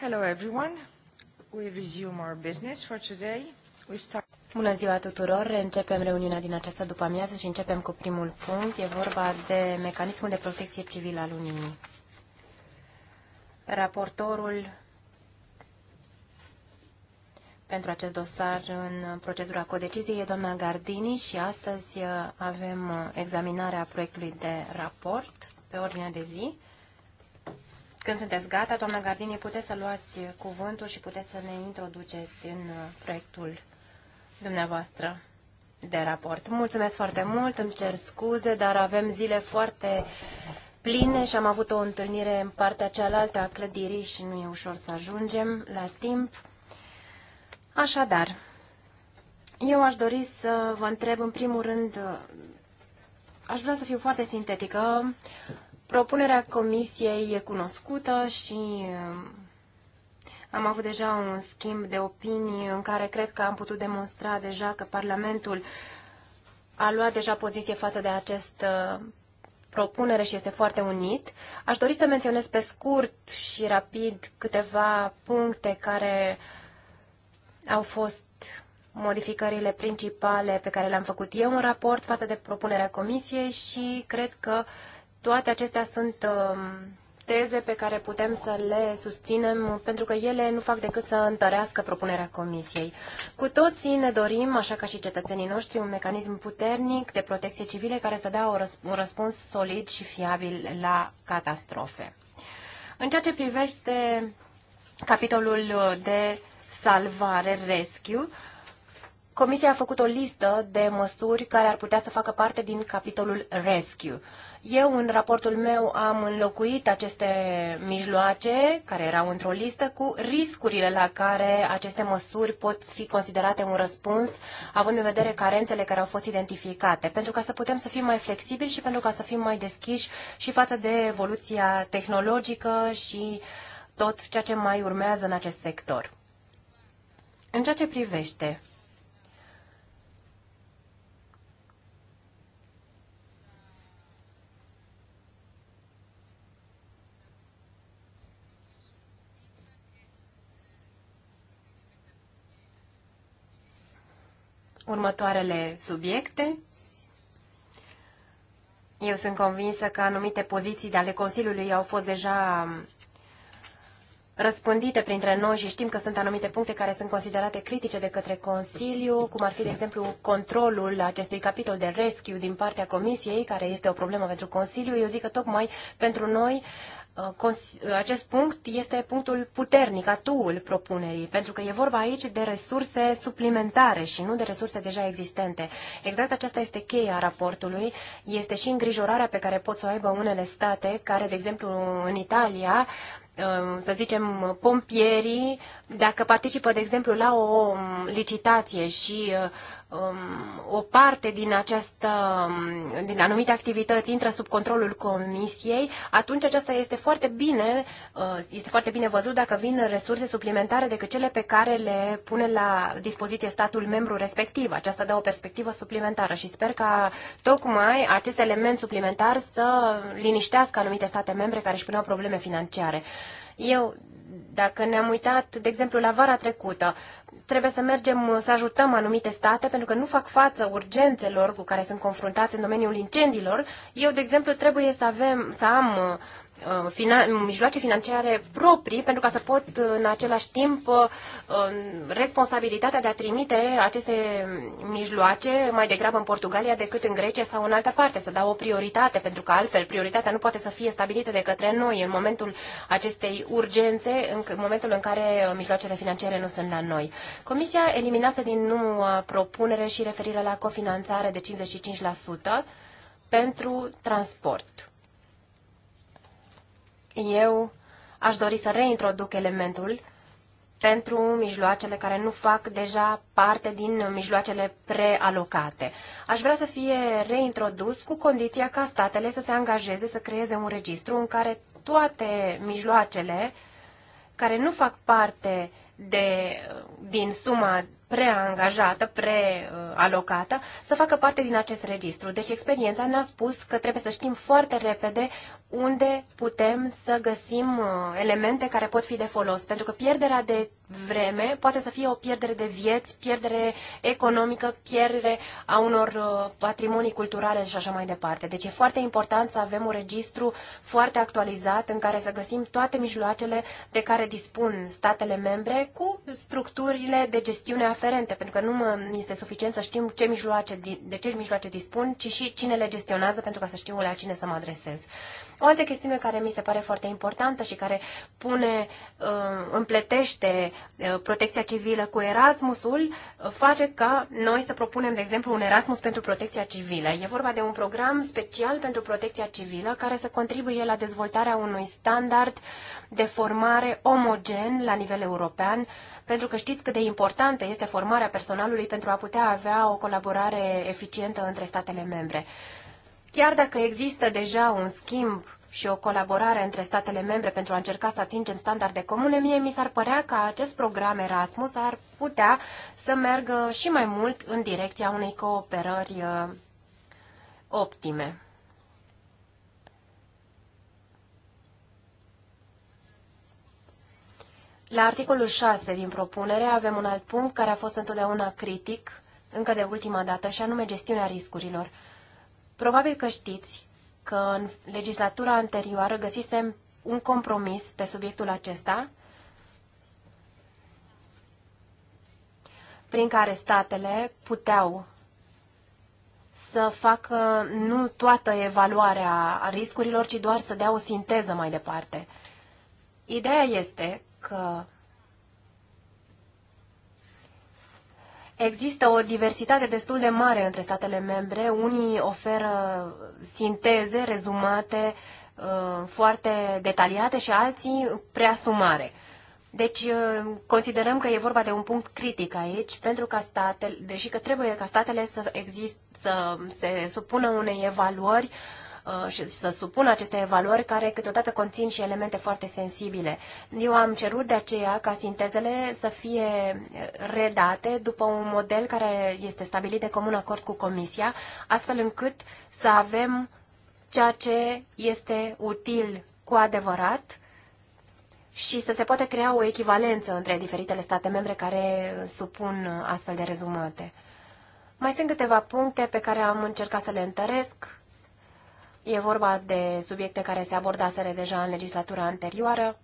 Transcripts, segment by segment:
Hello everyone. We resume our business for today. We start... Bună ziua tuturor! Începem reuniunea din această după-amiază și începem cu primul punct. E vorba de mecanismul de protecție civilă al Uniunii. Raportorul pentru acest dosar în procedura codeciziei e doamna Gardini și astăzi uh, avem uh, examinarea proiectului de raport pe ordinea de zi. Când sunteți gata, doamna Gardini, puteți să luați cuvântul și puteți să ne introduceți în uh, proiectul dumneavoastră de raport. Mulțumesc foarte mult, îmi cer scuze, dar avem zile foarte pline și am avut o întâlnire în partea cealaltă a clădirii și nu e ușor să ajungem la timp. Așadar, eu aș dori să vă întreb în primul rând, uh, aș vrea să fiu foarte sintetică, Propunerea comisiei e cunoscută și um, am avut deja un schimb de opinii în care cred că am putut demonstra deja că Parlamentul a luat deja poziție față de acest propunere și este foarte unit. Aș dori să menționez pe scurt și rapid câteva puncte care au fost modificările principale pe care le-am făcut eu în raport față de propunerea comisiei și cred că toate acestea sunt um, teze pe care putem să le susținem pentru că ele nu fac decât să întărească propunerea Comisiei. Cu toții ne dorim, așa ca și cetățenii noștri, un mecanism puternic de protecție civile care să dea un răspuns solid și fiabil la catastrofe. În ceea ce privește capitolul de salvare, rescue, Comisia a făcut o listă de măsuri care ar putea să facă parte din capitolul Rescue. Eu, în raportul meu, am înlocuit aceste mijloace, care erau într-o listă, cu riscurile la care aceste măsuri pot fi considerate un răspuns, având în vedere carențele care au fost identificate, pentru ca să putem să fim mai flexibili și pentru ca să fim mai deschiși și față de evoluția tehnologică și tot ceea ce mai urmează în acest sector. În ceea ce privește următoarele subiecte. Eu sunt convinsă că anumite poziții de ale Consiliului au fost deja um, răspândite printre noi și știm că sunt anumite puncte care sunt considerate critice de către Consiliu, cum ar fi, de exemplu, controlul acestui capitol de rescue din partea Comisiei, care este o problemă pentru Consiliu. Eu zic că tocmai pentru noi Uh, uh, acest punct este punctul puternic, atuul propunerii, pentru că e vorba aici de resurse suplimentare și nu de resurse deja existente. Exact aceasta este cheia raportului, este și îngrijorarea pe care pot să o aibă unele state care, de exemplu, în Italia, uh, să zicem, pompierii, dacă participă, de exemplu, la o licitație și uh, um, o parte din, această, um, din anumite activități intră sub controlul comisiei, atunci aceasta este foarte bine, uh, este foarte bine văzut dacă vin resurse suplimentare decât cele pe care le pune la dispoziție statul membru respectiv. Aceasta dă o perspectivă suplimentară și sper ca tocmai acest element suplimentar să liniștească anumite state membre care își puneau probleme financiare. Eu, dacă ne-am uitat, de exemplu, la vara trecută, uh, trebuie să mergem să ajutăm anumite state pentru că nu fac față urgențelor cu care sunt confruntați în domeniul incendiilor. Eu, de exemplu, trebuie să, avem, să am Uh, finan- mijloace financiare proprii pentru ca să pot uh, în același timp uh, responsabilitatea de a trimite aceste mijloace mai degrabă în Portugalia decât în Grecia sau în altă parte, să dau o prioritate, pentru că altfel prioritatea nu poate să fie stabilită de către noi în momentul acestei urgențe, în momentul în care mijloacele financiare nu sunt la noi. Comisia eliminată din noua propunere și referire la cofinanțare de 55% pentru transport. Eu aș dori să reintroduc elementul pentru mijloacele care nu fac deja parte din mijloacele prealocate. Aș vrea să fie reintrodus cu condiția ca statele să se angajeze să creeze un registru în care toate mijloacele care nu fac parte de, din suma preangajată, prealocată, uh, să facă parte din acest registru. Deci experiența ne-a spus că trebuie să știm foarte repede unde putem să găsim uh, elemente care pot fi de folos, pentru că pierderea de vreme poate să fie o pierdere de vieți, pierdere economică, pierdere a unor uh, patrimonii culturale și așa mai departe. Deci e foarte important să avem un registru foarte actualizat în care să găsim toate mijloacele de care dispun statele membre cu structurile de gestiune a aferente, pentru că nu mă este suficient să știm ce mijloace, de ce mijloace dispun, ci și cine le gestionează pentru ca să știu la cine să mă adresez. O altă chestiune care mi se pare foarte importantă și care pune, uh, împletește uh, protecția civilă cu Erasmusul, uh, face ca noi să propunem, de exemplu, un Erasmus pentru protecția civilă. E vorba de un program special pentru protecția civilă care să contribuie la dezvoltarea unui standard de formare omogen la nivel european pentru că știți cât de importantă este formarea personalului pentru a putea avea o colaborare eficientă între statele membre. Chiar dacă există deja un schimb și o colaborare între statele membre pentru a încerca să atingem standarde comune, mie mi s-ar părea că acest program Erasmus ar putea să meargă și mai mult în direcția unei cooperări uh, optime. La articolul 6 din propunere avem un alt punct care a fost întotdeauna critic, încă de ultima dată, și anume gestiunea riscurilor. Probabil că știți că în legislatura anterioară găsisem un compromis pe subiectul acesta, prin care statele puteau să facă nu toată evaluarea riscurilor, ci doar să dea o sinteză mai departe. Ideea este că Există o diversitate destul de mare între statele membre. Unii oferă sinteze, rezumate uh, foarte detaliate și alții prea sumare. Deci uh, considerăm că e vorba de un punct critic aici, pentru ca statele, deși că trebuie ca statele să, exist, să se supună unei evaluări uh, Uh, și să supună aceste evaluări care câteodată conțin și elemente foarte sensibile. Eu am cerut de aceea ca sintezele să fie redate după un model care este stabilit de comun acord cu Comisia, astfel încât să avem ceea ce este util cu adevărat și să se poate crea o echivalență între diferitele state membre care supun astfel de rezumate. Mai sunt câteva puncte pe care am încercat să le întăresc E vorba de subiecte care se abordaseră deja în legislatura anterioară,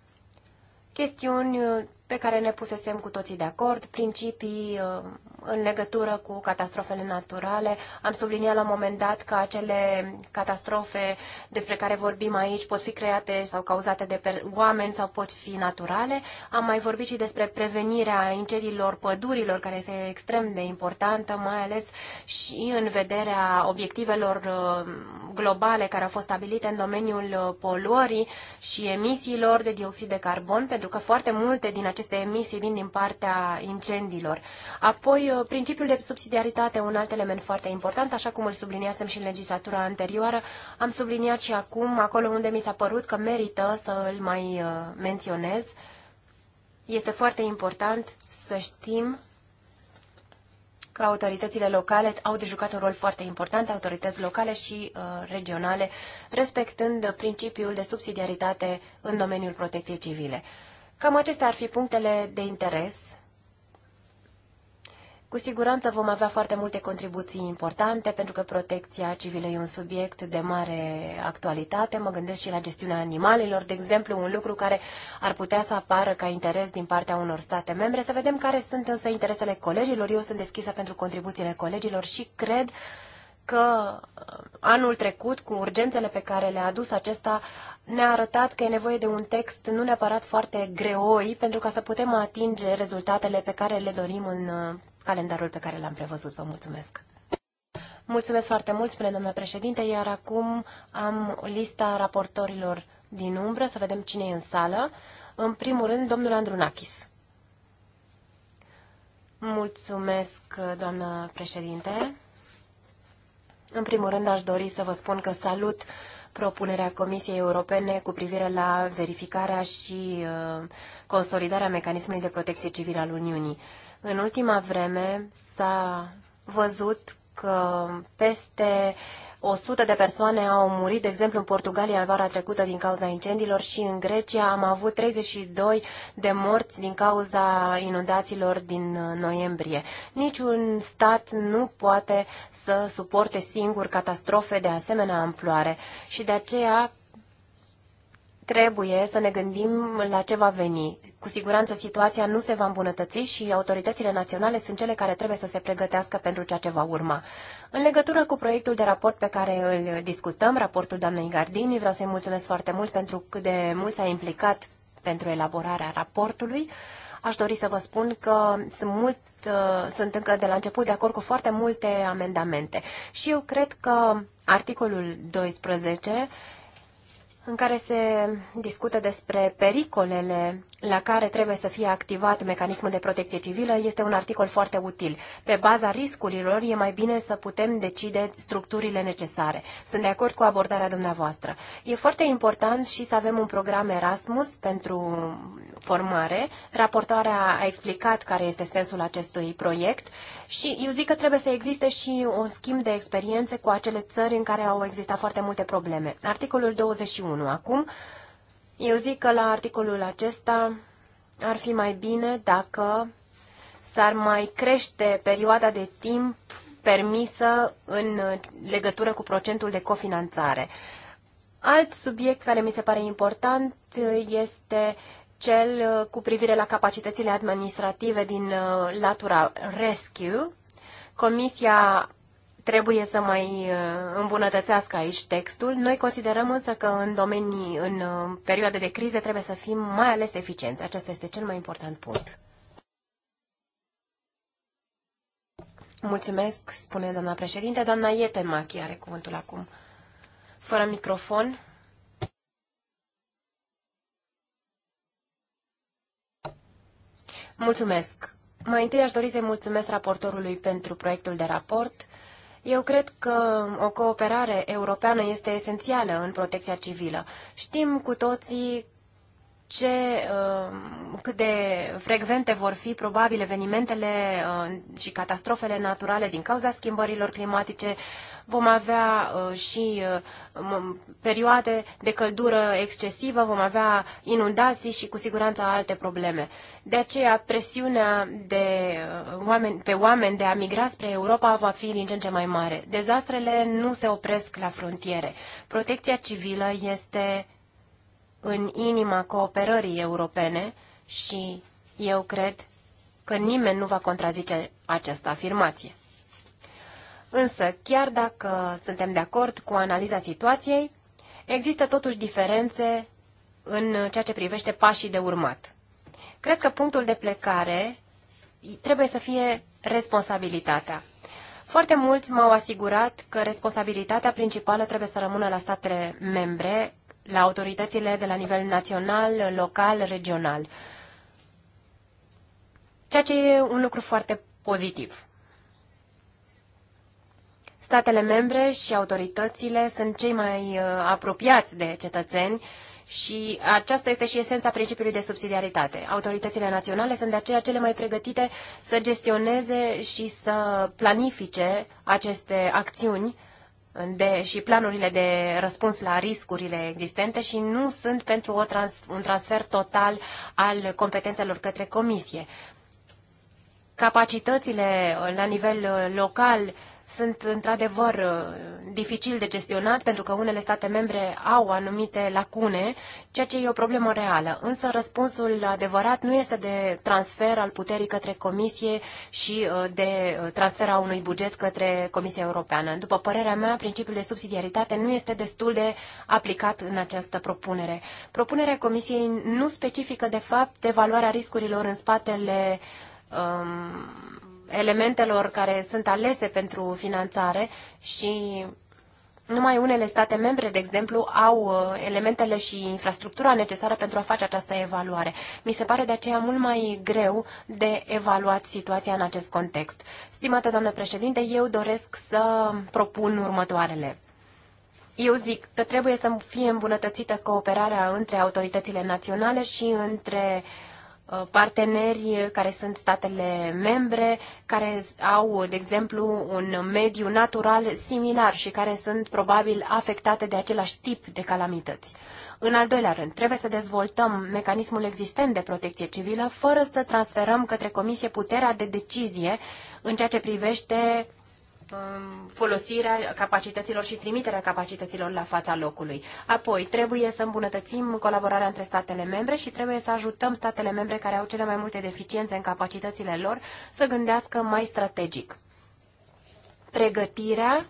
chestiuni pe care ne pusesem cu toții de acord, principii uh, în legătură cu catastrofele naturale. Am subliniat la un moment dat că acele catastrofe despre care vorbim aici pot fi create sau cauzate de oameni sau pot fi naturale. Am mai vorbit și despre prevenirea incendiilor pădurilor, care este extrem de importantă, mai ales și în vederea obiectivelor uh, globale care au fost stabilite în domeniul uh, poluării și emisiilor de dioxid de carbon, pentru că foarte multe din aceste emisii vin din partea incendiilor. Apoi, uh, principiul de subsidiaritate, un alt element foarte important, așa cum îl subliniasem și în legislatura anterioară, am subliniat și acum, acolo unde mi s-a părut că merită să îl mai uh, menționez. Este foarte important să știm că autoritățile locale au de jucat un rol foarte important, autorități locale și uh, regionale, respectând principiul de subsidiaritate în domeniul protecției civile. Cam acestea ar fi punctele de interes. Cu siguranță vom avea foarte multe contribuții importante, pentru că protecția civilă e un subiect de mare actualitate. Mă gândesc și la gestiunea animalelor, de exemplu, un lucru care ar putea să apară ca interes din partea unor state membre. Să vedem care sunt însă interesele colegilor. Eu sunt deschisă pentru contribuțiile colegilor și cred că uh, anul trecut, cu urgențele pe care le-a adus acesta, ne-a arătat că e nevoie de un text nu neapărat foarte greoi pentru ca să putem atinge rezultatele pe care le dorim în uh, calendarul pe care l-am prevăzut. Vă mulțumesc! Mulțumesc foarte mult, spune doamna președinte, iar acum am lista raportorilor din umbră, să vedem cine e în sală. În primul rând, domnul Andrunakis. Mulțumesc, doamna președinte. În primul rând, aș dori să vă spun că salut propunerea Comisiei Europene cu privire la verificarea și uh, consolidarea mecanismului de protecție civilă al Uniunii. În ultima vreme s-a văzut că peste 100 de persoane au murit, de exemplu, în Portugalia vara trecută din cauza incendiilor și în Grecia am avut 32 de morți din cauza inundațiilor din uh, noiembrie. Niciun stat nu poate să suporte singur catastrofe de asemenea amploare și de aceea trebuie să ne gândim la ce va veni. Cu siguranță situația nu se va îmbunătăți și autoritățile naționale sunt cele care trebuie să se pregătească pentru ceea ce va urma. În legătură cu proiectul de raport pe care îl discutăm, raportul doamnei Gardini, vreau să-i mulțumesc foarte mult pentru cât de mult s-a implicat pentru elaborarea raportului. Aș dori să vă spun că sunt, mult, uh, sunt încă de la început de acord cu foarte multe amendamente și eu cred că articolul 12 în care se discută despre pericolele la care trebuie să fie activat mecanismul de protecție civilă, este un articol foarte util. Pe baza riscurilor e mai bine să putem decide structurile necesare. Sunt de acord cu abordarea dumneavoastră. E foarte important și să avem un program Erasmus pentru formare. Raportoarea a explicat care este sensul acestui proiect și eu zic că trebuie să existe și un schimb de experiențe cu acele țări în care au existat foarte multe probleme. Articolul 21 acum. Eu zic că la articolul acesta ar fi mai bine dacă s-ar mai crește perioada de timp permisă în legătură cu procentul de cofinanțare. Alt subiect care mi se pare important este cel uh, cu privire la capacitățile administrative din uh, latura Rescue. Comisia trebuie să mai uh, îmbunătățească aici textul. Noi considerăm însă că în domenii, în perioade de crize, trebuie să fim mai ales eficienți. Acesta este cel mai important punct. Mulțumesc, spune doamna președinte. Doamna Ieten Machi are cuvântul acum. Fără microfon. Mulțumesc! Mai întâi aș dori să-i mulțumesc raportorului pentru proiectul de raport. Eu cred că o cooperare europeană este esențială în protecția civilă. Știm cu toții ce, uh, cât de frecvente vor fi probabil evenimentele uh, și catastrofele naturale din cauza schimbărilor climatice. Vom avea uh, și perioade de căldură excesivă, vom avea inundații și cu siguranță alte probleme. De aceea, presiunea de oameni, pe oameni de a migra spre Europa va fi din ce în ce mai mare. Dezastrele nu se opresc la frontiere. Protecția civilă este în inima cooperării europene și eu cred că nimeni nu va contrazice această afirmație. Însă, chiar dacă suntem de acord cu analiza situației, există totuși diferențe în ceea ce privește pașii de urmat. Cred că punctul de plecare trebuie să fie responsabilitatea. Foarte mulți m-au asigurat că responsabilitatea principală trebuie să rămână la statele membre la autoritățile de la nivel național, local, regional. Ceea ce e un lucru foarte pozitiv. Statele membre și autoritățile sunt cei mai uh, apropiați de cetățeni și aceasta este și esența principiului de subsidiaritate. Autoritățile naționale sunt de aceea cele mai pregătite să gestioneze și să planifice aceste acțiuni de, și planurile de răspuns la riscurile existente și nu sunt pentru o trans, un transfer total al competențelor către comisie. Capacitățile la nivel local sunt într-adevăr uh, dificil de gestionat pentru că unele state membre au anumite lacune, ceea ce e o problemă reală. Însă răspunsul adevărat nu este de transfer al puterii către Comisie și uh, de uh, transfer a unui buget către Comisia Europeană. După părerea mea, principiul de subsidiaritate nu este destul de aplicat în această propunere. Propunerea Comisiei nu specifică, de fapt, evaluarea riscurilor în spatele um, elementelor care sunt alese pentru finanțare și numai unele state membre, de exemplu, au uh, elementele și infrastructura necesară pentru a face această evaluare. Mi se pare de aceea mult mai greu de evaluat situația în acest context. Stimată doamnă președinte, eu doresc să propun următoarele. Eu zic că trebuie să fie îmbunătățită cooperarea între autoritățile naționale și între uh, Uh, parteneri uh, care sunt statele membre, care au, de exemplu, un mediu natural similar și care sunt probabil afectate de același tip de calamități. În al doilea rând, trebuie să dezvoltăm mecanismul existent de protecție civilă fără să transferăm către Comisie puterea de decizie în ceea ce privește Um, folosirea capacităților și trimiterea capacităților la fața locului. Apoi, trebuie să îmbunătățim colaborarea între statele membre și trebuie să ajutăm statele membre care au cele mai multe deficiențe în capacitățile lor să gândească mai strategic. Pregătirea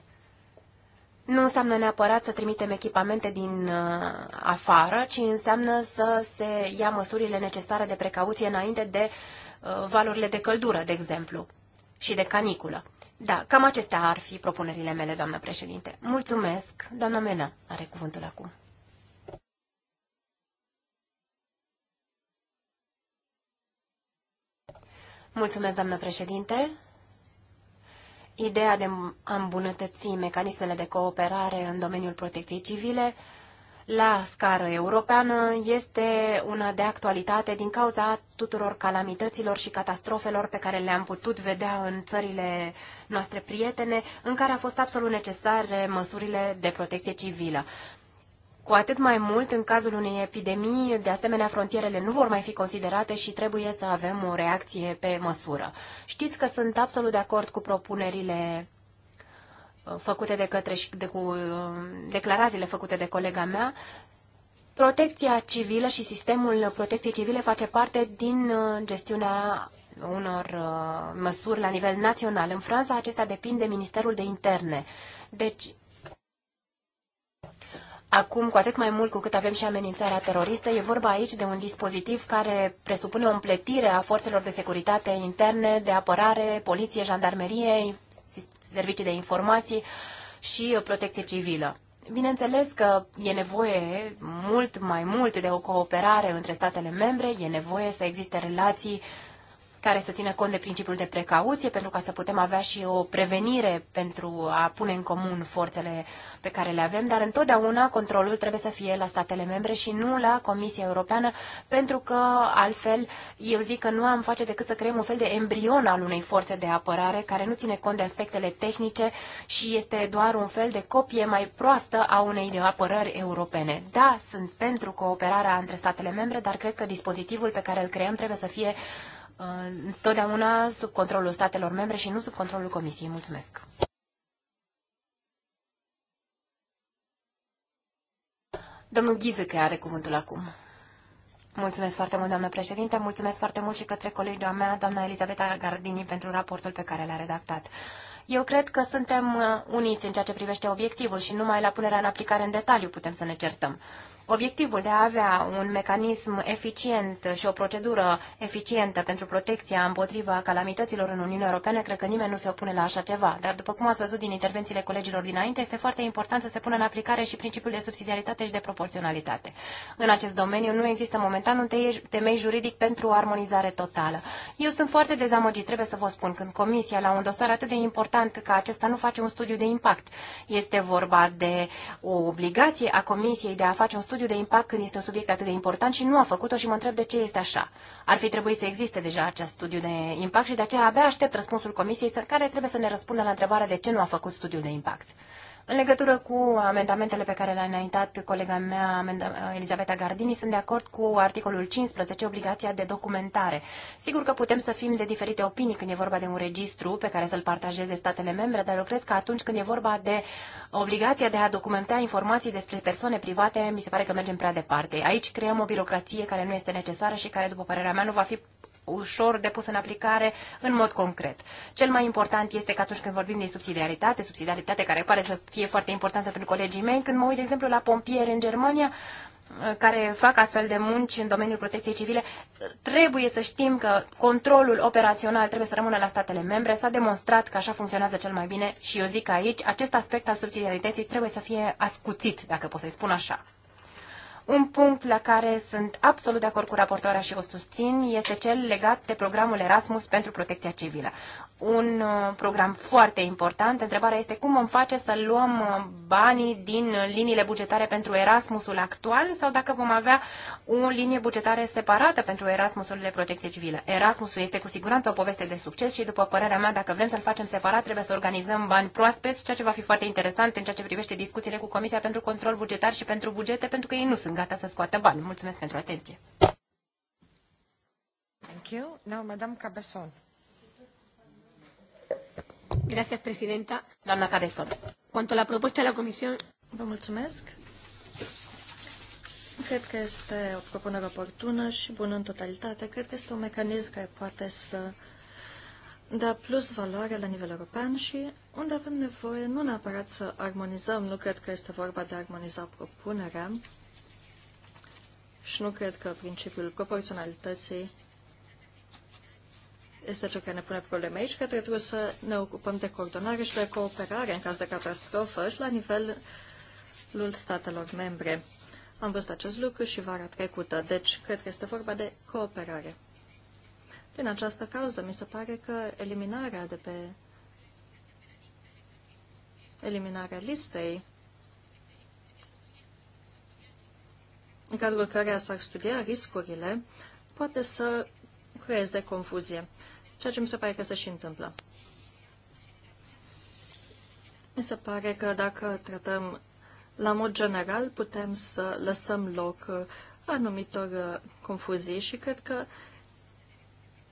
nu înseamnă neapărat să trimitem echipamente din uh, afară, ci înseamnă să se ia măsurile necesare de precauție înainte de uh, valurile de căldură, de exemplu, și de caniculă. Da, cam acestea ar fi propunerile mele, doamnă președinte. Mulțumesc. Doamna Mena are cuvântul acum. Mulțumesc, doamnă președinte. Ideea de a îmbunătăți mecanismele de cooperare în domeniul protecției civile la scară europeană este una de actualitate din cauza tuturor calamităților și catastrofelor pe care le-am putut vedea în țările noastre prietene, în care a fost absolut necesare măsurile de protecție civilă. Cu atât mai mult, în cazul unei epidemii, de asemenea, frontierele nu vor mai fi considerate și trebuie să avem o reacție pe măsură. Știți că sunt absolut de acord cu propunerile făcute de către și de cu declarațiile făcute de colega mea, protecția civilă și sistemul protecției civile face parte din uh, gestiunea unor uh, măsuri la nivel național. În Franța acesta depinde de Ministerul de Interne. Deci, Acum, cu atât mai mult cu cât avem și amenințarea teroristă, e vorba aici de un dispozitiv care presupune o împletire a forțelor de securitate interne, de apărare, poliție, jandarmerie, servicii de informații și uh, protecție civilă. Bineînțeles că e nevoie mult mai mult de o cooperare între statele membre, e nevoie să existe relații uh, care să țină cont de principiul de precauție pentru ca să putem avea și o prevenire pentru a pune în comun forțele pe care le avem, dar întotdeauna controlul trebuie să fie la statele membre și nu la Comisia Europeană, pentru că altfel eu zic că nu am face decât să creăm un fel de embrion al unei forțe de apărare care nu ține cont de aspectele tehnice și este doar un fel de copie mai proastă a unei de apărări europene. Da, sunt pentru cooperarea între statele membre, dar cred că dispozitivul pe care îl creăm trebuie să fie Uh, întotdeauna sub controlul statelor membre și nu sub controlul Comisiei. Mulțumesc! Domnul Ghizăcă are cuvântul acum. Mulțumesc foarte mult, doamnă președinte. Mulțumesc foarte mult și către colegii mea, doamna Elizabeta Gardini, pentru raportul pe care l-a redactat. Eu cred că suntem uh, uniți în ceea ce privește obiectivul și numai la punerea în aplicare în detaliu putem să ne certăm. Obiectivul de a avea un mecanism eficient și o procedură eficientă pentru protecția împotriva calamităților în Uniunea Europeană, cred că nimeni nu se opune la așa ceva. Dar, după cum ați văzut din intervențiile colegilor dinainte, este foarte important să se pună în aplicare și principiul de subsidiaritate și de proporționalitate. În acest domeniu nu există momentan un temei juridic pentru o armonizare totală. Eu sunt foarte dezamăgit, trebuie să vă spun, când Comisia, la un dosar atât de important ca acesta, nu face un studiu de impact. Este vorba de o obligație a Comisiei de a face un studiu studiu de impact când este un subiect atât de important și nu a făcut-o și mă întreb de ce este așa. Ar fi trebuit să existe deja acest studiu de impact și de aceea abia aștept răspunsul comisiei care trebuie să ne răspundă la întrebarea de ce nu a făcut studiul de impact. În legătură cu amendamentele pe care le-a înaintat colega mea, Elizabeta Gardini, sunt de acord cu articolul 15, obligația de documentare. Sigur că putem să fim de diferite opinii când e vorba de un registru pe care să-l partajeze statele membre, dar eu cred că atunci când e vorba de obligația de a documenta informații despre persoane private, mi se pare că mergem prea departe. Aici creăm o birocrație care nu este necesară și care, după părerea mea, nu va fi ușor de pus în aplicare în mod concret. Cel mai important este că atunci când vorbim de subsidiaritate, subsidiaritate care pare să fie foarte importantă pentru colegii mei, când mă uit, de exemplu, la pompieri în Germania, care fac astfel de munci în domeniul protecției civile, trebuie să știm că controlul operațional trebuie să rămână la statele membre. S-a demonstrat că așa funcționează cel mai bine și eu zic că aici acest aspect al subsidiarității trebuie să fie ascuțit, dacă pot să-i spun așa. Un punct la care sunt absolut de acord cu raportoarea și o susțin este cel legat de programul Erasmus pentru protecția civilă un uh, program foarte important. Întrebarea este cum vom face să luăm uh, banii din uh, liniile bugetare pentru Erasmusul actual sau dacă vom avea o linie bugetare separată pentru Erasmusul de protecție civilă. Erasmusul este cu siguranță o poveste de succes și, după părerea mea, dacă vrem să-l facem separat, trebuie să organizăm bani proaspeți, ceea ce va fi foarte interesant în ceea ce privește discuțiile cu Comisia pentru Control Bugetar și pentru bugete, pentru că ei nu sunt gata să scoată bani. Mulțumesc pentru atenție. Thank you. Now, Madame Cabezon. Gracias, presidenta. Doamna Cabezón. Cuanto la propuesta de la Comisión... Vă mulțumesc. Cred că este o propunere oportună și bună în totalitate. Cred că este un mecanism care poate să dea plus valoare la nivel european și unde avem nevoie nu neapărat să armonizăm, nu cred că este vorba de a armoniza propunerea și nu cred că principiul proporționalității este cel care ne pune probleme aici, că trebuie să ne ocupăm de coordonare și de cooperare în caz de catastrofă și la nivelul statelor membre. Am văzut acest lucru și vara trecută, deci cred că este vorba de cooperare. Din această cauză, mi se pare că eliminarea de pe eliminarea listei în cadrul căreia s-ar studia riscurile, poate să creeze confuzie ceea ce mi se pare că se și întâmplă. Mi se pare că dacă tratăm la mod general, putem să lăsăm loc uh, anumitor uh, confuzii și cred că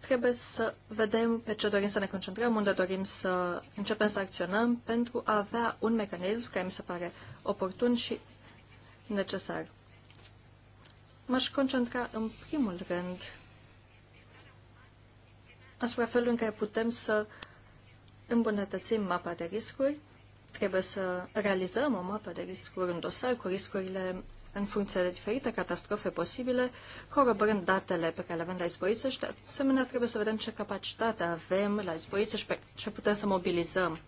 trebuie să vedem pe ce dorim să ne concentrăm, unde dorim să începem să acționăm pentru a avea un mecanism care mi se pare oportun și necesar. M-aș concentra în primul rând asupra felului în care putem să îmbunătățim mapa de riscuri. Trebuie să realizăm o mapă de riscuri în dosar cu riscurile în funcție de diferite catastrofe posibile, coroborând datele pe care le avem la izboiță și, de asemenea, trebuie să vedem ce capacitate avem la izboiță și pe ce putem să mobilizăm.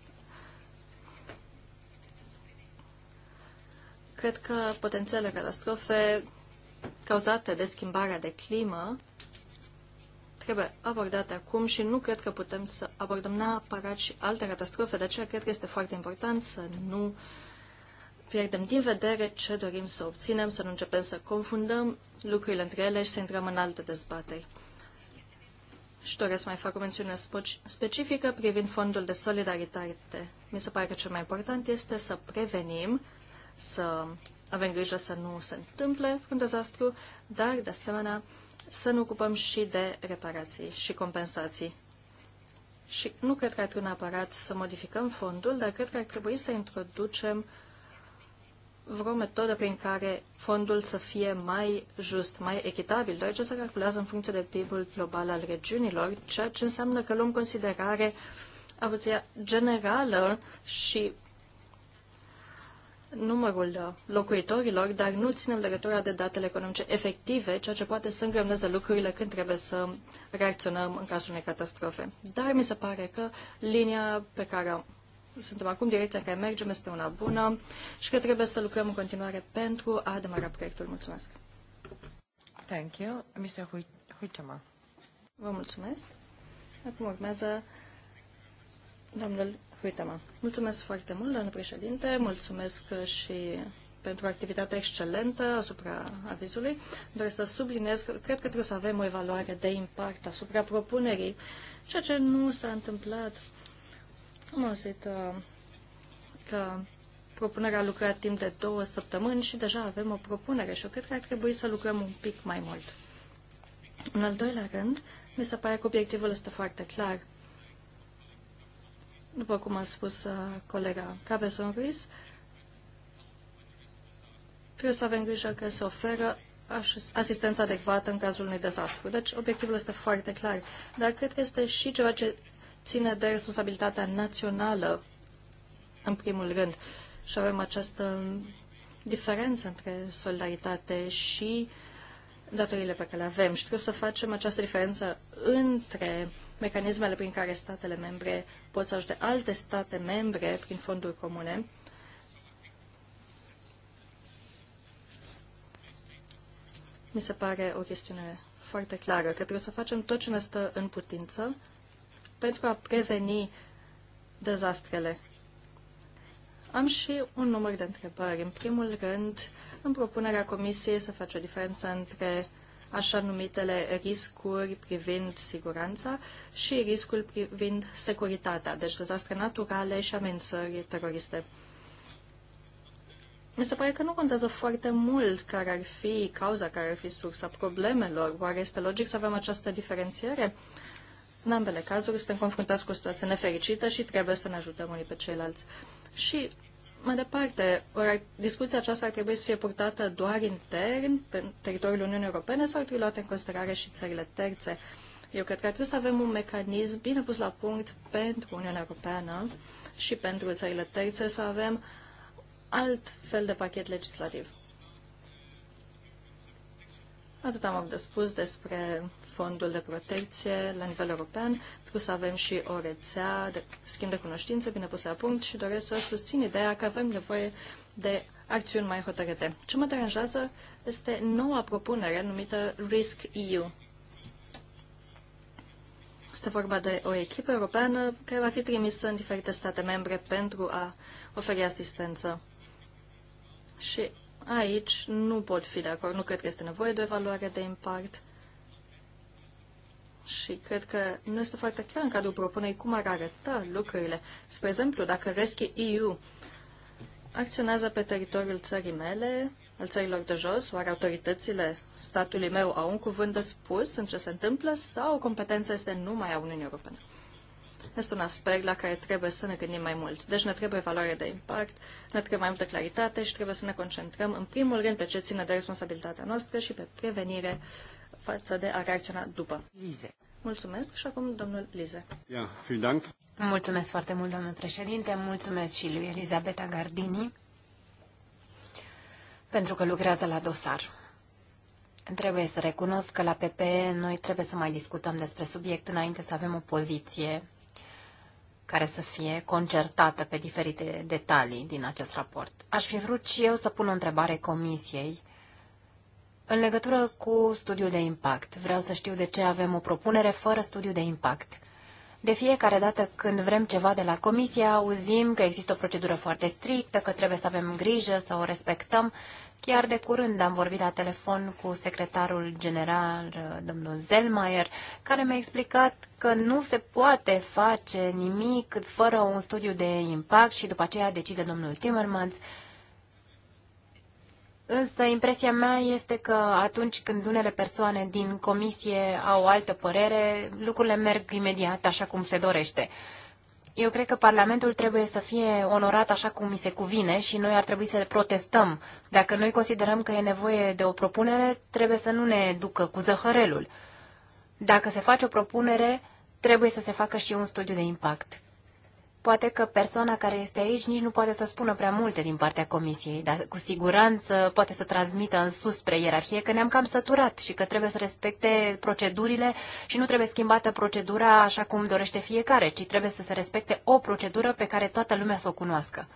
Cred că potențiale catastrofe cauzate de schimbarea de climă trebuie abordate acum și nu cred că putem să abordăm neapărat și alte catastrofe, de aceea cred că este foarte important să nu pierdem din vedere ce dorim să obținem, să nu începem să confundăm lucrurile între ele și să intrăm în alte dezbateri. Și doresc să mai fac o mențiune specifică privind fondul de solidaritate. Mi se pare că cel mai important este să prevenim, să avem grijă să nu se întâmple un dezastru, dar, de asemenea, să ne ocupăm și de reparații și compensații. Și nu cred că ar trebui neapărat să modificăm fondul, dar cred că ar trebui să introducem vreo metodă prin care fondul să fie mai just, mai echitabil, deoarece se calculează în funcție de PIB-ul global al regiunilor, ceea ce înseamnă că luăm considerare avuția generală și numărul uh, locuitorilor, dar nu ținem legătura de datele economice efective, ceea ce poate să îngremneze lucrurile când trebuie să reacționăm în cazul unei catastrofe. Dar mi se pare că linia pe care suntem acum, direcția în care mergem este una bună și că trebuie să lucrăm în continuare pentru a demara proiectul. Mulțumesc! Thank you. Mr. Huitema. Vă mulțumesc. Acum urmează domnul Mulțumesc foarte mult, doamnă președinte, mulțumesc și pentru activitatea excelentă asupra avizului. Doresc să subliniez că cred că trebuie să avem o evaluare de impact asupra propunerii, ceea ce nu s-a întâmplat. Am auzit uh, că propunerea a lucrat timp de două săptămâni și deja avem o propunere și eu cred că ar trebui să lucrăm un pic mai mult. În al doilea rând, mi se pare că obiectivul este foarte clar după cum a spus uh, colega Cabezon Ruiz, trebuie să avem grijă că se oferă asistența adecvată în cazul unui dezastru. Deci, obiectivul este foarte clar. Dar cred că este și ceva ce ține de responsabilitatea națională, în primul rând. Și avem această diferență între solidaritate și datoriile pe care le avem. Și trebuie să facem această diferență între uh, mecanismele prin care statele membre pot să ajute alte state membre prin fonduri comune. Mi se pare o chestiune foarte clară, că trebuie să facem tot ce ne stă în putință pentru a preveni dezastrele. Am și un număr de întrebări. În primul rând, în propunerea Comisiei să face o diferență între uh, așa numitele riscuri privind siguranța și riscul privind securitatea, deci dezastre naturale și amenințări teroriste. Mi se pare că nu contează foarte mult care ar fi cauza, care ar fi sursa problemelor. Oare este logic să avem această diferențiere? În ambele cazuri suntem confruntați cu o situație nefericită și trebuie să ne ajutăm unii pe ceilalți. Și mai departe, ori discuția aceasta ar trebui să fie purtată doar intern, pe teritoriul Uniunii Europene, sau ar trebui luată în considerare și țările terțe? Eu cred că trebuie să avem un mecanism bine pus la punct pentru Uniunea Europeană și pentru țările terțe, să avem alt fel de pachet legislativ. Atât am de spus despre fondul de protecție la nivel european. Trebuie să avem și o rețea de schimb de cunoștințe bine pusă la punct și doresc să susțin ideea că avem nevoie de acțiuni mai hotărâte. Ce mă deranjează este noua propunere numită Risk EU. Este vorba de o echipă europeană care va fi trimisă în diferite state membre pentru a oferi asistență. Și Aici nu pot fi de acord, nu cred că este nevoie de o evaluare de impact și cred că nu este foarte clar în cadrul propunei cum ar arăta lucrurile. Spre exemplu, dacă Rescue EU acționează pe teritoriul țării mele, al țărilor de jos, oare autoritățile statului meu au un cuvânt de spus în ce se întâmplă sau competența este numai a Uniunii Europene? este un aspect la care trebuie să ne gândim mai mult. Deci ne trebuie valoare de impact, ne trebuie mai multă claritate și trebuie să ne concentrăm în primul rând pe ce ține de responsabilitatea noastră și pe prevenire față de a reacționa după. Lize. Mulțumesc și acum domnul Lize. Ja, vielen Dank. Mulțumesc foarte mult, domnul președinte. Mulțumesc și lui Elizabeta Gardini pentru că lucrează la dosar. Trebuie să recunosc că la PPE noi trebuie să mai discutăm despre subiect înainte să avem o poziție care să fie concertată pe diferite detalii din acest raport. Aș fi vrut și eu să pun o întrebare comisiei în legătură cu studiul de impact. Vreau să știu de ce avem o propunere fără studiu de impact. De fiecare dată când vrem ceva de la comisie, auzim că există o procedură foarte strictă, că trebuie să avem grijă, să o respectăm Chiar de curând am vorbit la telefon cu secretarul general, uh, domnul Zelmaier, care mi-a explicat că nu se poate face nimic fără un studiu de impact și după aceea decide domnul Timmermans. Însă impresia mea este că atunci când unele persoane din comisie au altă părere, lucrurile merg imediat așa cum se dorește. Uh, eu cred că Parlamentul trebuie să fie onorat așa cum mi se cuvine și noi ar trebui să protestăm. Dacă noi considerăm că e nevoie de o propunere, trebuie să nu ne ducă cu zăhărelul. Dacă se face o propunere, trebuie să se facă și un studiu de impact. Poate că persoana care este aici nici nu poate să spună prea multe din partea comisiei, dar cu siguranță poate să transmită în sus spre ierarhie că ne-am cam săturat și că trebuie să respecte procedurile și nu trebuie schimbată procedura așa cum dorește fiecare, ci trebuie să se respecte o procedură pe care toată lumea să o cunoască.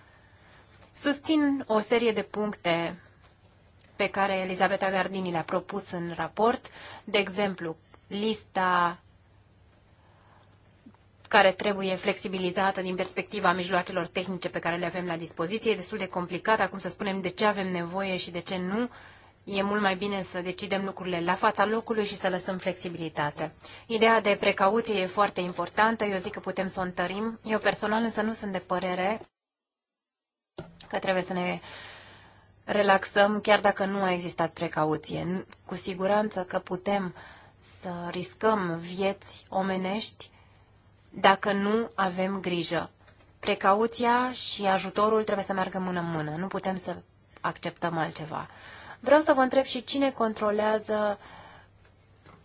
Susțin o serie de puncte pe care Elisabeta Gardini le-a propus în raport, de exemplu, lista care trebuie flexibilizată din perspectiva mijloacelor tehnice pe care le avem la dispoziție. E destul de complicat acum să spunem de ce avem nevoie și de ce nu. E mult mai bine să decidem lucrurile la fața locului și să lăsăm flexibilitate. Ideea de precauție e foarte importantă, eu zic că putem să o întărim. Eu personal însă nu sunt de părere că trebuie să ne relaxăm chiar dacă nu a existat precauție. Cu siguranță că putem să riscăm vieți omenești dacă nu avem grijă. Precauția și ajutorul trebuie să meargă mână în mână. Nu putem să acceptăm altceva. Vreau să vă întreb și cine controlează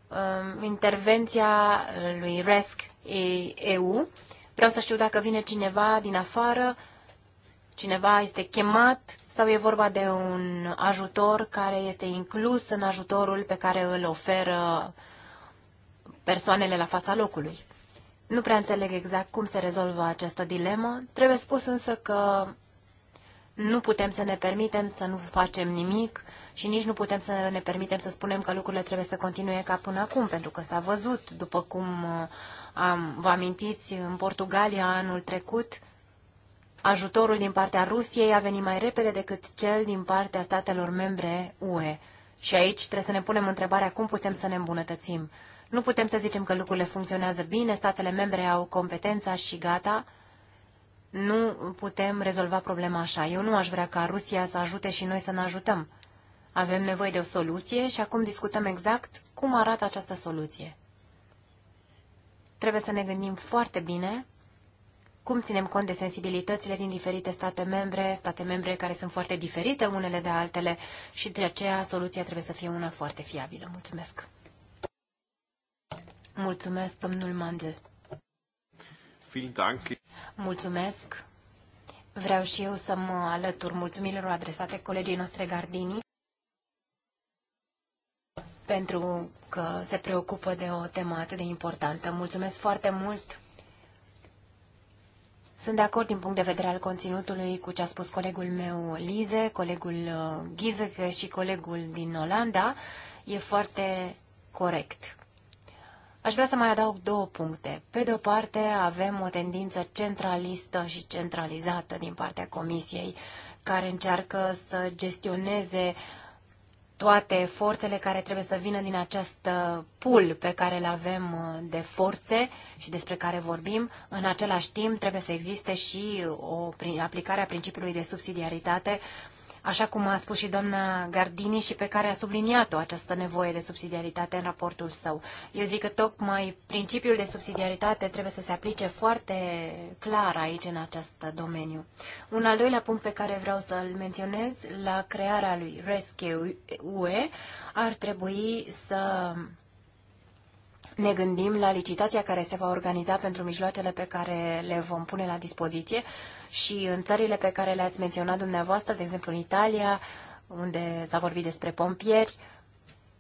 um, intervenția lui RESC EU. Vreau să știu dacă vine cineva din afară, cineva este chemat sau e vorba de un ajutor care este inclus în ajutorul pe care îl oferă persoanele la fața locului. Nu prea înțeleg exact cum se rezolvă această dilemă. Trebuie spus însă că nu putem să ne permitem să nu facem nimic și nici nu putem să ne permitem să spunem că lucrurile trebuie să continue ca până acum, pentru că s-a văzut, după cum uh, am, vă amintiți, în Portugalia anul trecut, ajutorul din partea Rusiei a venit mai repede decât cel din partea statelor membre UE. Și aici trebuie să ne punem întrebarea cum putem să ne îmbunătățim. Nu putem să zicem că lucrurile funcționează bine, statele membre au competența și gata. Nu putem rezolva problema așa. Eu nu aș vrea ca Rusia să ajute și noi să ne ajutăm. Avem nevoie de o soluție și acum discutăm exact cum arată această soluție. Trebuie să ne gândim foarte bine cum ținem cont de sensibilitățile din diferite state membre, state membre care sunt foarte diferite unele de altele și de aceea soluția trebuie să fie una foarte fiabilă. Mulțumesc! Mulțumesc, domnul Mandel. Mulțumesc. Vreau și eu să mă alătur mulțumirilor adresate colegii noastre Gardini pentru că se preocupă de o temă atât de importantă. Mulțumesc foarte mult! Sunt de acord din punct de vedere al conținutului cu ce a spus colegul meu Lize, colegul uh, Ghizec și colegul din Olanda. E foarte corect. Aș vrea să mai adaug două puncte. Pe de o parte, avem o tendință centralistă și centralizată din partea Comisiei, care încearcă să gestioneze toate forțele care trebuie să vină din acest pul pe care îl avem uh, de forțe și despre care vorbim. În același timp, trebuie să existe și o aplicare a principiului de subsidiaritate așa cum a spus și doamna Gardini și pe care a subliniat-o această nevoie de subsidiaritate în raportul său. Eu zic că tocmai principiul de subsidiaritate trebuie să se aplice foarte clar aici în acest domeniu. Un al doilea punct pe care vreau să-l menționez la crearea lui Rescue UE ar trebui să ne gândim la licitația care se va organiza pentru mijloacele pe care le vom pune la dispoziție și în țările pe care le-ați menționat dumneavoastră, de exemplu în Italia, unde s-a vorbit despre pompieri,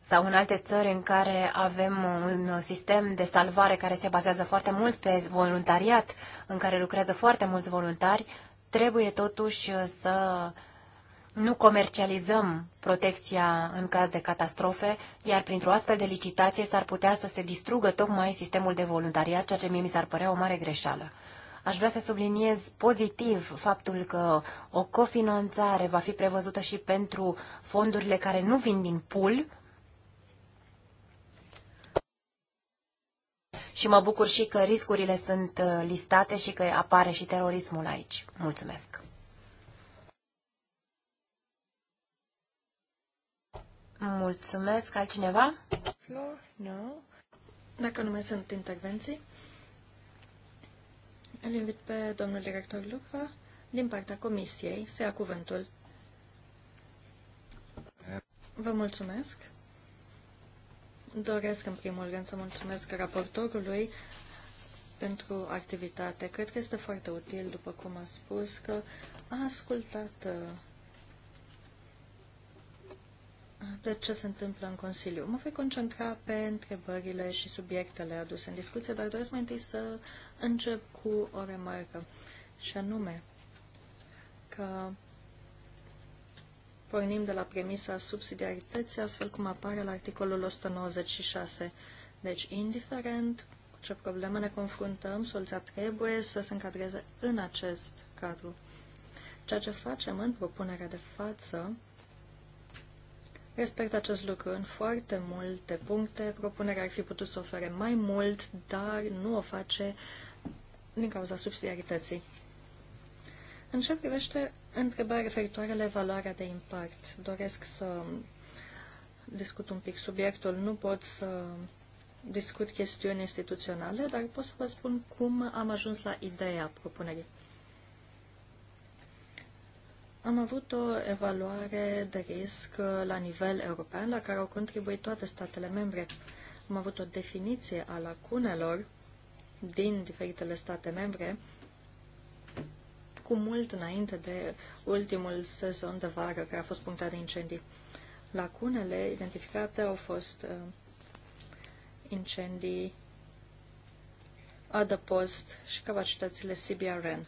sau în alte țări în care avem un sistem de salvare care se bazează foarte mult pe voluntariat, în care lucrează foarte mulți voluntari, trebuie totuși să nu comercializăm protecția în caz de catastrofe, iar printr-o astfel de licitație s-ar putea să se distrugă tocmai sistemul de voluntariat, ceea ce mie mi s-ar părea o mare greșeală. Aș vrea să subliniez pozitiv faptul că o cofinanțare va fi prevăzută și pentru fondurile care nu vin din pul și mă bucur și că riscurile sunt uh, listate și că apare și terorismul aici. Mulțumesc! Mulțumesc. Altcineva? Nu. No. Dacă nu mai sunt intervenții, îl invit pe domnul director Lupa din partea comisiei să ia cuvântul. Vă mulțumesc. Doresc în primul rând să mulțumesc raportorului pentru activitate. Cred că este foarte util, după cum a spus, că a ascultat uh, pe ce se întâmplă în Consiliu. Mă voi concentra pe întrebările și subiectele aduse în discuție, dar doresc mai întâi să încep cu o remarcă, și anume că pornim de la premisa subsidiarității, astfel cum apare la articolul 196. Deci, indiferent cu ce probleme ne confruntăm, soluția trebuie să se încadreze în acest cadru. Ceea ce facem în propunerea de față respect acest lucru. În foarte multe puncte, propunerea ar fi putut să ofere mai mult, dar nu o face din cauza subsidiarității. În ce privește întrebarea referitoare la evaluarea de impact, doresc să discut un pic subiectul. Nu pot să discut chestiuni instituționale, dar pot să vă spun cum am ajuns la ideea propunerii. Am avut o evaluare de risc la nivel european la care au contribuit toate statele membre. Am avut o definiție a lacunelor din diferitele state membre cu mult înainte de ultimul sezon de vară care a fost punctat de incendii. Lacunele identificate au fost uh, incendii, adăpost și capacitățile CBRN.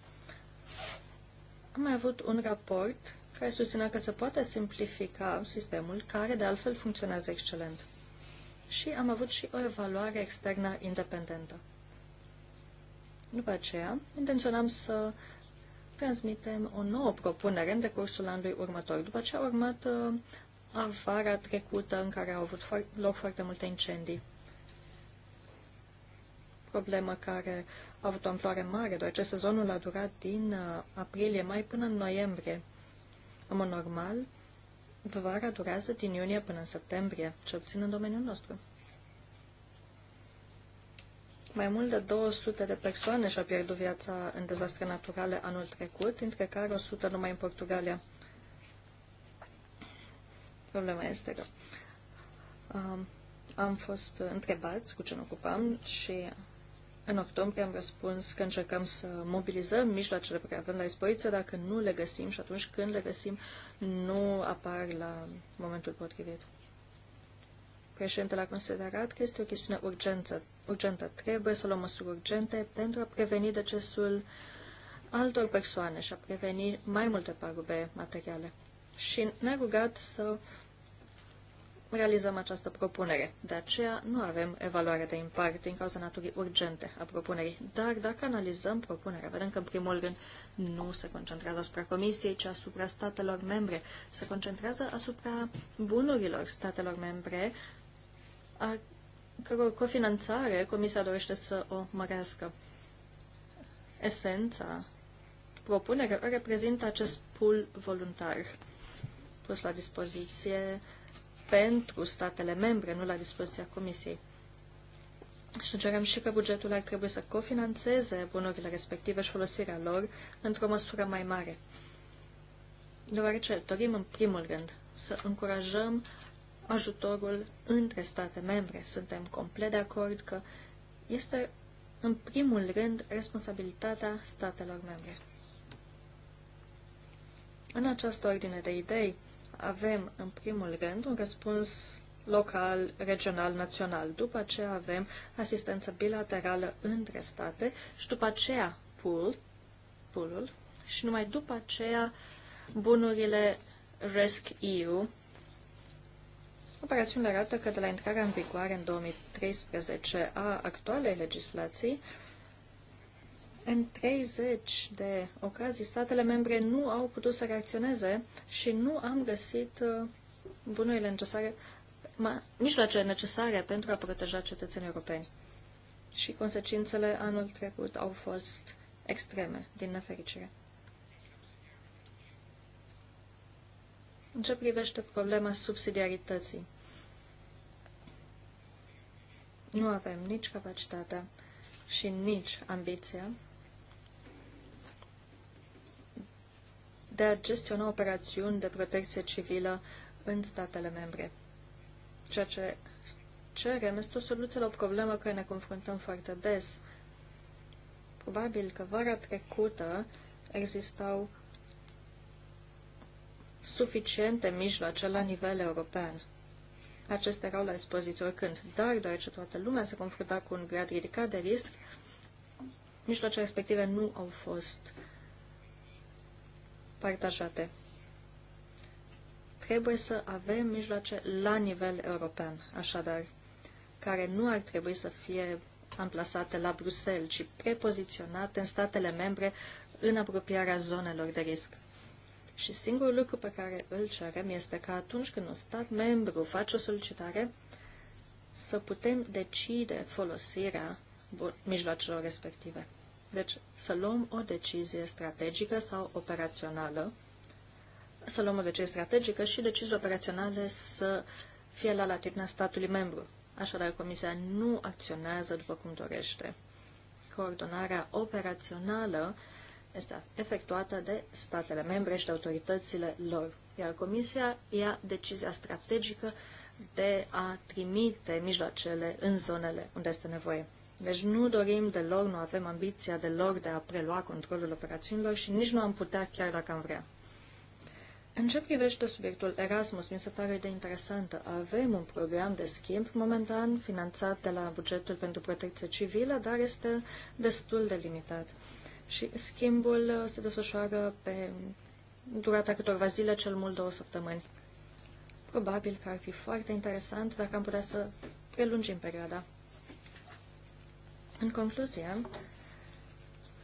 Am mai avut un raport care susținea că se poate simplifica sistemul, care de altfel funcționează excelent. Și am avut și o evaluare externă independentă. După aceea, intenționam să transmitem o nouă propunere în decursul anului următor. După ce a urmat uh, vara trecută în care au avut foar- loc foarte multe incendii. Problemă care a avut o amploare mare, deoarece sezonul a durat din uh, aprilie-mai până în noiembrie. În mod normal, vara durează din iunie până în septembrie, ce obțin în domeniul nostru. Mai mult de 200 de persoane și-au pierdut viața în dezastre naturale anul trecut, dintre care 100 numai în Portugalia. Problema este că um, am fost întrebați cu ce ne ocupam și în octombrie am răspuns că încercăm să mobilizăm mijloacele pe care avem la expoziție, dacă nu le găsim și atunci când le găsim, nu apar la momentul potrivit. Președintele a considerat că este o chestiune urgență, urgentă. Trebuie să luăm măsuri urgente pentru a preveni decesul altor persoane și a preveni mai multe pagube materiale. Și ne-a rugat să realizăm această propunere. De aceea nu avem evaluare de impact din cauza naturii urgente a propunerii. Dar dacă analizăm propunerea, vedem că în primul rând nu se concentrează asupra Comisiei, ci asupra statelor membre. Se concentrează asupra bunurilor statelor membre, a căror cofinanțare Comisia dorește să o mărească. Esența propunerea reprezintă acest pool voluntar pus la dispoziție pentru statele membre, nu la dispoziția Comisiei. sugerăm și că bugetul ar trebui să cofinanțeze bunurile respective și folosirea lor într-o măsură mai mare. Deoarece dorim, în primul rând, să încurajăm ajutorul între state membre. Suntem complet de acord că este, în primul rând, responsabilitatea statelor membre. În această ordine de idei, avem, în primul rând, un răspuns local, regional, național. După aceea avem asistență bilaterală între state și după aceea pool, pool și numai după aceea bunurile RESC-EU, Operațiunile arată că de la intrarea în vigoare în 2013 a actualei legislații, în 30 de ocazii, statele membre nu au putut să reacționeze și nu am găsit uh, bunurile necesare, mijloacele necesare pentru a proteja cetățenii europeni. Și consecințele anul trecut au fost extreme, din nefericire. În ce privește problema subsidiarității? Nu avem nici capacitatea și nici ambiția de a gestiona operațiuni de protecție civilă în statele membre. Ceea ce cerem este o soluție la o problemă care ne confruntăm foarte des. Probabil că vara trecută existau suficiente mijloace la nivel european. Acestea erau la dispoziție oricând, dar deoarece toată lumea se confrunta cu un grad ridicat de risc, mijloacele respective nu au fost uh, partajate. Trebuie să avem mijloace la nivel european, așadar, care nu ar trebui să fie amplasate la Bruxelles, ci prepoziționate în statele membre în apropiarea zonelor de risc. Și singurul lucru pe care îl cerem este că atunci când un stat membru face o solicitare, să putem decide folosirea mijloacelor respective. Deci să luăm o decizie strategică sau operațională, să luăm o decizie strategică și decizii operaționale să fie la latitudinea statului membru. Așadar, Comisia nu acționează după cum dorește. Coordonarea operațională este efectuată de statele membre și de autoritățile lor, iar Comisia ia decizia strategică de a trimite mijloacele în zonele unde este nevoie. Deci nu dorim deloc, nu avem ambiția deloc de a prelua controlul operațiunilor și nici nu am putea chiar dacă am vrea. În ce privește subiectul Erasmus, mi se pare de interesantă. Avem un program de schimb momentan finanțat de la bugetul pentru protecție civilă, dar este destul de limitat. Și schimbul uh, se desfășoară pe durata câtorva zile, cel mult două săptămâni. Probabil că ar fi foarte interesant dacă am putea să prelungim perioada. În concluzie,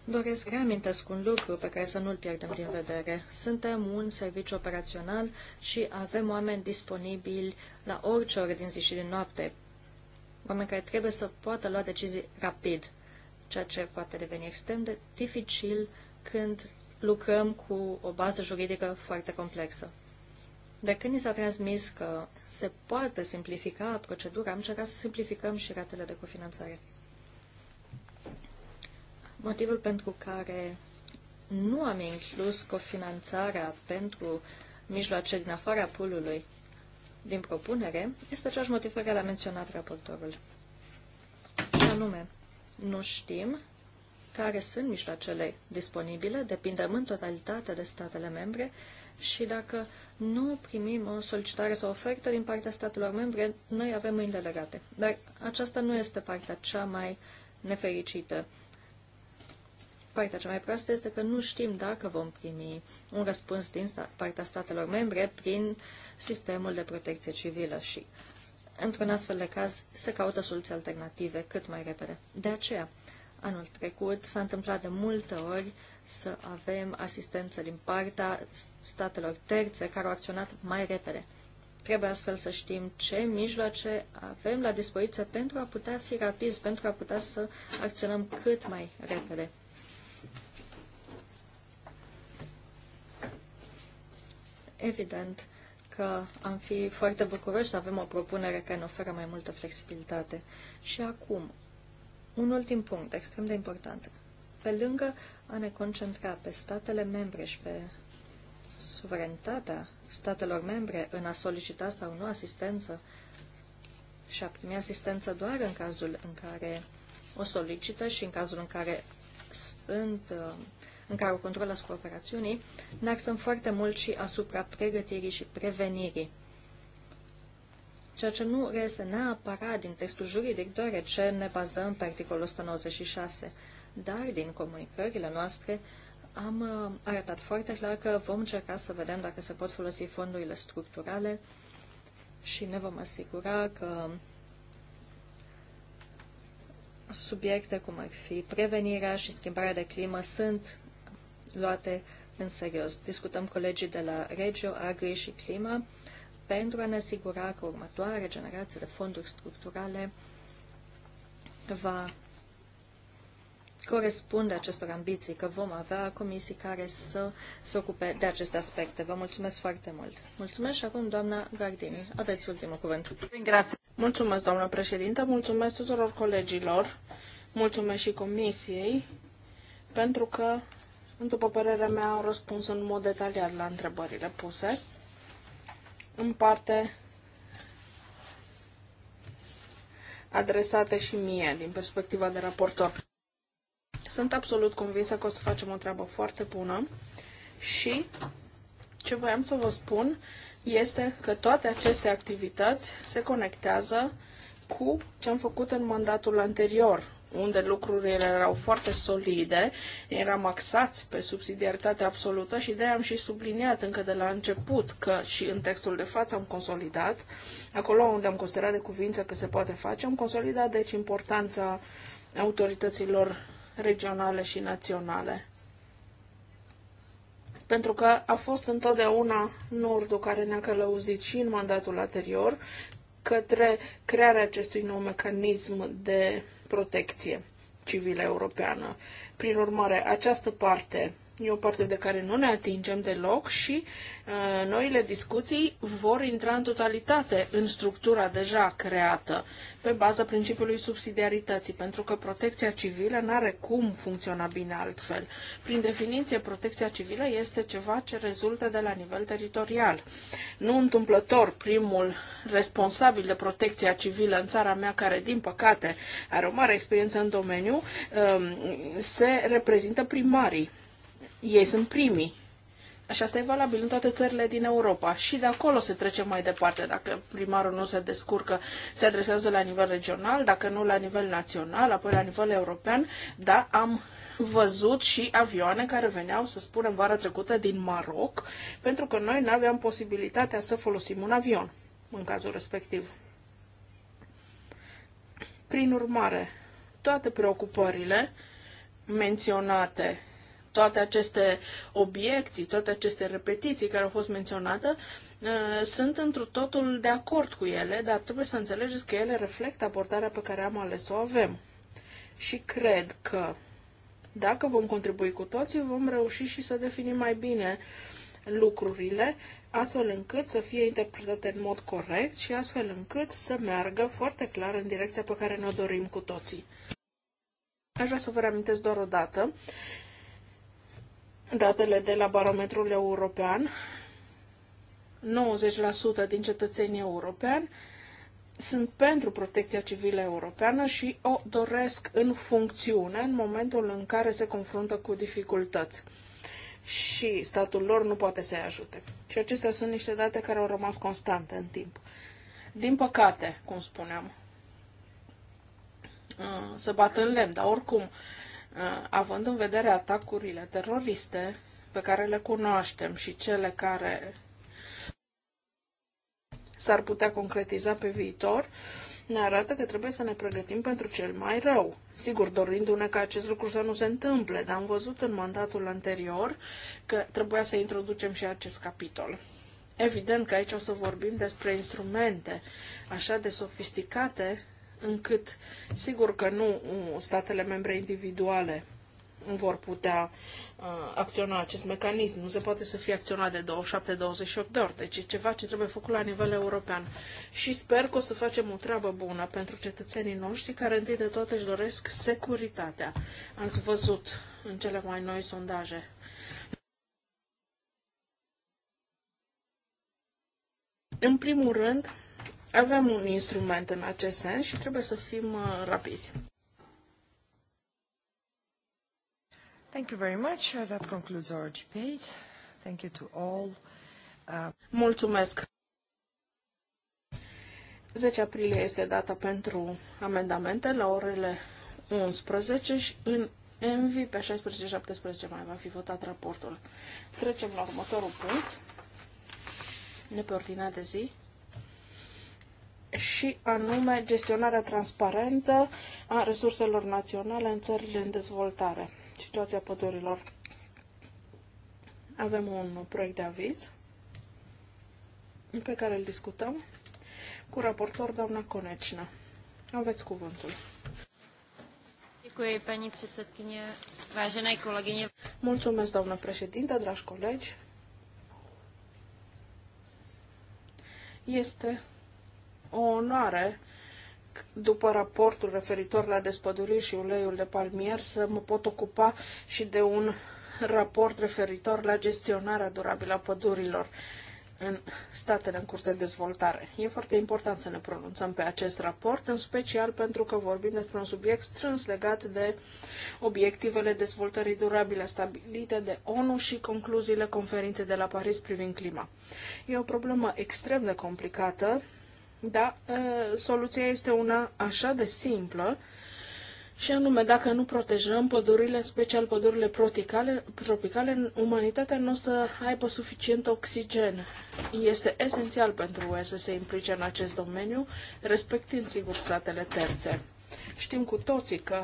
doresc reamintesc un lucru pe care să nu-l pierdem din vedere. Suntem un serviciu operațional și avem oameni disponibili la orice oră din zi și din noapte, oameni care trebuie să poată lua decizii rapid, ceea ce poate deveni extrem de dificil când lucrăm cu o bază juridică foarte complexă. De când ni s-a transmis că se poate simplifica procedura, am încercat să simplificăm și ratele de cofinanțare. Motivul pentru care nu am inclus cofinanțarea pentru mijloace din afara pulului din propunere este același motiv pe care l-a menționat raportorul. Și anume, nu știm care sunt mijloacele disponibile, depindem în totalitate de statele membre și dacă nu primim o solicitare sau ofertă din partea statelor membre, noi avem mâinile legate. Dar aceasta nu este partea cea mai nefericită Partea cea mai proastă este că nu știm dacă vom primi un răspuns din partea statelor membre prin sistemul de protecție civilă și, într-un astfel de caz, se caută soluții alternative cât mai repede. De aceea, anul trecut s-a întâmplat de multe ori să avem asistență din partea statelor terțe care au acționat mai repede. Trebuie astfel să știm ce mijloace avem la dispoziție pentru a putea fi rapizi, pentru a putea să acționăm cât mai repede. evident că am fi foarte bucuroși să avem o propunere care ne oferă mai multă flexibilitate. Și acum, un ultim punct extrem de important. Pe lângă a ne concentra pe statele membre și pe suverenitatea statelor membre în a solicita sau nu asistență și a primi asistență doar în cazul în care o solicită și în cazul în care sunt uh, în care controlului asupra operațiunii, ne axăm foarte mult și asupra pregătirii și prevenirii. Ceea ce nu reiese neapărat din textul juridic, deoarece ne bazăm pe articolul 196, dar din comunicările noastre am uh, arătat foarte clar că vom încerca să vedem dacă se pot folosi fondurile structurale și ne vom asigura că subiecte cum ar fi prevenirea și schimbarea de climă sunt luate în serios. Discutăm colegii de la Regio, Agri și Clima pentru a ne asigura că următoarea generație de fonduri structurale va corespunde acestor ambiții, că vom avea comisii care să se ocupe de aceste aspecte. Vă mulțumesc foarte mult. Mulțumesc și acum, doamna Gardini, aveți ultimul cuvânt. Grație. Mulțumesc, doamna președintă, mulțumesc tuturor colegilor, mulțumesc și comisiei, pentru că după părerea mea, au răspuns în mod detaliat la întrebările puse. În parte adresate și mie din perspectiva de raportor. Sunt absolut convinsă că o să facem o treabă foarte bună și ce voiam să vă spun este că toate aceste activități se conectează cu ce am făcut în mandatul anterior unde lucrurile erau foarte solide, eram axați pe subsidiaritate absolută și de am și subliniat încă de la început că și în textul de față am consolidat, acolo unde am considerat de cuvință că se poate face, am consolidat deci importanța autorităților regionale și naționale pentru că a fost întotdeauna Nordul care ne-a călăuzit și în mandatul anterior către crearea acestui nou mecanism de protecție civilă europeană. Prin urmare, această parte E o parte de care nu ne atingem deloc și uh, noile discuții vor intra în totalitate în structura deja creată pe baza principiului subsidiarității, pentru că protecția civilă nu are cum funcționa bine altfel. Prin definiție, protecția civilă este ceva ce rezultă de la nivel teritorial. Nu întâmplător, primul responsabil de protecția civilă în țara mea, care din păcate are o mare experiență în domeniu, um, se reprezintă primarii ei sunt primii. Și asta e valabil în toate țările din Europa. Și de acolo se trece mai departe. Dacă primarul nu se descurcă, se adresează la nivel regional, dacă nu la nivel național, apoi la nivel european. Da, am văzut și avioane care veneau, să spunem, vara trecută din Maroc, pentru că noi nu aveam posibilitatea să folosim un avion în cazul respectiv. Prin urmare, toate preocupările menționate toate aceste obiecții, toate aceste repetiții care au fost menționate, uh, sunt întru totul de acord cu ele, dar trebuie să înțelegeți că ele reflectă abordarea pe care am ales să o avem. Și cred că dacă vom contribui cu toții, vom reuși și să definim mai bine lucrurile, astfel încât să fie interpretate în mod corect și astfel încât să meargă foarte clar în direcția pe care ne-o dorim cu toții. Aș vrea să vă reamintesc doar o dată datele de la barometrul european, 90% din cetățenii europeni sunt pentru protecția civilă europeană și o doresc în funcțiune în momentul în care se confruntă cu dificultăți și statul lor nu poate să-i ajute. Și acestea sunt niște date care au rămas constante în timp. Din păcate, cum spuneam, să bat în lemn, dar oricum, Uh, având în vedere atacurile teroriste pe care le cunoaștem și cele care s-ar putea concretiza pe viitor, ne arată că trebuie să ne pregătim pentru cel mai rău. Sigur, dorindu-ne ca acest lucru să nu se întâmple, dar am văzut în mandatul anterior că trebuia să introducem și acest capitol. Evident că aici o să vorbim despre instrumente așa de sofisticate încât sigur că nu statele membre individuale vor putea uh, acționa acest mecanism. Nu se poate să fie acționat de 27-28 de ori. Deci e ceva ce trebuie făcut la nivel european. Și sper că o să facem o treabă bună pentru cetățenii noștri care întâi de toate își doresc securitatea. Ați văzut în cele mai noi sondaje. În primul rând, avem un instrument în acest sens și trebuie să fim uh, rapizi. Thank you very much. Uh, that concludes our debate. Thank you to all. Uh... Mulțumesc. 10 aprilie este data pentru amendamente la orele 11 și în MV pe 16-17 mai va fi votat raportul. Trecem la următorul punct Ne pe ordinea de zi și anume gestionarea transparentă a resurselor naționale în țările în dezvoltare, situația pădurilor. Avem un proiect de aviz pe care îl discutăm cu raportor doamna Conecina. Aveți cuvântul. Mulțumesc, doamnă președintă, dragi colegi. Este o onoare după raportul referitor la despăduriri și uleiul de palmier să mă pot ocupa și de un raport referitor la gestionarea durabilă a pădurilor în statele în curs de dezvoltare. E foarte important să ne pronunțăm pe acest raport, în special pentru că vorbim despre un subiect strâns legat de obiectivele dezvoltării durabile stabilite de ONU și concluziile conferinței de la Paris privind clima. E o problemă extrem de complicată da, ă, soluția este una așa de simplă, și anume, dacă nu protejăm pădurile, special pădurile tropicale, tropicale, umanitatea nu o să aibă suficient oxigen. Este esențial pentru UE să se implice în acest domeniu, respectând sigur statele terțe. Știm cu toții că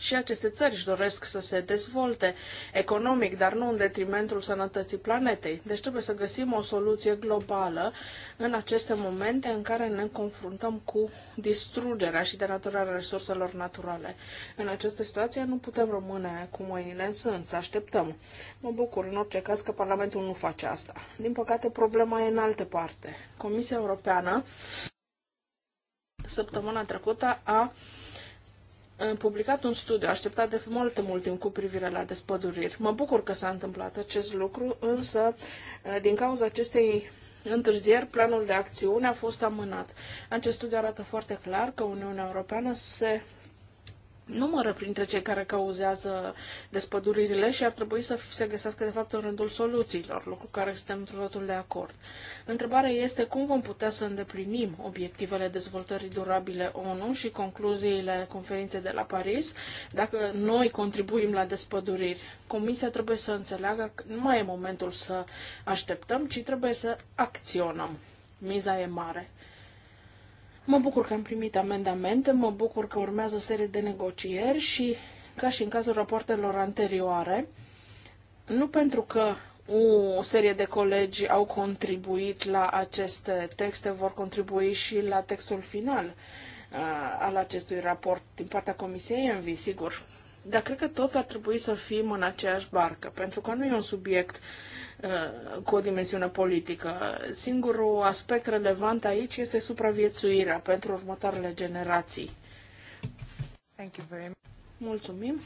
și aceste țări își doresc să se dezvolte economic, dar nu în detrimentul sănătății planetei. Deci trebuie să găsim o soluție globală în aceste momente în care ne confruntăm cu distrugerea și denaturarea resurselor naturale. În această situație nu putem rămâne cu mâinile în sân, să așteptăm. Mă bucur în orice caz că Parlamentul nu face asta. Din păcate, problema e în altă parte. Comisia Europeană săptămâna trecută a publicat un studiu așteptat de foarte mult timp cu privire la despăduriri. Mă bucur că s-a întâmplat acest lucru, însă eh, din cauza acestei întârzieri, planul de acțiune a fost amânat. Acest studiu arată foarte clar că Uniunea Europeană se numără printre cei care cauzează despăduririle și ar trebui să se găsească, de fapt, în rândul soluțiilor, lucru care suntem într totul de acord. Întrebarea este cum vom putea să îndeplinim obiectivele dezvoltării durabile ONU și concluziile conferinței de la Paris dacă noi contribuim la despăduriri. Comisia trebuie să înțeleagă că nu mai e momentul să așteptăm, ci trebuie să acționăm. Miza e mare. Mă bucur că am primit amendamente, mă bucur că urmează o serie de negocieri și, ca și în cazul rapoartelor anterioare, nu pentru că o serie de colegi au contribuit la aceste texte, vor contribui și la textul final uh, al acestui raport din partea Comisiei ENVI, sigur. Dar cred că toți ar trebui să fim în aceeași barcă, pentru că nu e un subiect uh, cu o dimensiune politică. Singurul aspect relevant aici este supraviețuirea pentru următoarele generații. Thank you very much. Mulțumim.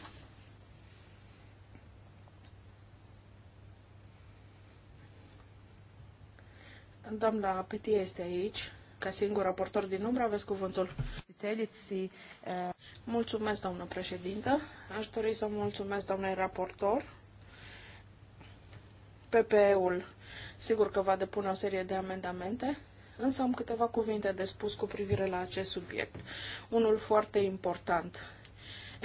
Doamna Piti este aici. Ca singur raportor din umbră, aveți cuvântul. Uh, mulțumesc, doamnă președintă. Aș dori să mulțumesc doamnei raportor. PPE-ul sigur că va depune o serie de amendamente, însă am câteva cuvinte de spus cu privire la acest subiect, unul foarte important.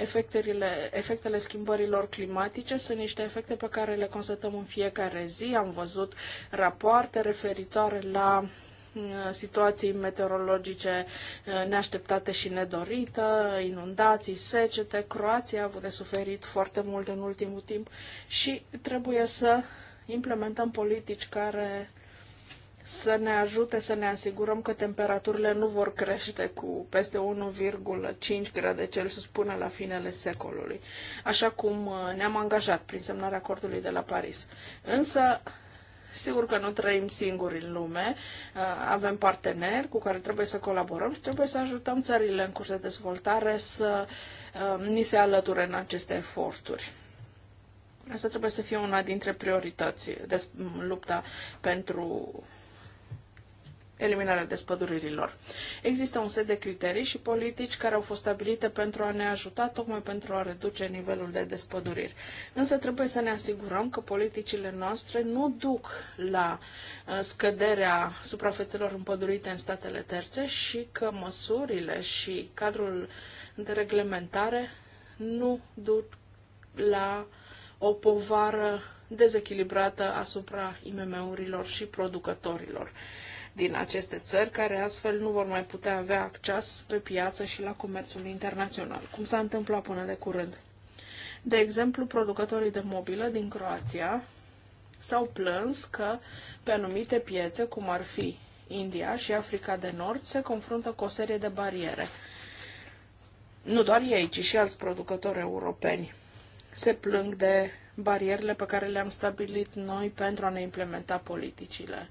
Efectele, efectele schimbărilor climatice sunt niște efecte pe care le constatăm în fiecare zi. Am văzut rapoarte referitoare la mm, situații meteorologice eh, neașteptate și nedorită, inundații, secete. Croația a avut de suferit foarte mult în ultimul timp și trebuie să implementăm politici care să ne ajute să ne asigurăm că temperaturile nu vor crește cu peste 1,5 grade Celsius până la finele secolului, așa cum uh, ne-am angajat prin semnarea acordului de la Paris. Însă, sigur că nu trăim singuri în lume, uh, avem parteneri cu care trebuie să colaborăm și trebuie să ajutăm țările în curs de dezvoltare să uh, ni se alăture în aceste eforturi. Asta trebuie să fie una dintre priorități de lupta pentru eliminarea despăduririlor. Există un set de criterii și politici care au fost stabilite pentru a ne ajuta tocmai pentru a reduce nivelul de despăduriri. Însă trebuie să ne asigurăm că politicile noastre nu duc la uh, scăderea suprafețelor împădurite în statele terțe și că măsurile și cadrul de reglementare nu duc la o povară dezechilibrată asupra IMM-urilor și producătorilor din aceste țări, care astfel nu vor mai putea avea acces pe piață și la comerțul internațional, cum s-a întâmplat până de curând. De exemplu, producătorii de mobilă din Croația s-au plâns că pe anumite piețe, cum ar fi India și Africa de Nord, se confruntă cu o serie de bariere. Nu doar ei, ci și alți producători europeni se plâng de barierele pe care le-am stabilit noi pentru a ne implementa politicile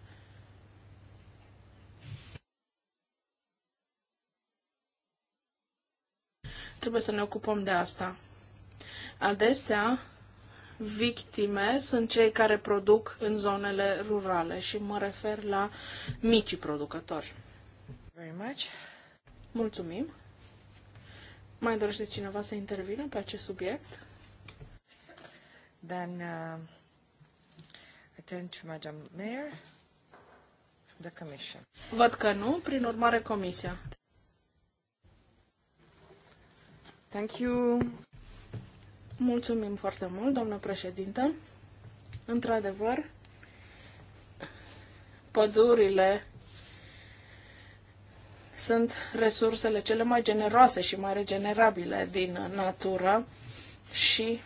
Trebuie să ne ocupăm de asta. Adesea, victime sunt cei care produc în zonele rurale și mă refer la micii producători. Very much. Mulțumim. Mai dorește cineva să intervină pe acest subiect? Then uh, I turn to Madam Mayor, the Commission. Văd că nu, prin urmare Comisia. Thank you. Mulțumim foarte mult, doamnă președintă. Într-adevăr, pădurile sunt resursele cele mai generoase și mai regenerabile din natură și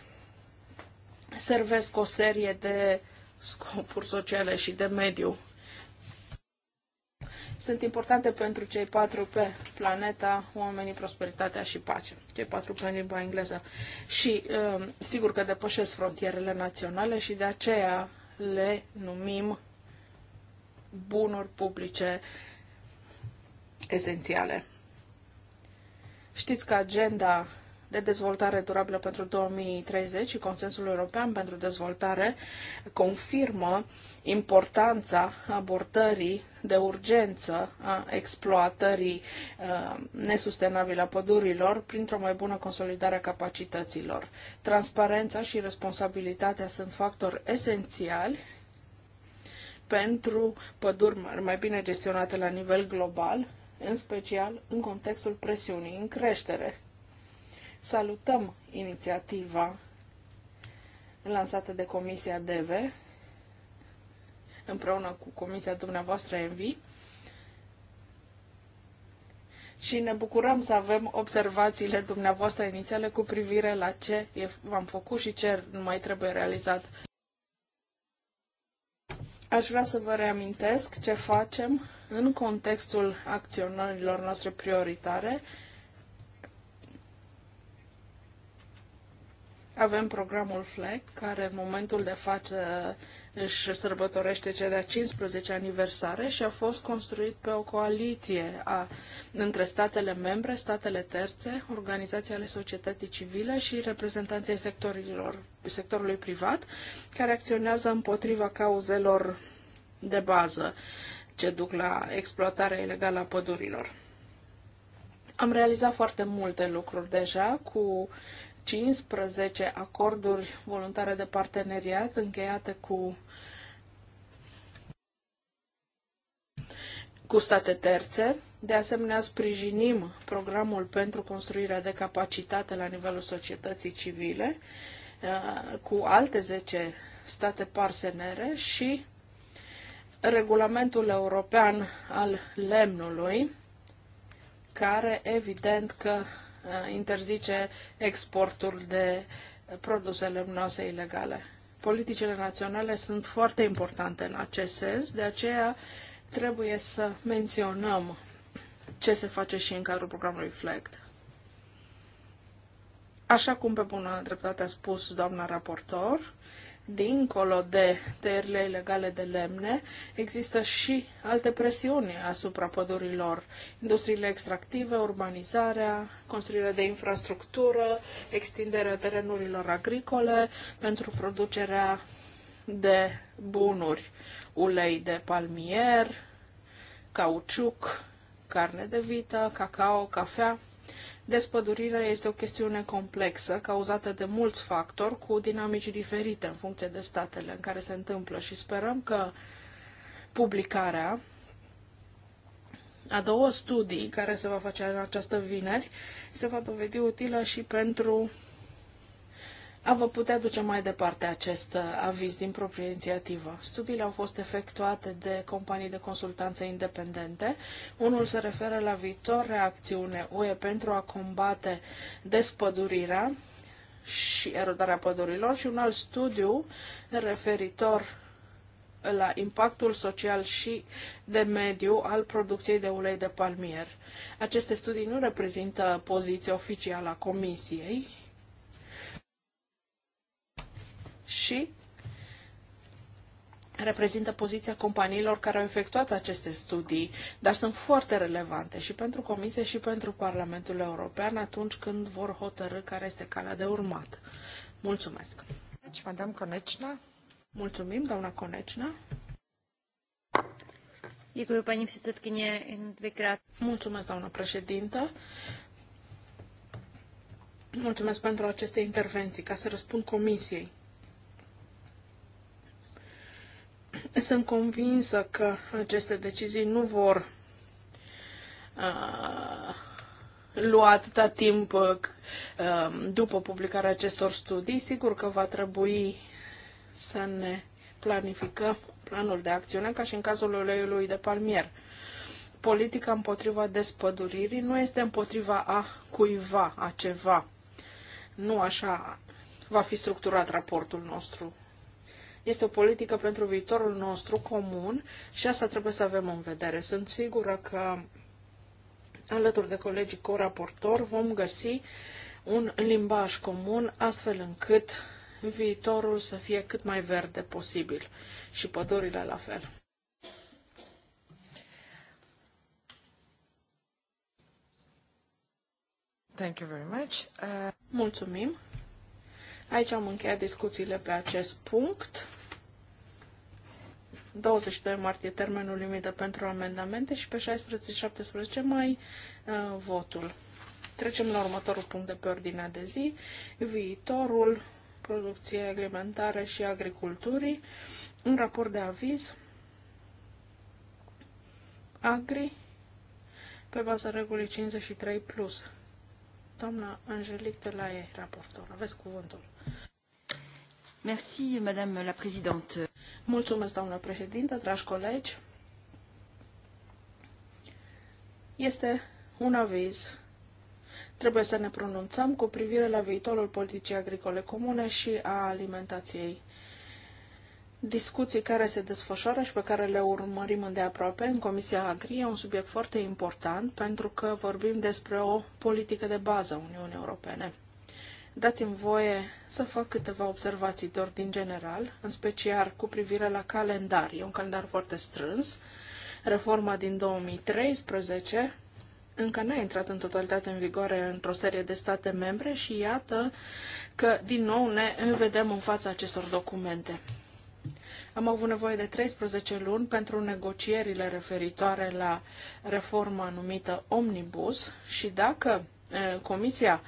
servesc o serie de scopuri sociale și de mediu sunt importante pentru cei patru P, planeta, oamenii, prosperitatea și pace. Cei patru P în limba engleză. Și uh, sigur că depășesc frontierele naționale și de aceea le numim bunuri publice esențiale. Știți că agenda de dezvoltare durabilă pentru 2030 și Consensul European pentru Dezvoltare confirmă importanța abordării de urgență a exploatării uh, nesustenabile a pădurilor printr-o mai bună consolidare a capacităților. Transparența și responsabilitatea sunt factori esențiali pentru păduri mai bine gestionate la nivel global, în special în contextul presiunii în creștere. Salutăm inițiativa lansată de Comisia DV împreună cu Comisia dumneavoastră ENVI și ne bucurăm să avem observațiile dumneavoastră inițiale cu privire la ce v-am făcut și ce mai trebuie realizat. Aș vrea să vă reamintesc ce facem în contextul acționărilor noastre prioritare Avem programul FLEC, care în momentul de față își sărbătorește cea de-a 15 aniversare și a fost construit pe o coaliție a, între statele membre, statele terțe, organizații ale societății civile și reprezentanții sectorilor, sectorului privat, care acționează împotriva cauzelor de bază ce duc la exploatarea ilegală a pădurilor. Am realizat foarte multe lucruri deja cu 15 acorduri voluntare de parteneriat încheiate cu cu state terțe. De asemenea, sprijinim programul pentru construirea de capacitate la nivelul societății civile uh, cu alte 10 state parsenere și regulamentul european al lemnului, care evident că Uh, interzice exportul de produse lemnoase ilegale. Politicile naționale sunt foarte importante în acest sens, de aceea trebuie să menționăm ce se face și în cadrul programului FLECT. Așa cum pe bună dreptate a spus doamna raportor, dincolo de tăierile ilegale de lemne, există și alte presiuni asupra pădurilor. Industriile extractive, urbanizarea, construirea de infrastructură, extinderea terenurilor agricole pentru producerea de bunuri, ulei de palmier, cauciuc, carne de vită, cacao, cafea. Despădurirea este o chestiune complexă, cauzată de mulți factori, cu dinamici diferite în funcție de statele în care se întâmplă și sperăm că publicarea a două studii care se va face în această vineri se va dovedi utilă și pentru a vă putea duce mai departe acest uh, aviz din proprie inițiativă. Studiile au fost efectuate de companii de consultanță independente. Unul se referă la viitoarea acțiune UE pentru a combate despădurirea și erodarea pădurilor și un alt studiu referitor la impactul social și de mediu al producției de ulei de palmier. Aceste studii nu reprezintă poziția oficială a Comisiei, și reprezintă poziția companiilor care au efectuat aceste studii, dar sunt foarte relevante și pentru Comisie și pentru Parlamentul European atunci când vor hotărâ care este calea de urmat. Mulțumesc! Deci, Madame Conecna. Mulțumim, doamna Conecna. Mulțumesc, doamna președintă. Mulțumesc pentru aceste intervenții, ca să răspund comisiei. Sunt convinsă că aceste decizii nu vor lua atâta timp după publicarea acestor studii. Sigur că va trebui să ne planificăm planul de acțiune ca și în cazul uleiului de palmier. Politica împotriva despăduririi nu este împotriva a cuiva, a ceva. Nu așa va fi structurat raportul nostru. Este o politică pentru viitorul nostru comun și asta trebuie să avem în vedere. Sunt sigură că alături de colegii co-raportor vom găsi un limbaj comun astfel încât viitorul să fie cât mai verde posibil și pădurile la fel. Thank you very much. Uh... Mulțumim. Aici am încheiat discuțiile pe acest punct. 22 martie termenul limită pentru amendamente și pe 16-17 mai uh, votul. Trecem la următorul punct de pe ordinea de zi, viitorul producției alimentare și agriculturii, un raport de aviz agri pe baza regulii 53+. Plus. Doamna Angelique de la e, raportor. Aveți cuvântul. Merci, Madame la Présidente. Mulțumesc, doamna președintă, dragi colegi. Este un aviz trebuie să ne pronunțăm cu privire la viitorul politicii agricole comune și a alimentației discuții care se desfășoară și pe care le urmărim îndeaproape în Comisia Agri. E un subiect foarte important pentru că vorbim despre o politică de bază a Uniunii Europene. Dați-mi voie să fac câteva observații doar din general, în special cu privire la calendar. E un calendar foarte strâns. Reforma din 2013 încă n-a intrat în totalitate în vigoare într-o serie de state membre și iată că din nou ne vedem în fața acestor documente. Am avut nevoie de 13 luni pentru negocierile referitoare la reforma numită Omnibus și dacă Comisia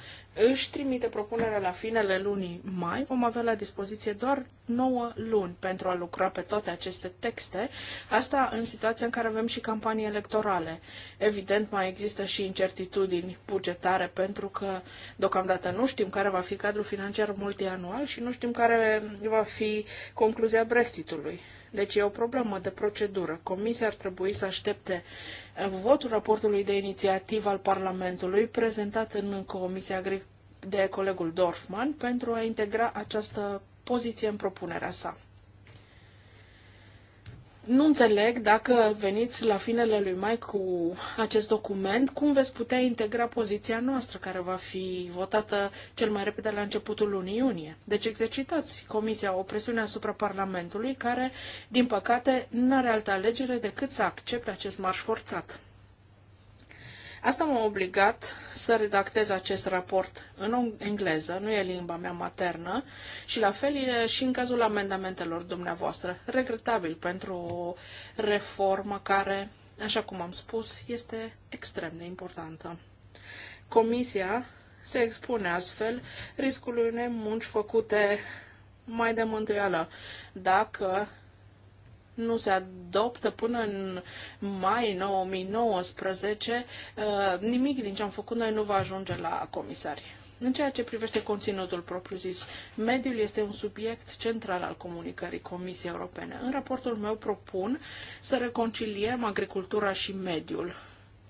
își trimite propunerea la finele lunii mai, vom avea la dispoziție doar 9 luni pentru a lucra pe toate aceste texte, asta în situația în care avem și campanii electorale. Evident, mai există și incertitudini bugetare, pentru că deocamdată nu știm care va fi cadrul financiar multianual și nu știm care va fi concluzia Brexitului. Deci e o problemă de procedură. Comisia ar trebui să aștepte eh, votul raportului de inițiativă al Parlamentului prezentat în Comisia Agri de colegul Dorfman pentru a integra această poziție în propunerea sa. Nu înțeleg dacă veniți la finele lui mai cu acest document, cum veți putea integra poziția noastră, care va fi votată cel mai repede la începutul lunii iunie. Deci exercitați Comisia o presiune asupra Parlamentului, care, din păcate, nu are altă alegere decât să accepte acest marș forțat. Asta m-a obligat să redactez acest raport în engleză, nu e limba mea maternă, și la fel e și în cazul amendamentelor dumneavoastră. Regretabil pentru o reformă care, așa cum am spus, este extrem de importantă. Comisia se expune astfel riscului unei munci făcute mai de mântuială dacă nu se adoptă până în mai 2019, uh, nimic din ce am făcut noi nu va ajunge la comisari. În ceea ce privește conținutul propriu-zis, mediul este un subiect central al comunicării Comisiei Europene. În raportul meu propun să reconciliem agricultura și mediul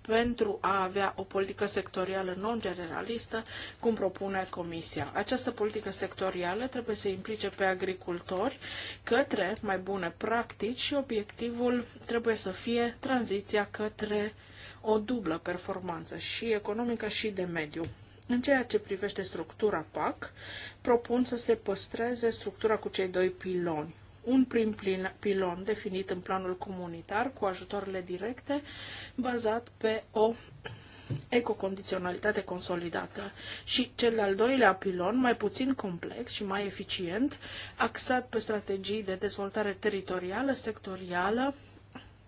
pentru a avea o politică sectorială non-generalistă, cum propune Comisia. Această politică sectorială trebuie să implice pe agricultori către mai bune practici și obiectivul trebuie să fie tranziția către o dublă performanță și economică și de mediu. În ceea ce privește structura PAC, propun să se păstreze structura cu cei doi piloni, un prim pilon definit în planul comunitar cu ajutoarele directe bazat pe o ecocondiționalitate consolidată și cel al doilea pilon, mai puțin complex și mai eficient, axat pe strategii de dezvoltare teritorială, sectorială,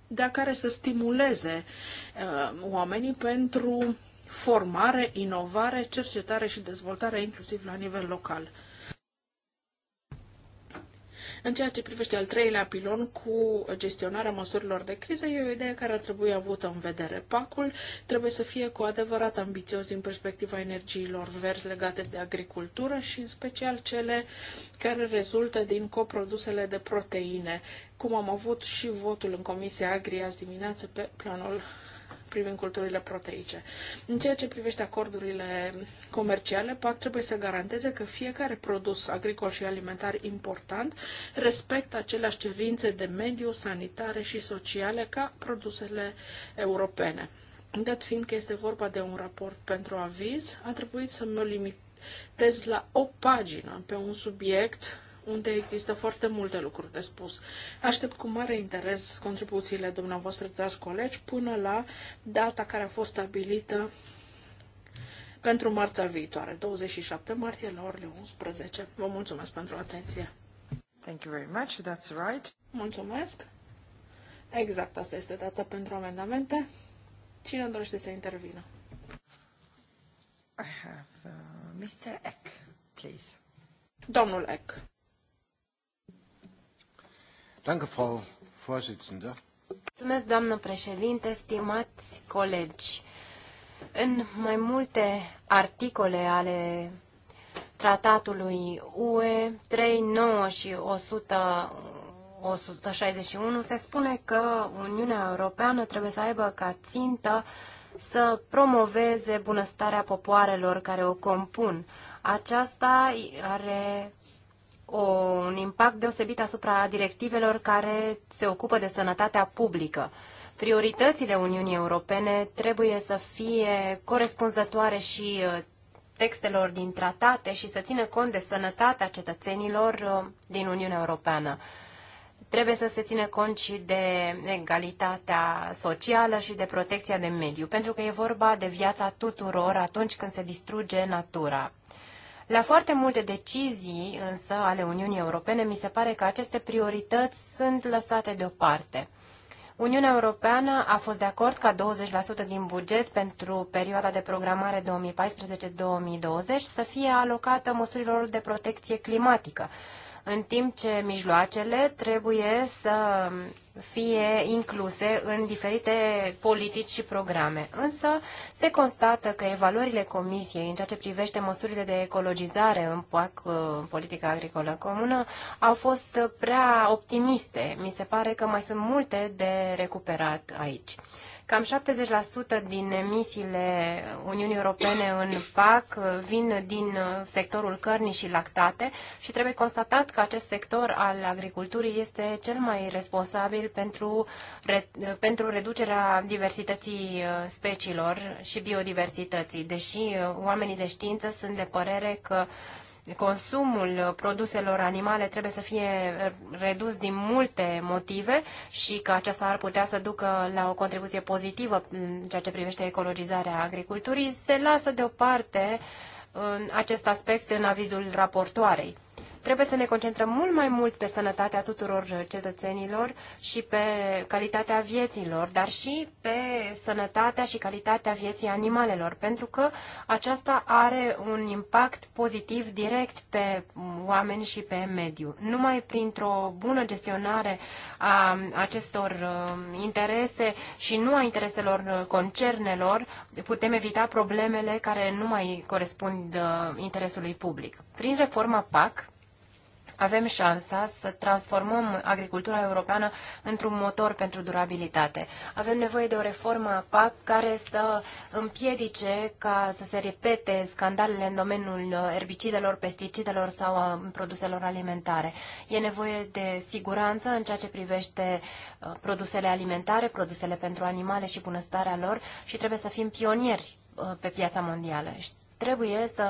de care să stimuleze uh, oamenii pentru formare, inovare, cercetare și dezvoltare, inclusiv la nivel local. În ceea ce privește al treilea pilon cu gestionarea măsurilor de criză, e o idee care ar trebui avută în vedere. Pacul trebuie să fie cu adevărat ambițios din perspectiva energiilor verzi legate de agricultură și în special cele care rezultă din coprodusele de proteine, cum am avut și votul în Comisia Agri azi dimineață pe planul privind culturile proteice. În ceea ce privește acordurile comerciale, PAC trebuie să garanteze că fiecare produs agricol și alimentar important respectă aceleași cerințe de mediu, sanitare și sociale ca produsele europene. Dat fiind că este vorba de un raport pentru aviz, a trebuit să mă limitez la o pagină pe un subiect unde există foarte multe lucruri de spus. Aștept cu mare interes contribuțiile dumneavoastră, dragi colegi, până la data care a fost stabilită pentru marța viitoare, 27 martie la orele 11. Vă mulțumesc pentru atenție. Thank you very much. That's right. Mulțumesc. Exact, asta este data pentru amendamente. Cine dorește să intervină? I have uh, Mr. Eck, please. Domnul Eck. Mulțumesc, doamnă președinte, stimați colegi. În mai multe articole ale tratatului UE 3, 9 și 100, 161 se spune că Uniunea Europeană trebuie să aibă ca țintă să promoveze bunăstarea popoarelor care o compun. Aceasta are o, un impact deosebit asupra directivelor care se ocupă de sănătatea publică. Prioritățile Uniunii Europene trebuie să fie corespunzătoare și uh, textelor din tratate și să țină cont de sănătatea cetățenilor uh, din Uniunea Europeană. Trebuie să se țină cont și de egalitatea socială și de protecția de mediu, pentru că e vorba de viața tuturor atunci când se distruge natura. La foarte multe decizii, însă, ale Uniunii Europene, mi se pare că aceste priorități sunt lăsate deoparte. Uniunea Europeană a fost de acord ca 20% din buget pentru perioada de programare 2014-2020 să fie alocată măsurilor de protecție climatică, în timp ce mijloacele trebuie să fie incluse în diferite politici și programe. Însă se constată că evaluările comisiei în ceea ce privește măsurile de ecologizare în, uh, politica agricolă comună au fost prea optimiste. Mi se pare că mai sunt multe de recuperat aici. Cam 70% din emisiile Uniunii Europene în PAC vin din sectorul cărnii și lactate și trebuie constatat că acest sector al agriculturii este cel mai responsabil pentru, pentru reducerea diversității uh, speciilor și biodiversității, deși uh, oamenii de știință sunt de părere că consumul produselor animale trebuie să fie redus din multe motive și că aceasta ar putea să ducă la o contribuție pozitivă în ceea ce privește ecologizarea agriculturii, se lasă deoparte uh, acest aspect în avizul raportoarei. Trebuie să ne concentrăm mult mai mult pe sănătatea tuturor uh, cetățenilor și pe calitatea vieților, dar și pe sănătatea și calitatea vieții animalelor, pentru că aceasta are un impact pozitiv direct pe mm, oameni și pe mediu. Numai printr-o bună gestionare a mm, acestor mm, interese și nu a intereselor uh, concernelor, putem evita problemele care nu mai corespund uh, interesului public. Prin reforma PAC, avem șansa să transformăm agricultura europeană într-un motor pentru durabilitate. Avem nevoie de o reformă a PAC care să împiedice ca să se repete scandalele în domeniul erbicidelor, pesticidelor sau a produselor alimentare. E nevoie de siguranță în ceea ce privește uh, produsele alimentare, produsele pentru animale și bunăstarea lor și trebuie să fim pionieri uh, pe piața mondială. Trebuie să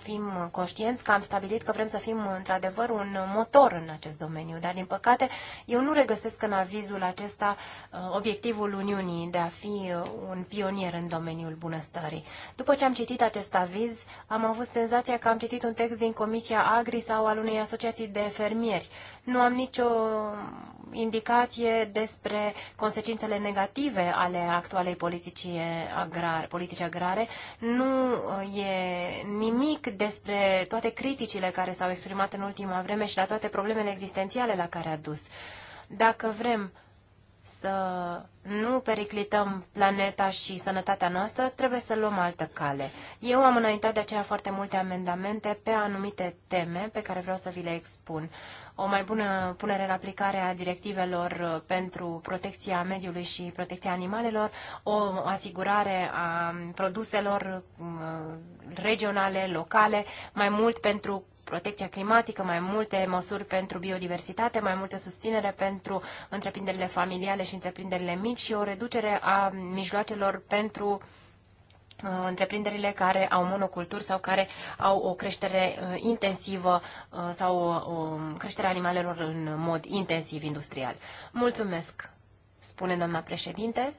fim conștienți că am stabilit că vrem să fim într-adevăr un motor în acest domeniu, dar din păcate eu nu regăsesc în avizul acesta uh, obiectivul Uniunii de a fi uh, un pionier în domeniul bunăstării. După ce am citit acest aviz, am avut senzația că am citit un text din Comisia Agri sau al unei asociații de fermieri. Nu am nicio indicație despre consecințele negative ale actualei politici agrare, politici agrare. Nu e nimic despre toate criticile care s-au exprimat în ultima vreme și la toate problemele existențiale la care a dus. Dacă vrem să nu periclităm planeta și sănătatea noastră, trebuie să luăm altă cale. Eu am înaintat de aceea foarte multe amendamente pe anumite teme pe care vreau să vi le expun. O mai bună punere în aplicare a directivelor pentru protecția mediului și protecția animalelor, o asigurare a produselor uh, regionale, locale, mai mult pentru protecția climatică, mai multe măsuri pentru biodiversitate, mai multă susținere pentru întreprinderile familiale și întreprinderile mici și o reducere a mijloacelor pentru uh, întreprinderile care au monoculturi sau care au o creștere uh, intensivă uh, sau o creștere animalelor în mod intensiv industrial. Mulțumesc, spune doamna președinte.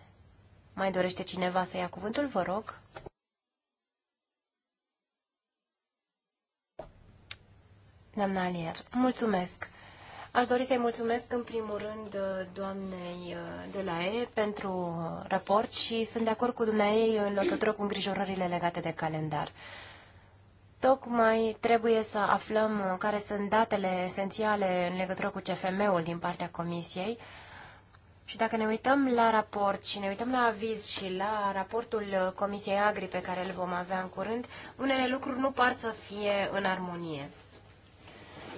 Mai dorește cineva să ia cuvântul? Vă rog. Doamna Alier, mulțumesc! Aș dori să-i mulțumesc în primul rând uh, doamnei uh, de la E pentru uh, raport și sunt de acord cu dumneai în legătură cu îngrijorările legate de calendar. Tocmai trebuie să aflăm care sunt datele esențiale în legătură cu CFM-ul din partea Comisiei și dacă ne uităm la raport și ne uităm la aviz și la raportul Comisiei Agri pe care îl vom avea în curând, unele lucruri nu par să fie în armonie.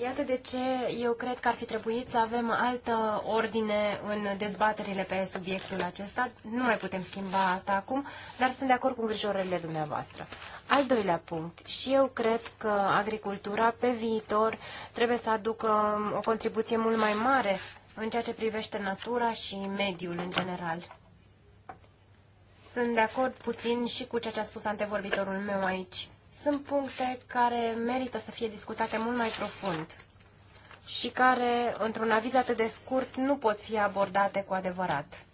Iată de ce eu cred că ar fi trebuit să avem altă ordine în dezbaterile pe subiectul acesta. Nu mai putem schimba asta acum, dar sunt de acord cu îngrijorările dumneavoastră. Al doilea punct. Și eu cred că agricultura pe viitor trebuie să aducă o contribuție mult mai mare în ceea ce privește natura și mediul în general. Sunt de acord puțin și cu ceea ce a spus antevorbitorul meu aici. Sunt puncte care merită să fie discutate mult mai profund și care, într-un aviz atât de scurt, nu pot fi abordate cu adevărat.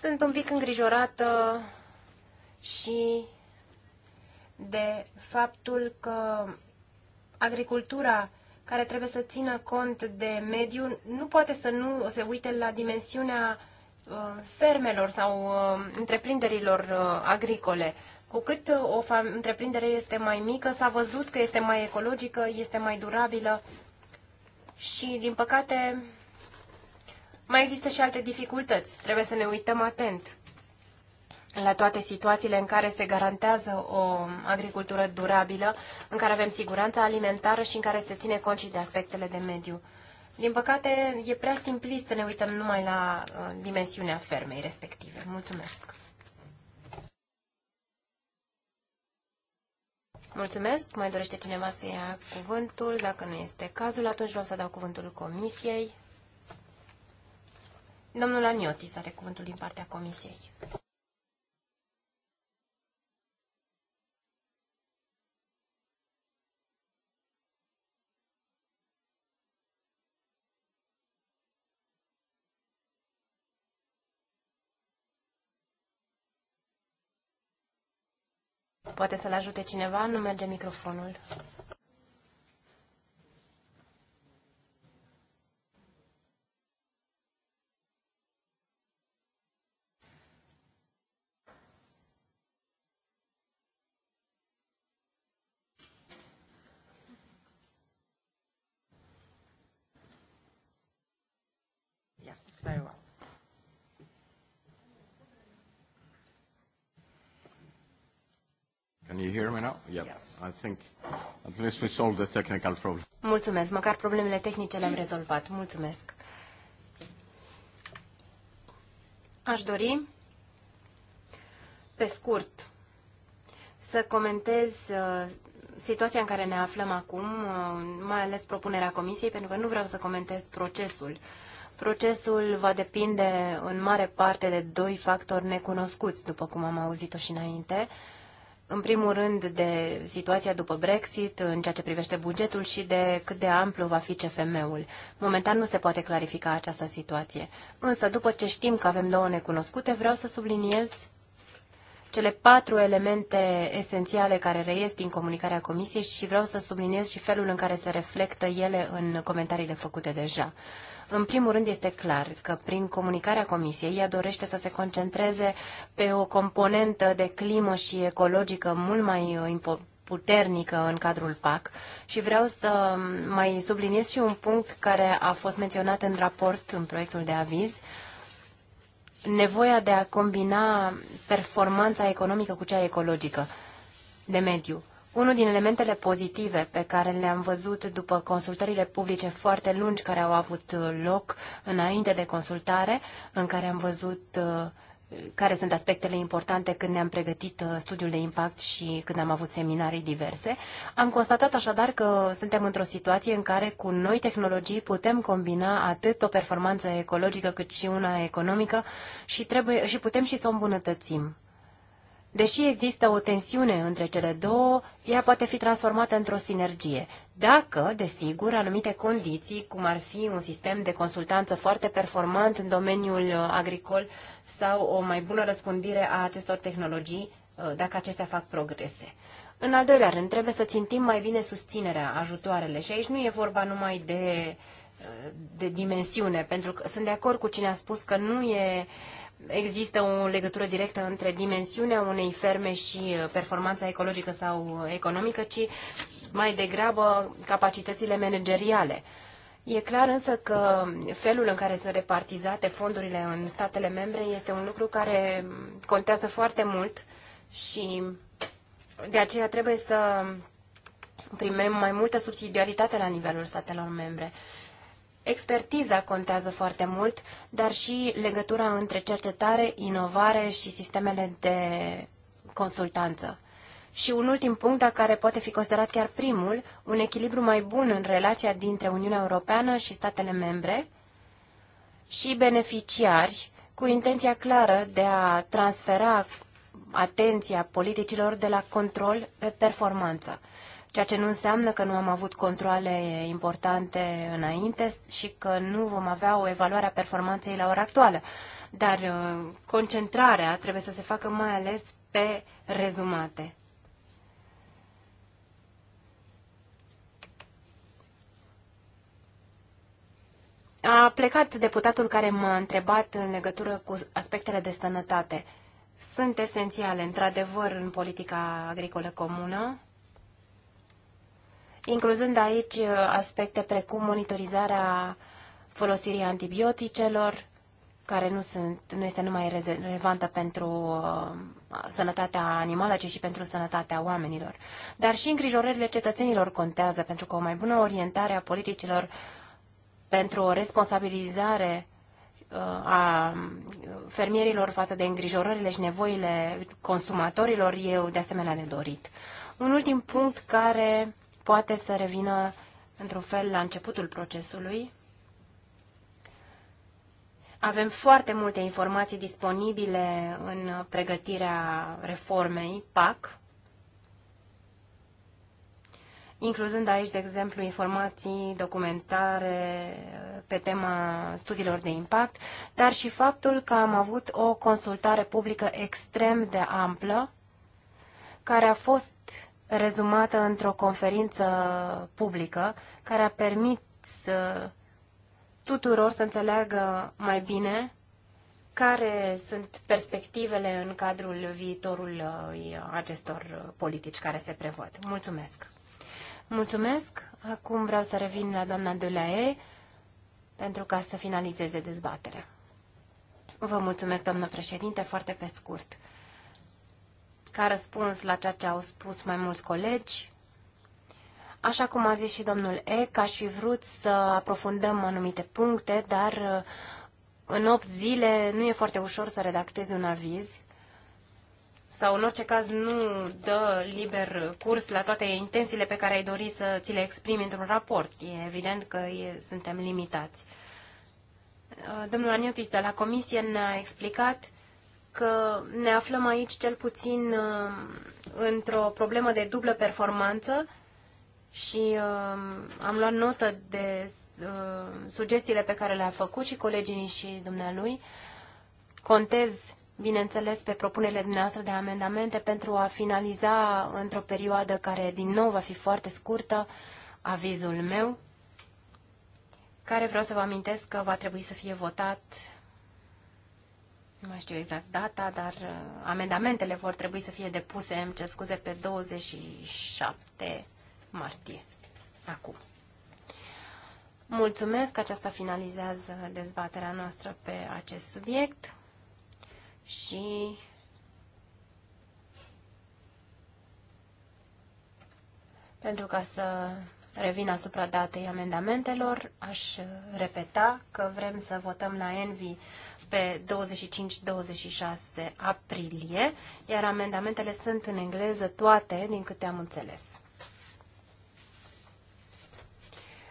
Sunt un pic îngrijorată și de faptul că agricultura care trebuie să țină cont de mediu nu poate să nu se uite la dimensiunea Uh, fermelor sau uh, întreprinderilor uh, agricole. Cu cât o întreprindere este mai mică, s-a văzut că este mai ecologică, este mai durabilă și, din păcate, mai există și alte dificultăți. Trebuie să ne uităm atent la toate situațiile în care se garantează o agricultură durabilă, în care avem siguranța alimentară și în care se ține cont și de aspectele de mediu. Din păcate, e prea simplist să ne uităm numai la uh, dimensiunea fermei respective. Mulțumesc! Mulțumesc. Mai dorește cineva să ia cuvântul? Dacă nu este cazul, atunci vreau să dau cuvântul comisiei. Domnul Aniotis are cuvântul din partea comisiei. Poate să-l ajute cineva? Nu merge microfonul. Yes, very well. Can you hear me now? Yes. I think at least we solved the technical problem. Mulțumesc, măcar problemele tehnice le-am rezolvat. Mulțumesc. Aș dori, pe scurt, să comentez uh, situația în care ne aflăm acum, uh, mai ales propunerea Comisiei, pentru că nu vreau să comentez procesul. Procesul va depinde în mare parte de doi factori necunoscuți, după cum am auzit-o și înainte. Uh, în primul rând, de situația după Brexit, în ceea ce privește bugetul și de cât de amplu va fi CFM-ul. Momentan nu se poate clarifica această situație. Însă, după ce știm că avem două necunoscute, vreau să subliniez cele patru elemente esențiale care reies din comunicarea Comisiei și vreau să subliniez și felul în care se reflectă ele în comentariile făcute deja. În primul rând este clar că prin comunicarea Comisiei ea dorește să se concentreze pe o componentă de climă și ecologică mult mai uh, puternică în cadrul PAC și vreau să um, mai subliniez și un punct care a fost menționat în raport, în proiectul de aviz, nevoia de a combina performanța economică cu cea ecologică de mediu. Unul din elementele pozitive pe care le-am văzut după consultările publice foarte lungi care au avut uh, loc înainte de consultare, în care am văzut uh, care sunt aspectele importante când ne-am pregătit uh, studiul de impact și când am avut seminarii diverse. Am constatat așadar că suntem într-o situație în care cu noi tehnologii putem combina atât o performanță ecologică cât și una economică și, trebuie, și putem și să o îmbunătățim. Deși există o tensiune între cele două, ea poate fi transformată într-o sinergie, dacă, desigur, anumite condiții, cum ar fi un sistem de consultanță foarte performant în domeniul uh, agricol sau o mai bună răspândire a acestor tehnologii, uh, dacă acestea fac progrese. În al doilea rând, trebuie să țintim mai bine susținerea, ajutoarele și aici nu e vorba numai de, uh, de dimensiune, pentru că sunt de acord cu cine a spus că nu e uh, există o legătură directă între dimensiunea unei ferme și uh, performanța ecologică sau uh, economică, ci mai degrabă capacitățile manageriale. E clar însă că felul în care sunt repartizate fondurile în statele membre este un lucru care contează foarte mult și de aceea trebuie să primim mai multă subsidiaritate la nivelul statelor membre. Expertiza contează foarte mult, dar și legătura între cercetare, inovare și sistemele de consultanță. Și un ultim punct, dar care poate fi considerat chiar primul, un echilibru mai bun în relația dintre Uniunea Europeană și statele membre și beneficiari, cu intenția clară de a transfera atenția politicilor de la control pe performanță ceea ce nu înseamnă că nu am avut controle importante înainte și că nu vom avea o evaluare a performanței la ora actuală. Dar uh, concentrarea trebuie să se facă mai ales pe rezumate. A plecat deputatul care m-a întrebat în legătură cu aspectele de sănătate. Sunt esențiale, într-adevăr, în politica agricolă comună incluzând aici uh, aspecte precum monitorizarea folosirii antibioticelor, care nu, sunt, nu este numai relevantă pentru uh, sănătatea animală, ci și pentru sănătatea oamenilor. Dar și îngrijorările cetățenilor contează, pentru că o mai bună orientare a politicilor pentru o responsabilizare uh, a fermierilor față de îngrijorările și nevoile consumatorilor, eu de asemenea de dorit. Un ultim punct care poate să revină într-un fel la începutul procesului. Avem foarte multe informații disponibile în pregătirea reformei PAC, incluzând aici, de exemplu, informații documentare pe tema studiilor de impact, dar și faptul că am avut o consultare publică extrem de amplă, care a fost rezumată într-o conferință publică care a permis uh, tuturor să înțeleagă mai bine care sunt perspectivele în cadrul viitorului uh, acestor uh, politici care se prevăd. Mulțumesc! Mulțumesc! Acum vreau să revin la doamna Dulae pentru ca să finalizeze dezbaterea. Vă mulțumesc, doamnă președinte, foarte pe scurt ca răspuns la ceea ce au spus mai mulți colegi. Așa cum a zis și domnul E, aș fi vrut să aprofundăm anumite puncte, dar uh, în 8 zile nu e foarte ușor să redactezi un aviz sau în orice caz nu dă liber curs la toate intențiile pe care ai dori să ți le exprimi într-un raport. E evident că e, suntem limitați. Uh, domnul Aniutis de la Comisie ne-a explicat că ne aflăm aici cel puțin uh, într-o problemă de dublă performanță și uh, am luat notă de uh, sugestiile pe care le-a făcut și colegii și dumnealui. Contez, bineînțeles, pe propunerile dumneavoastră de amendamente pentru a finaliza într-o perioadă care, din nou, va fi foarte scurtă, avizul meu, care vreau să vă amintesc că va trebui să fie votat nu mai știu exact data, dar uh, amendamentele vor trebui să fie depuse, îmi cer scuze, pe 27 martie, acum. Mulțumesc, aceasta finalizează dezbaterea noastră pe acest subiect și pentru ca să revin asupra datei amendamentelor, aș repeta că vrem să votăm la Envi pe 25-26 aprilie, iar amendamentele sunt în engleză toate, din câte am înțeles.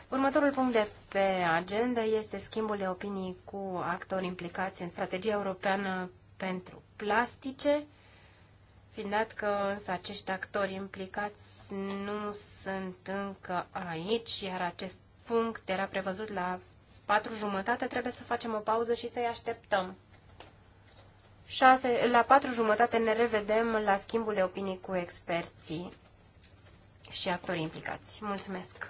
Următorul punct de pe agenda este schimbul de opinii cu actori implicați în strategia europeană pentru plastice, fiind dat că însă acești actori implicați nu sunt încă aici, iar acest punct era prevăzut la patru jumătate trebuie să facem o pauză și să-i așteptăm. 6, la patru jumătate ne revedem la schimbul de opinii cu experții și actorii implicați. Mulțumesc!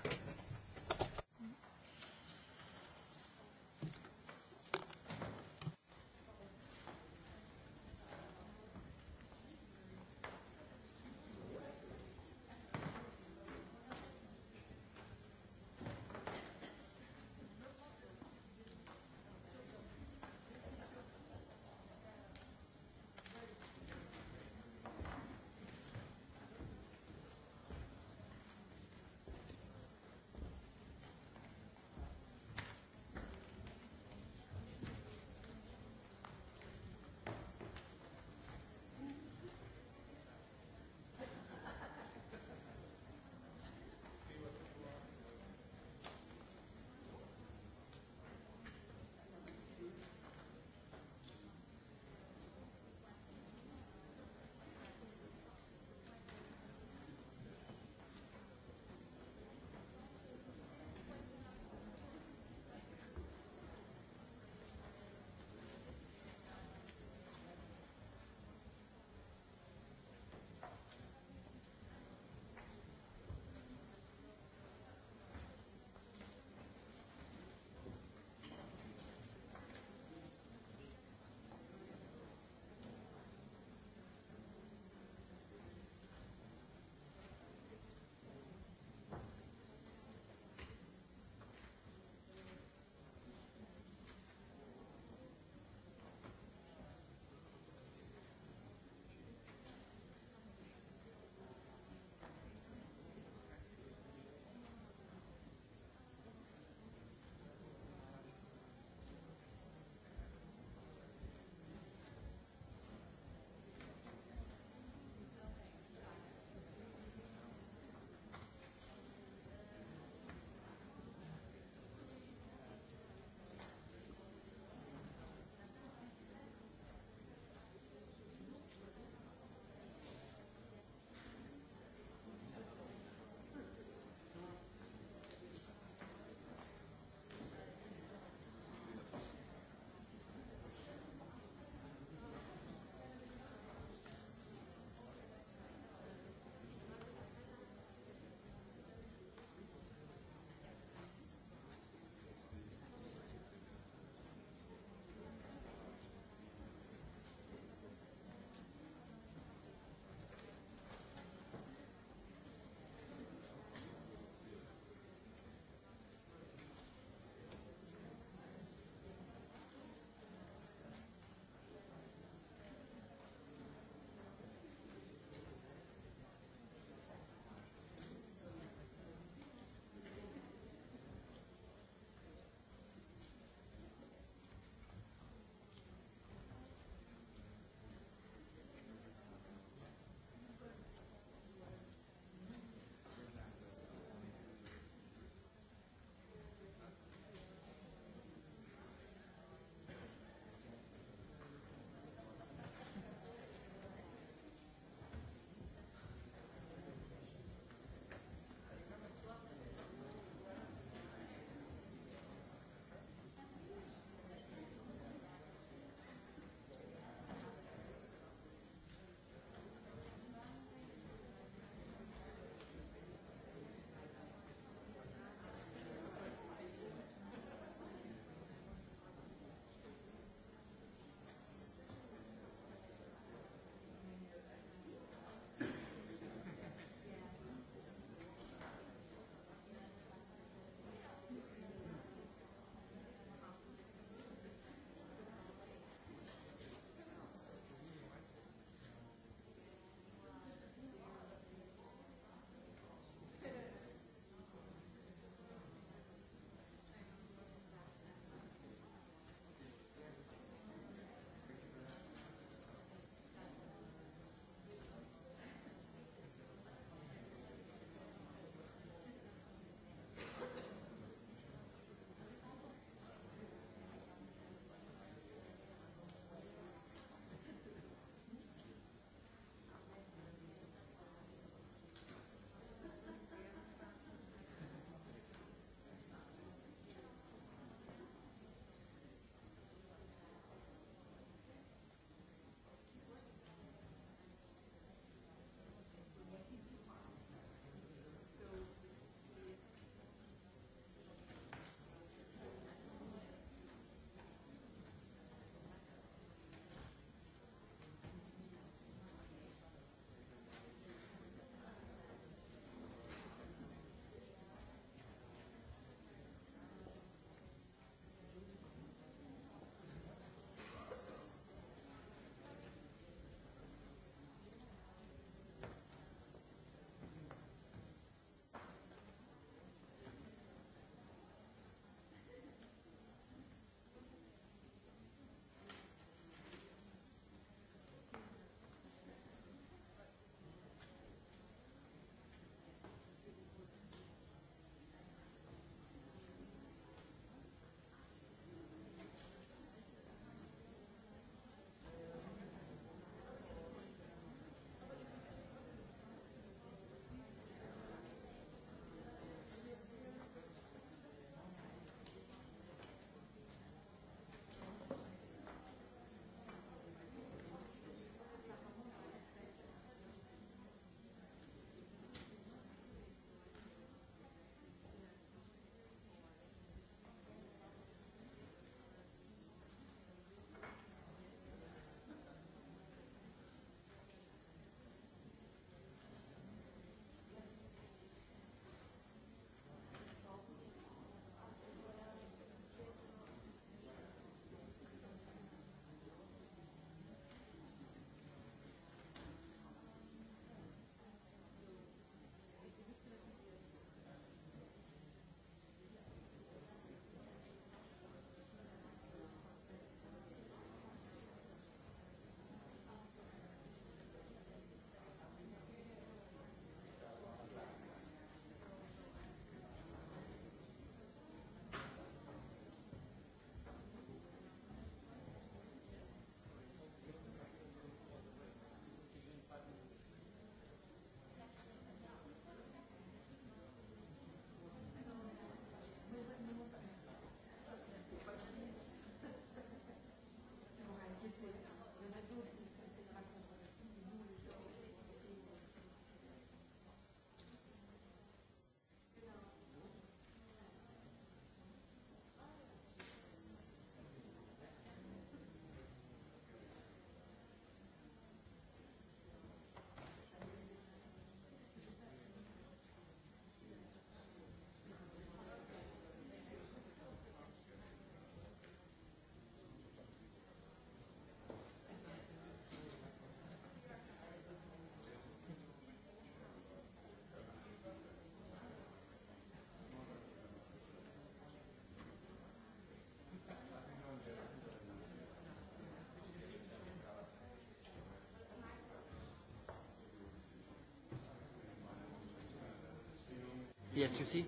Yes, you see?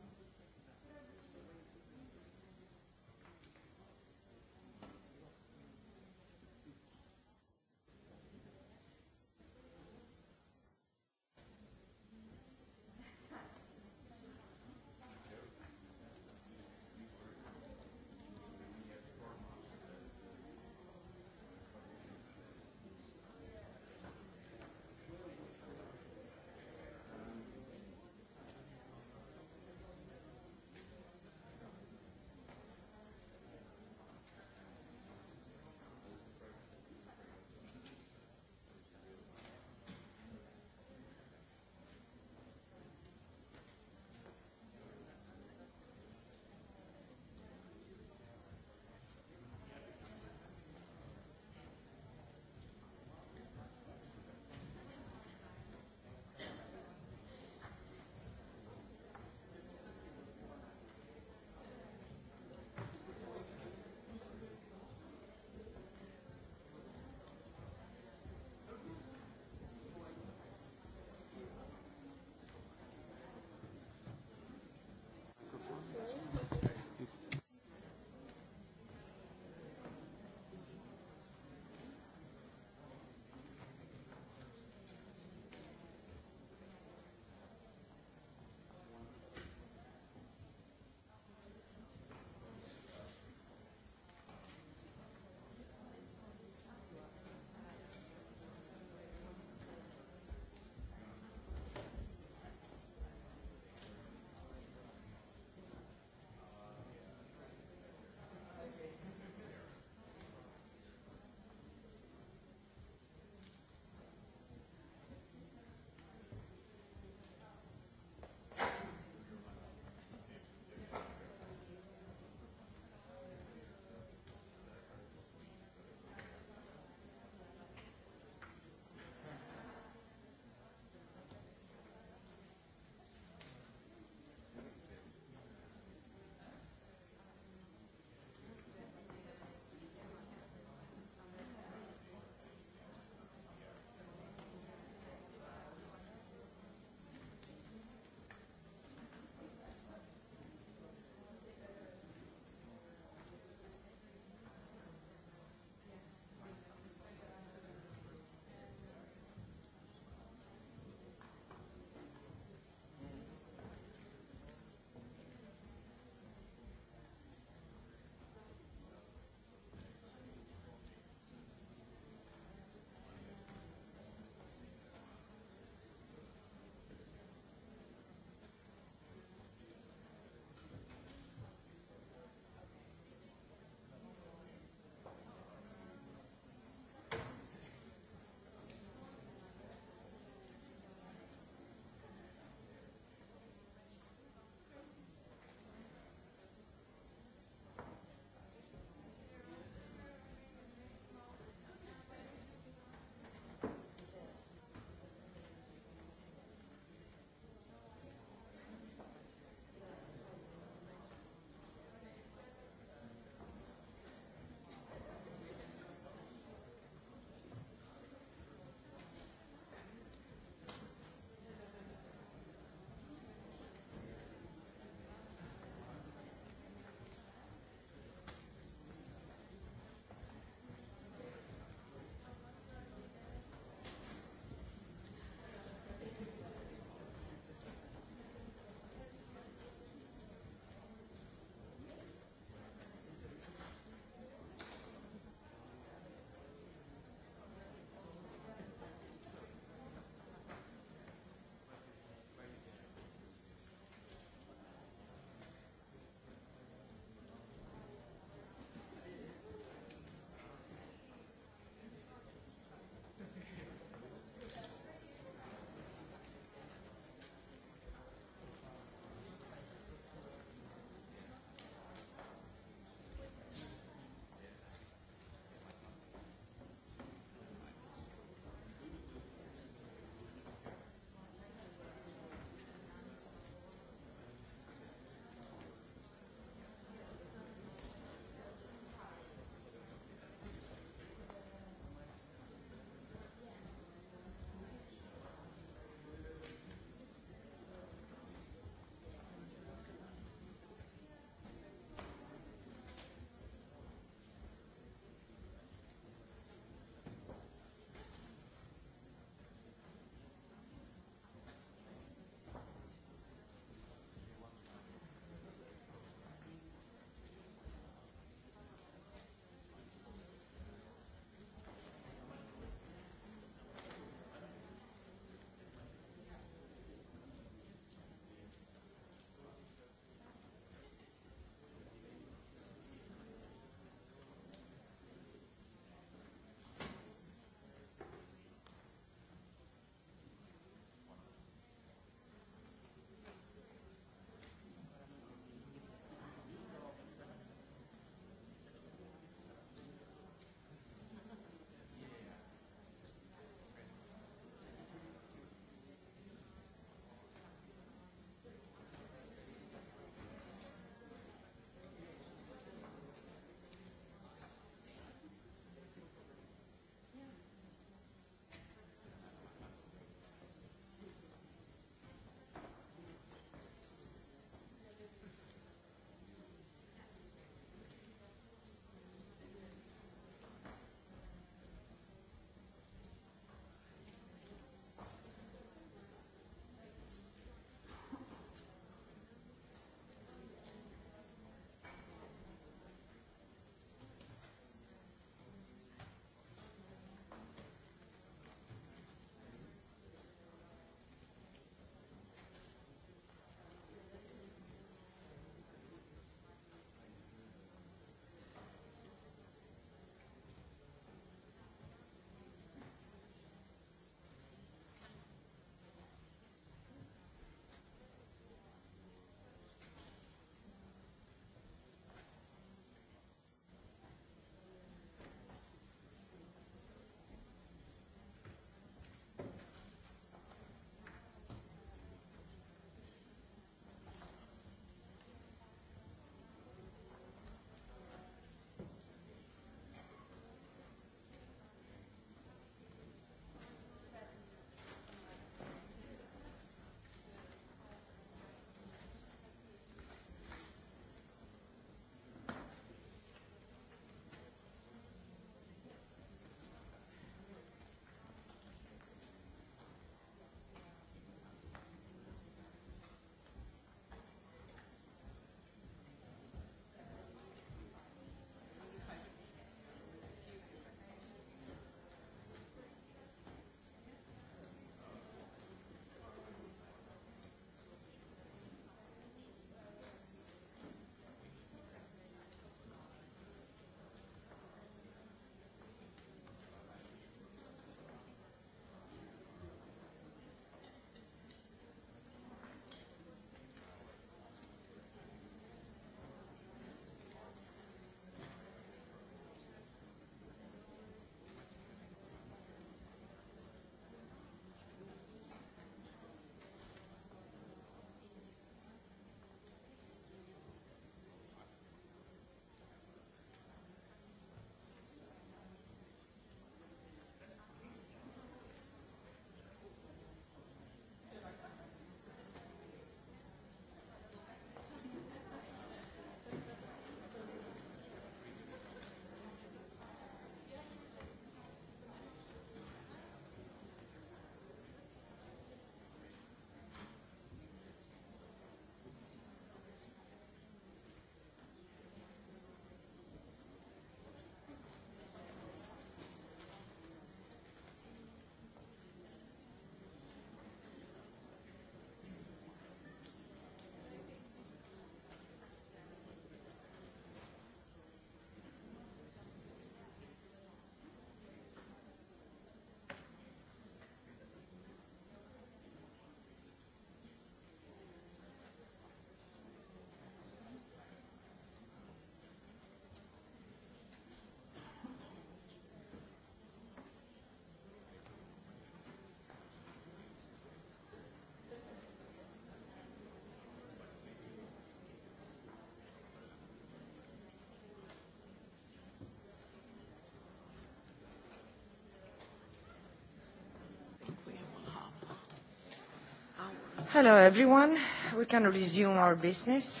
Hello, everyone. We can resume our business.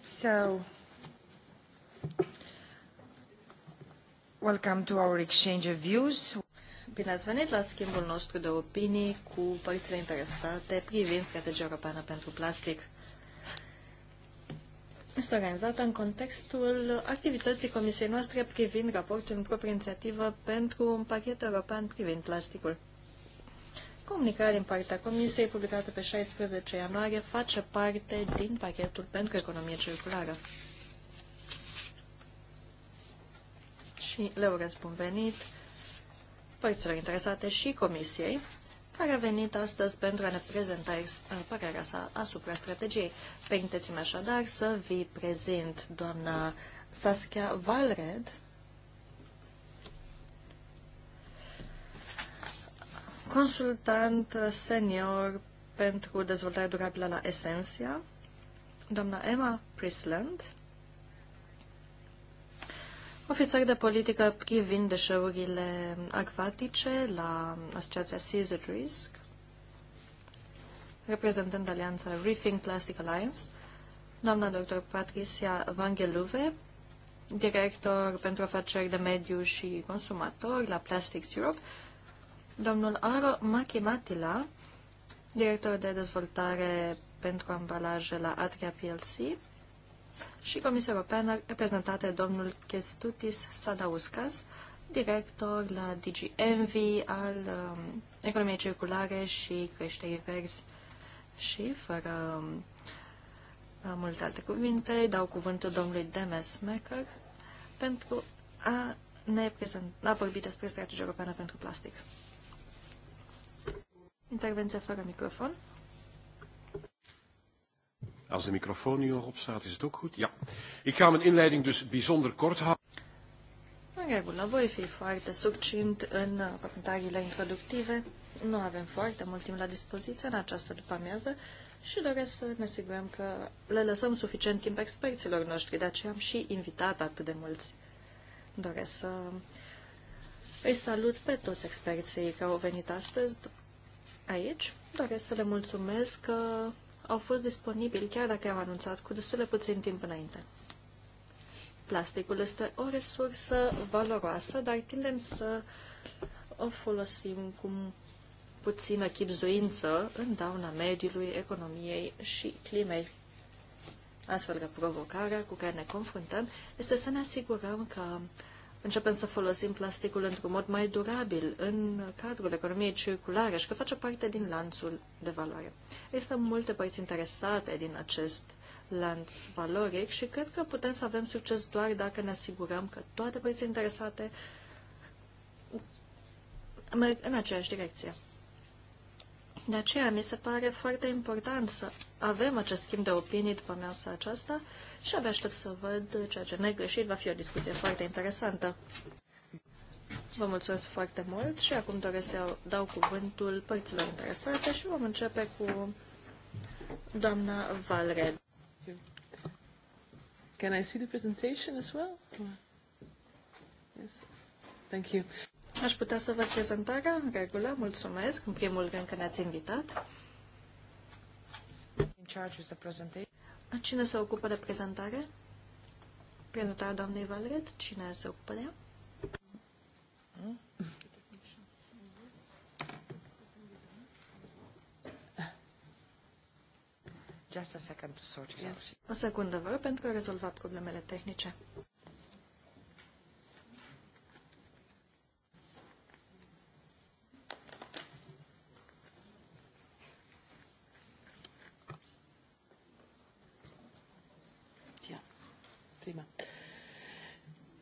So, welcome to our exchange of views. Bine ați venit la schimbul nostru de opinii cu părțile interesate privind strategia europeană pentru plastic. Este organizată în contextul activității comisiei noastre privind raportul în proprie inițiativă pentru un pachet european privind plasticul. Comunicarea din partea Comisiei, publicată pe 16 ianuarie, face parte din pachetul pentru economie circulară. Și le urez bun venit părților interesate și Comisiei, care a venit astăzi pentru a ne prezenta părerea sa asupra strategiei. Permiteți-mi așadar să vi prezint doamna Saskia Valred, consultant senior pentru dezvoltare durabilă la Esencia, doamna Emma Prisland, ofițer de politică privind deșeurile acvatice la Asociația Seas at Risk, reprezentând alianța Reefing Plastic Alliance, doamna dr. Patricia Vangeluve, director pentru afaceri de mediu și consumatori la Plastics Europe, Domnul Aro Machimatila, director de dezvoltare pentru ambalaje la Adria PLC și Comisia Europeană reprezentată de domnul Chestutis Sadauskas, director la DG al um, economiei circulare și creșterii verzi și fără um, multe alte cuvinte, dau cuvântul domnului Demes Mecker pentru a ne prezenta, a vorbi despre strategia europeană pentru plastic. Intervenția fără microfon. Als de microfoon nu nog op staat, is het ook goed. Ja. Ik ga mijn inleiding dus bijzonder kort houden. În regulă, voi fi foarte succint în uh, comentariile introductive. Nu avem foarte mult timp la dispoziție în această după-amiază și doresc să ne asigurăm că le lăsăm suficient timp experților noștri, de aceea am și invitat atât de mulți. Doresc să îi salut pe toți experții care au venit astăzi, aici. Doresc să le mulțumesc că au fost disponibili, chiar dacă au anunțat, cu destul de puțin timp înainte. Plasticul este o resursă valoroasă, dar tindem să o folosim cu puțină chipzuință în dauna mediului, economiei și climei. Astfel că provocarea cu care ne confruntăm este să ne asigurăm că uh, începem să folosim plasticul într-un mod mai durabil în cadrul economiei circulare și că face parte din lanțul de valoare. Există multe părți interesate din acest lanț valoric și cred că putem să avem succes doar dacă ne asigurăm că toate părți interesate merg în aceeași direcție. De aceea mi se pare foarte important să avem acest schimb de opinii după measa aceasta și abia aștept să văd ceea ce ne greșit. Va fi o discuție foarte interesantă. Vă mulțumesc foarte mult și acum doresc să dau cuvântul părților interesate și vom începe cu doamna Valred. Can I see the presentation as well? Yes. Thank you. Aș putea să vă prezentarea în regulă. Mulțumesc, în primul rând, că ne-ați invitat. Cine se ocupă de prezentare? Prezentarea doamnei Valret? Cine se ocupă de ea? Just a second to sort it out. O secundă, vă, pentru a rezolva problemele tehnice.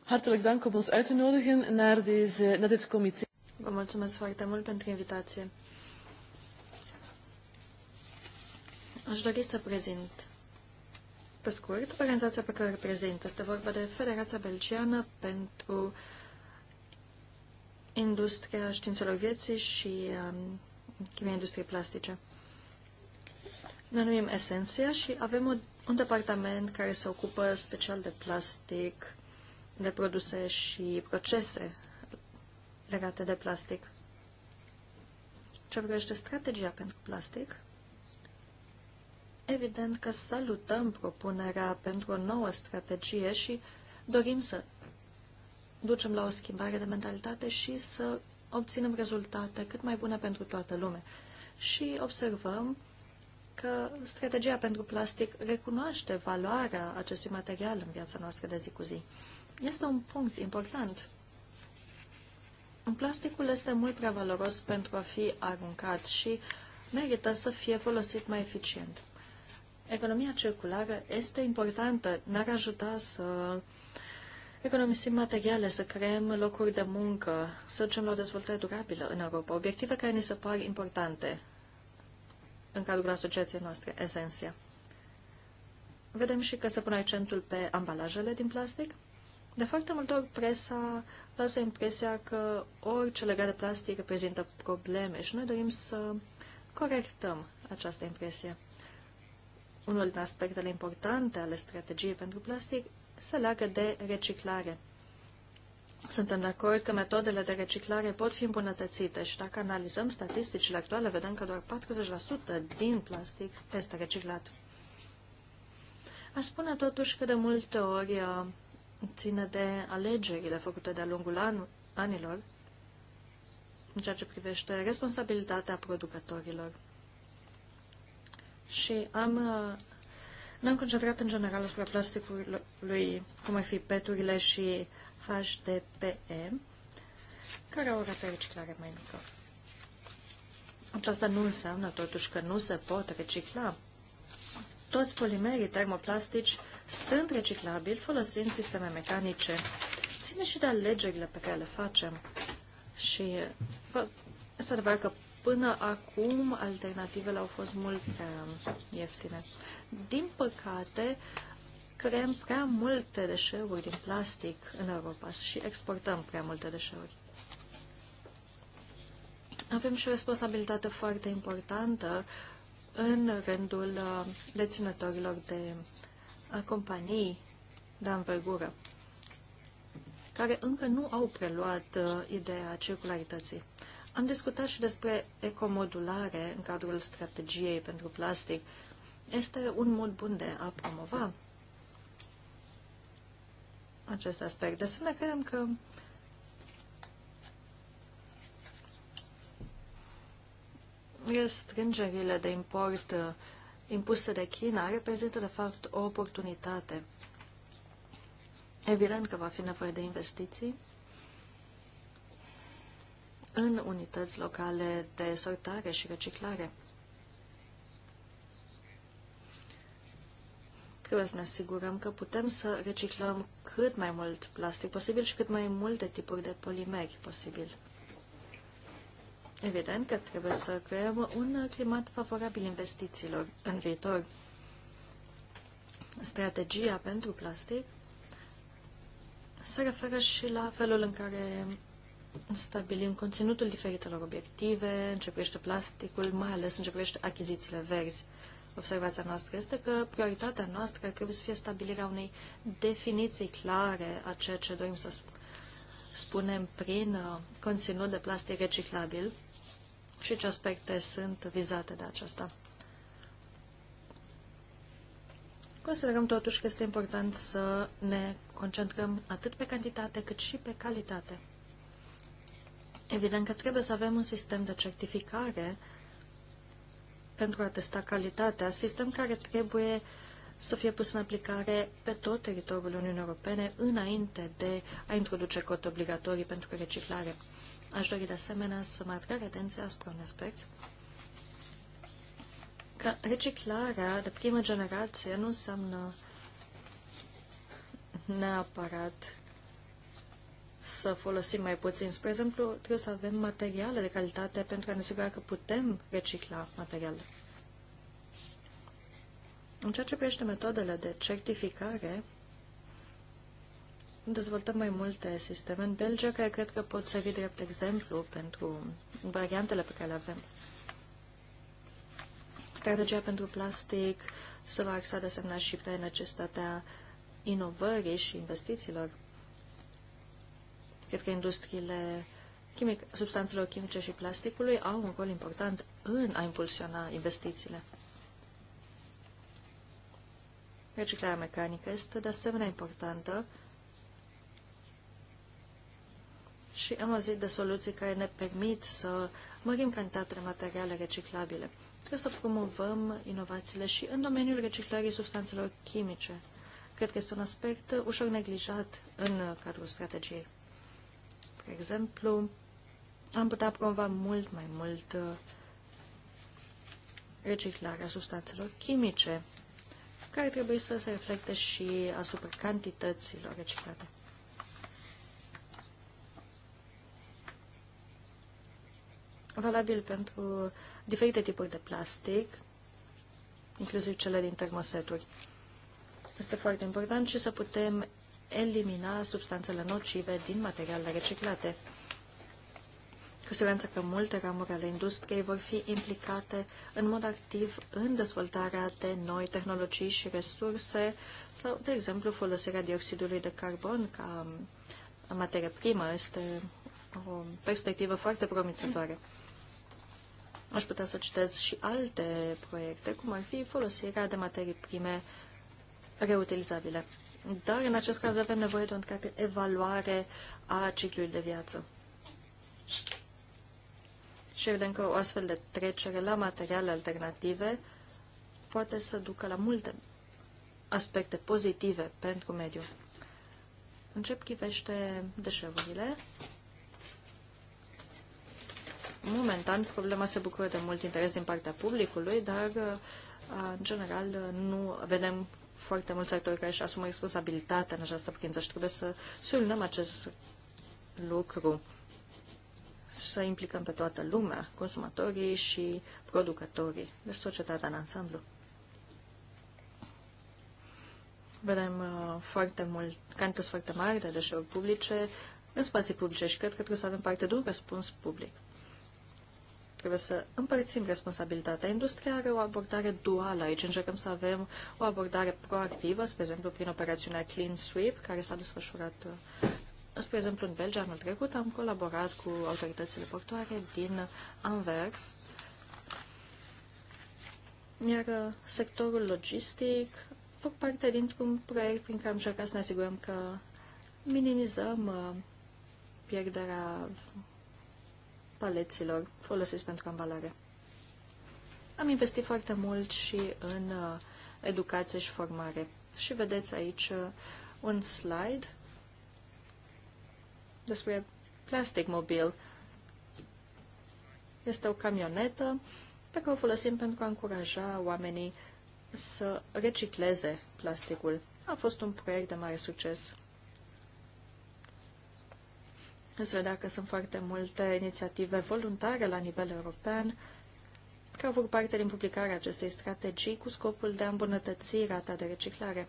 Hartelijk dank om ons uit te nodigen naar, deze, naar dit comité. Vă mulțumesc foarte mult pentru invitație. Aș dori să prezint pe scurt organizația pe care o reprezint. Este vorba de Federația Belgiană pentru Industria Științelor Vieții și um, Chimia Industriei Plastice. Ne numim Esenția și avem o, un departament care se ocupă special de plastic, de produse și procese legate de plastic. Ce vrește strategia pentru plastic, evident că salutăm propunerea pentru o nouă strategie și dorim să ducem la o schimbare de mentalitate și să obținem rezultate cât mai bune pentru toată lumea. Și observăm că strategia pentru plastic recunoaște valoarea acestui material în viața noastră de zi cu zi. Este un punct important. Plasticul este mult prea valoros pentru a fi aruncat și merită să fie folosit mai eficient. Economia circulară este importantă, ne-ar ajuta să economisim materiale, să creăm locuri de muncă, să ducem la o dezvoltare durabilă în Europa, obiective care ni se par importante în cadrul asociației noastre, Esenția. Vedem și că se pune accentul pe ambalajele din plastic, de foarte multe ori presa lasă impresia că orice legat de plastic reprezintă probleme și noi dorim să corectăm această impresie. Unul din aspectele importante ale strategiei pentru plastic se leagă de reciclare. Suntem de acord că metodele de reciclare pot fi îmbunătățite și dacă analizăm statisticile actuale, vedem că doar 40% din plastic este reciclat. Aș spune totuși că de multe ori uh, ține de alegerile făcute de-a lungul an- anilor în ceea ce privește responsabilitatea producătorilor. Și am uh, ne-am concentrat în general asupra plasticului, cum ar fi peturile și HDPE, care au o rată reciclare mai mică. Aceasta nu înseamnă totuși că nu se pot recicla toți polimerii termoplastici sunt reciclabili folosind sisteme mecanice. Ține și de alegerile pe care le facem. Și este adevărat că până acum alternativele au fost mult prea ieftine. Din păcate, creăm prea multe deșeuri din plastic în Europa și exportăm prea multe deșeuri. Avem și o responsabilitate foarte importantă în rândul uh, deținătorilor de uh, companii de învergură, care încă nu au preluat uh, ideea circularității. Am discutat și despre ecomodulare în cadrul strategiei pentru plastic. Este un mod bun de a promova acest aspect. De asemenea, credem că restrângerile de import uh, impuse de China reprezintă, de fapt, o oportunitate. Evident că va fi nevoie de investiții în unități locale de sortare și reciclare. Trebuie să ne asigurăm că putem să reciclăm cât mai mult plastic posibil și cât mai multe tipuri de polimeri posibil. Evident că trebuie să creăm un climat favorabil investițiilor în viitor. Strategia pentru plastic se referă și la felul în care stabilim conținutul diferitelor obiective, începește plasticul, mai ales începește achizițiile verzi. Observația noastră este că prioritatea noastră trebuie să fie stabilirea unei definiții clare a ceea ce dorim să spunem prin uh, conținut de plastic reciclabil și ce aspecte sunt vizate de aceasta. Considerăm totuși că este important să ne concentrăm atât pe cantitate cât și pe calitate. Evident că trebuie să avem un sistem de certificare pentru a testa calitatea, sistem care trebuie să fie pus în aplicare pe tot teritoriul Uniunii Europene înainte de a introduce cote obligatorii pentru reciclare. Aș dori de asemenea să mai atrag atenția asupra un aspect, că reciclarea de primă generație nu înseamnă neapărat să folosim mai puțin. Spre exemplu, trebuie să avem materiale de calitate pentru a ne asigura că putem recicla materiale. În ceea ce privește metodele de certificare, dezvoltăm mai multe sisteme în Belgia, care cred că pot servi drept exemplu pentru variantele pe care le avem. Strategia pentru plastic se va axa de asemenea și pe necesitatea inovării și investițiilor. Cred că industriile chimic, substanțelor chimice și plasticului au un rol important în a impulsiona investițiile. Reciclarea mecanică este de asemenea importantă și am auzit de soluții care ne permit să mărim cantitatea de materiale reciclabile. Trebuie să promovăm inovațiile și în domeniul reciclării substanțelor chimice. Cred că este un aspect ușor neglijat în cadrul strategiei. De exemplu, am putea promova mult mai mult uh, reciclarea substanțelor chimice, care trebuie să se reflecte și asupra cantităților reciclate. valabil pentru diferite tipuri de plastic, inclusiv cele din termoseturi. Este foarte important și să putem elimina substanțele nocive din materialele reciclate. Cu siguranță că multe ramuri ale industriei vor fi implicate în mod activ în dezvoltarea de noi tehnologii și resurse sau, de exemplu, folosirea dioxidului de carbon ca materie primă este o perspectivă foarte promițătoare. Aș putea să citez și alte proiecte, cum ar fi folosirea de materii prime reutilizabile. Dar, în acest caz, avem nevoie de o întreagă evaluare a ciclului de viață. Și evident că o astfel de trecere la materiale alternative poate să ducă la multe aspecte pozitive pentru mediu. Încep chivește deșeurile, Momentan, problema se bucură de mult interes din partea publicului, dar, uh, în general, uh, nu vedem foarte mulți actori care își asumă responsabilitatea în această privință și trebuie să subliniem acest lucru, să implicăm pe toată lumea, consumatorii și producătorii, de societatea în ansamblu. Vedem uh, foarte mult, cantități foarte mari de deșeuri publice în spații publice și cred că trebuie să avem parte de un răspuns public trebuie să împărțim responsabilitatea. Industria are o abordare duală aici. Încercăm să avem o abordare proactivă, spre exemplu, prin operațiunea Clean Sweep, care s-a desfășurat, uh, spre exemplu, în Belgia anul trecut. Am colaborat cu autoritățile portoare din Anvers, iar uh, sectorul logistic fac parte dintr-un proiect prin care am încercat să ne asigurăm că minimizăm uh, pierderea paleților folosesc pentru ambalare. Am investit foarte mult și în uh, educație și formare. Și vedeți aici uh, un slide despre plastic mobil. Este o camionetă pe care o folosim pentru a încuraja oamenii să recicleze plasticul. A fost un proiect de mare succes însă vedea că sunt foarte multe inițiative voluntare la nivel european care au făcut parte din publicarea acestei strategii cu scopul de a îmbunătăți rata de reciclare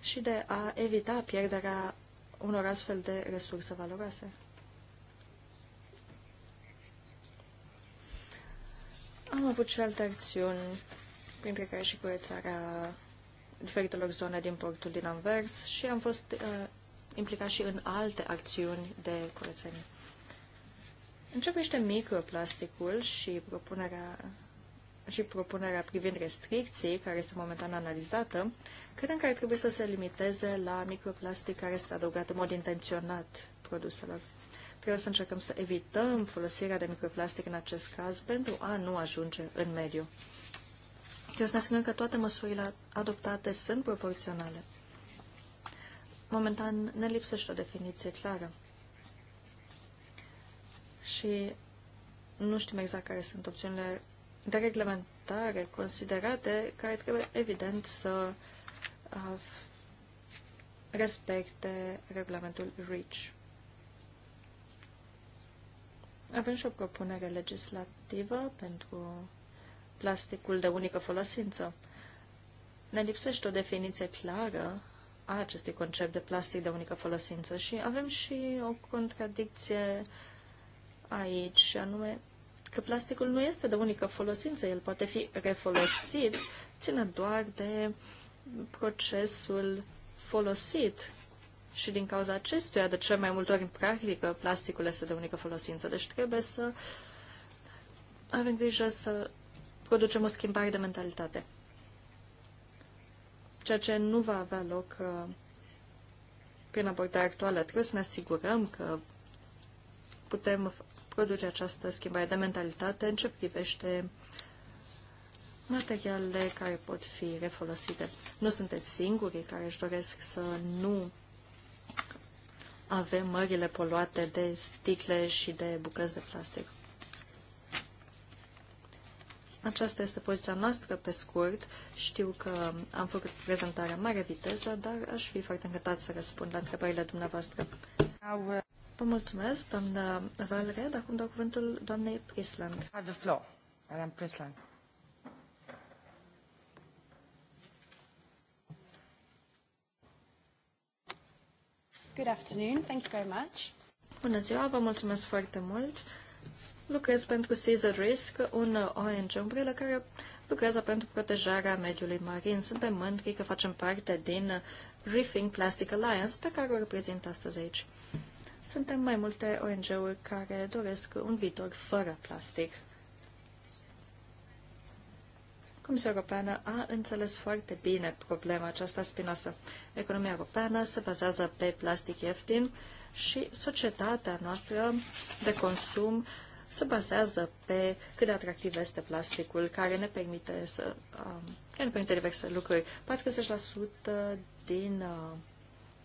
și de a evita pierderea unor astfel de resurse valoroase. Am avut și alte acțiuni, printre care și curățarea diferitelor zone din portul din Anvers și am fost uh, implicat și în alte acțiuni de curățenie. Începește microplasticul și propunerea și propunerea privind restricții, care este momentan analizată, credem că ar trebui să se limiteze la microplastic care este adăugat în mod intenționat produselor. Trebuie să încercăm să evităm folosirea de microplastic în acest caz pentru a nu ajunge în mediu. Trebuie să ne asigurăm că toate măsurile adoptate sunt proporționale momentan ne lipsește o definiție clară. Și nu știm exact care sunt opțiunile de reglementare considerate, care trebuie, evident, să uh, respecte regulamentul REACH. Avem și o propunere legislativă pentru plasticul de unică folosință. Ne lipsește o definiție clară a acestui concept de plastic de unică folosință și avem și o contradicție aici, anume că plasticul nu este de unică folosință, el poate fi refolosit, ține doar de procesul folosit și din cauza acestuia, de cel mai multe ori în practică, plasticul este de unică folosință. Deci trebuie să avem grijă să producem o schimbare de mentalitate ceea ce nu va avea loc uh, prin abordarea actuală. Trebuie să ne asigurăm că putem produce această schimbare de mentalitate în ce privește materialele care pot fi refolosite. Nu sunteți singurii care își doresc să nu avem mările poluate de sticle și de bucăți de plastic. Aceasta este poziția noastră pe scurt. Știu că am făcut prezentarea mare viteză, dar aș fi foarte încătat să răspund la întrebările dumneavoastră. Uh, vă mulțumesc, doamna dar Acum dau cuvântul doamnei Prisland. Have the floor, Madame Prisland. Good afternoon. Thank you very much. Bună ziua, vă mulțumesc foarte mult. Lucrez pentru Caesar Risk, un ONG umbrelă care lucrează pentru protejarea mediului marin. Suntem mândri că facem parte din Reefing Plastic Alliance, pe care o reprezint astăzi aici. Suntem mai multe ONG-uri care doresc un viitor fără plastic. Comisia Europeană a înțeles foarte bine problema aceasta spinoasă. Economia europeană se bazează pe plastic ieftin și societatea noastră de consum uh, se bazează pe cât de atractiv este plasticul, care ne permite să um, care ne permite diverse lucruri. 40% din uh,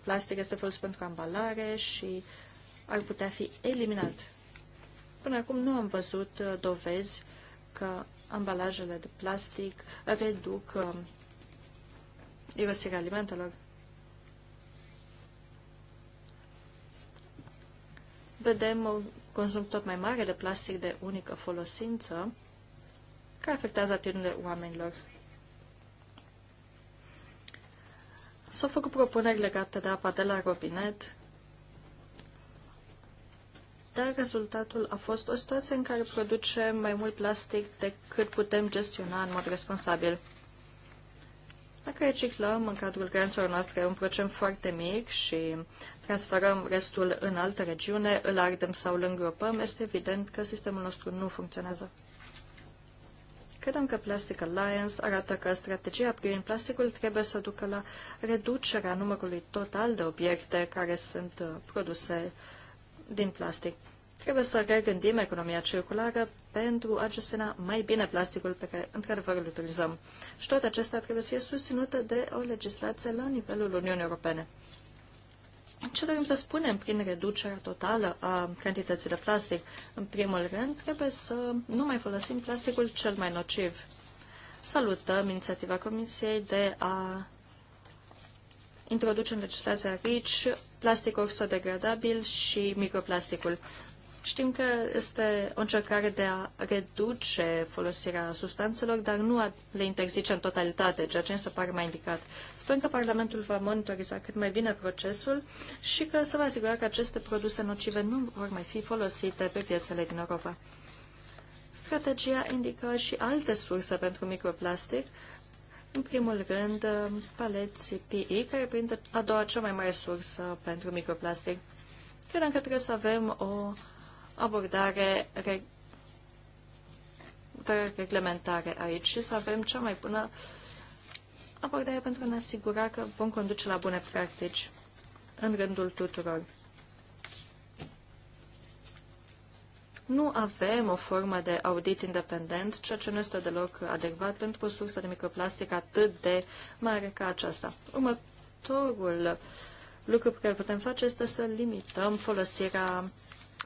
plastic este folosit pentru ambalare și ar putea fi eliminat. Până acum nu am văzut uh, dovezi că ambalajele de plastic reduc uh, irosirea alimentelor. Vedem uh, consum tot mai mare de plastic de unică folosință, care afectează atitudinile oamenilor. S-au făcut propuneri legate de apa de la robinet, dar rezultatul a fost o situație în care producem mai mult plastic decât putem gestiona în mod responsabil. Dacă reciclăm în cadrul granțelor noastre un procent foarte mic și transferăm restul în altă regiune, îl ardem sau îl îngropăm, este evident că sistemul nostru nu funcționează. Credem că Plastic Alliance arată că strategia prin plasticul trebuie să ducă la reducerea numărului total de obiecte care sunt uh, produse din plastic. Trebuie să regândim economia circulară pentru a gestiona mai bine plasticul pe care într-adevăr îl utilizăm. Și toate acestea trebuie să fie susținute de o legislație la nivelul Uniunii Europene. Ce dorim să spunem prin reducerea totală a cantității de plastic? În primul rând, trebuie să nu mai folosim plasticul cel mai nociv. Salutăm inițiativa Comisiei de a introduce în legislația RICI plasticul oxodegradabil și microplasticul. Știm că este o încercare de a reduce folosirea substanțelor, dar nu a le interzice în totalitate, ceea ce se pare mai indicat. Sperăm că Parlamentul va monitoriza cât mai bine procesul și că se va asigura că aceste produse nocive nu vor mai fi folosite pe piețele din Europa. Strategia indică și alte surse pentru microplastic, în primul rând, paleții PE, care reprezintă a doua cea mai mare sursă pentru microplastic. Credem că trebuie să avem o abordare de reglementare aici și să avem cea mai bună abordare pentru a ne asigura că vom conduce la bune practici în rândul tuturor. Nu avem o formă de audit independent, ceea ce nu este deloc adecvat pentru o sursă de microplastic atât de mare ca aceasta. Următorul lucru pe care îl putem face este să limităm folosirea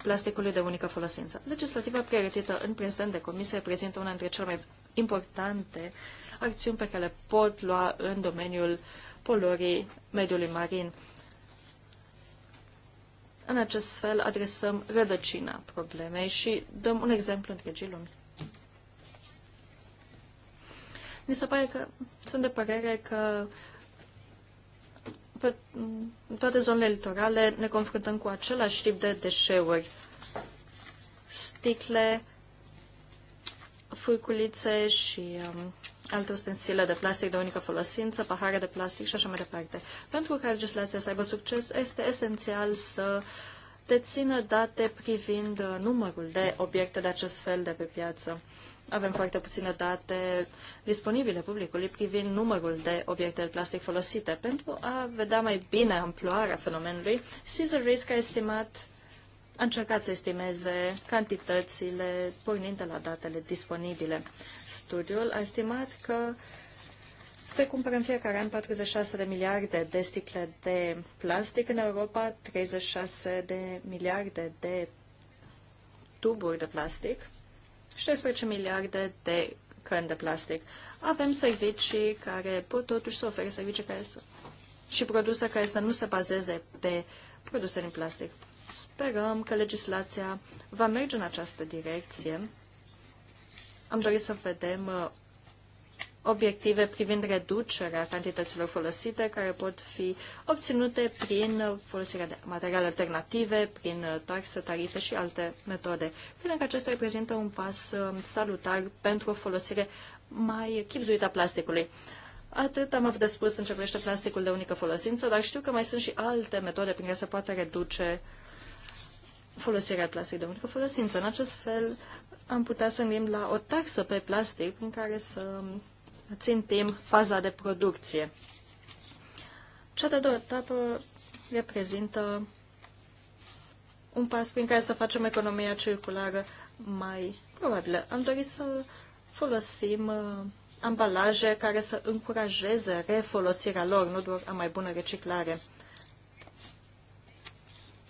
plasticului de unică folosință. Legislativa pregătită în prezent de comisie reprezintă una dintre cele mai importante acțiuni pe care le pot lua în domeniul polorii mediului marin. În acest fel adresăm rădăcina problemei și dăm un exemplu întregii lumi. Mi se pare că sunt de părere că pe toate zonele litorale ne confruntăm cu același tip de deșeuri. Sticle, furculițe și um, alte ustensile de plastic de unică folosință, pahare de plastic și așa mai departe. Pentru ca legislația să aibă succes, este esențial să dețină date privind uh, numărul de obiecte de acest fel de pe piață. Avem foarte puține date disponibile publicului privind numărul de obiecte de plastic folosite. Pentru a vedea mai bine amploarea fenomenului, Caesar Risk a estimat a încercat să estimeze cantitățile pornind de la datele disponibile. Studiul a estimat că se cumpără în fiecare an 46 de miliarde de sticle de plastic, în Europa 36 de miliarde de tuburi de plastic 16 miliarde de căni de plastic. Avem servicii care pot totuși să ofere servicii care să, și produse care să nu se bazeze pe produse din plastic. Sperăm că legislația va merge în această direcție. Am dorit să vedem uh, obiective privind reducerea cantităților folosite, care pot fi obținute prin folosirea de materiale alternative, prin taxe, tarife și alte metode. Cred că acesta reprezintă un pas um, salutar pentru o folosire mai chipzuită a plasticului. Atât am avut de spus în ce privește plasticul de unică folosință, dar știu că mai sunt și alte metode prin care se poate reduce folosirea plasticului de unică folosință. În acest fel, am putea să gândim la o taxă pe plastic prin care să um, țintim faza de producție. Cea de-a doua etapă reprezintă un pas prin care să facem economia circulară mai probabilă. Am dorit să folosim uh, ambalaje care să încurajeze refolosirea lor, nu doar a mai bună reciclare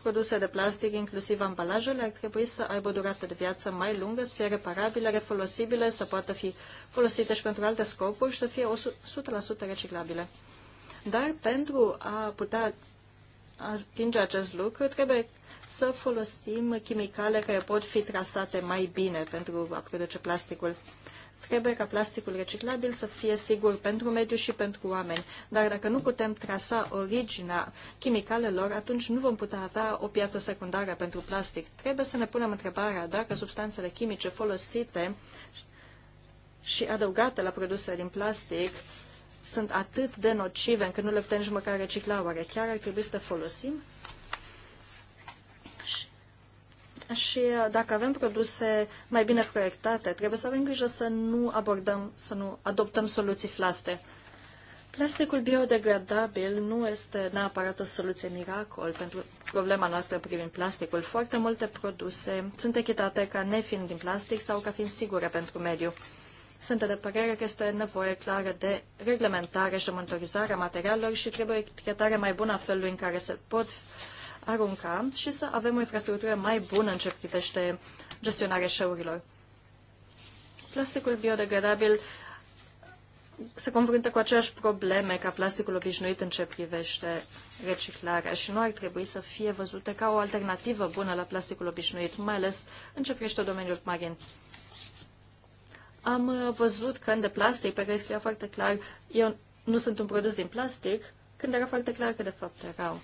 produse de plastic, inclusiv ambalajele, ar trebui să aibă o durată de viață mai lungă, să fie reparabile, refolosibile, să poată fi folosite și pentru alte scopuri și să fie 100% reciclabile. Dar pentru a putea atinge acest lucru, trebuie să folosim chimicale care pot fi trasate mai bine pentru a produce plasticul. Trebuie ca plasticul reciclabil să fie sigur pentru mediu și pentru oameni. Dar dacă nu putem trasa originea chimicalelor, atunci nu vom putea avea o piață secundară pentru plastic. Trebuie să ne punem întrebarea dacă substanțele chimice folosite și adăugate la produse din plastic sunt atât de nocive încât nu le putem nici măcar recicla. Oare chiar ar trebui să folosim? Și uh, dacă avem produse mai bine proiectate, trebuie să avem grijă să nu abordăm, să nu adoptăm soluții flaste. Plasticul biodegradabil nu este neapărat o soluție miracol pentru problema noastră privind plasticul. Foarte multe produse sunt echitate ca nefiind din plastic sau ca fiind sigure pentru mediu. Sunt de părere că este nevoie clară de reglementare și monitorizare a materialelor și trebuie o etichetare mai bună a felului în care se pot arunca și să avem o infrastructură mai bună în ce privește gestionarea șeurilor. Plasticul biodegradabil se confruntă cu aceeași probleme ca plasticul obișnuit în ce privește reciclarea și nu ar trebui să fie văzute ca o alternativă bună la plasticul obișnuit, mai ales în ce privește domeniul marin. Am uh, văzut că de plastic, pe care scria foarte clar, eu nu sunt un produs din plastic, când era foarte clar că de fapt erau.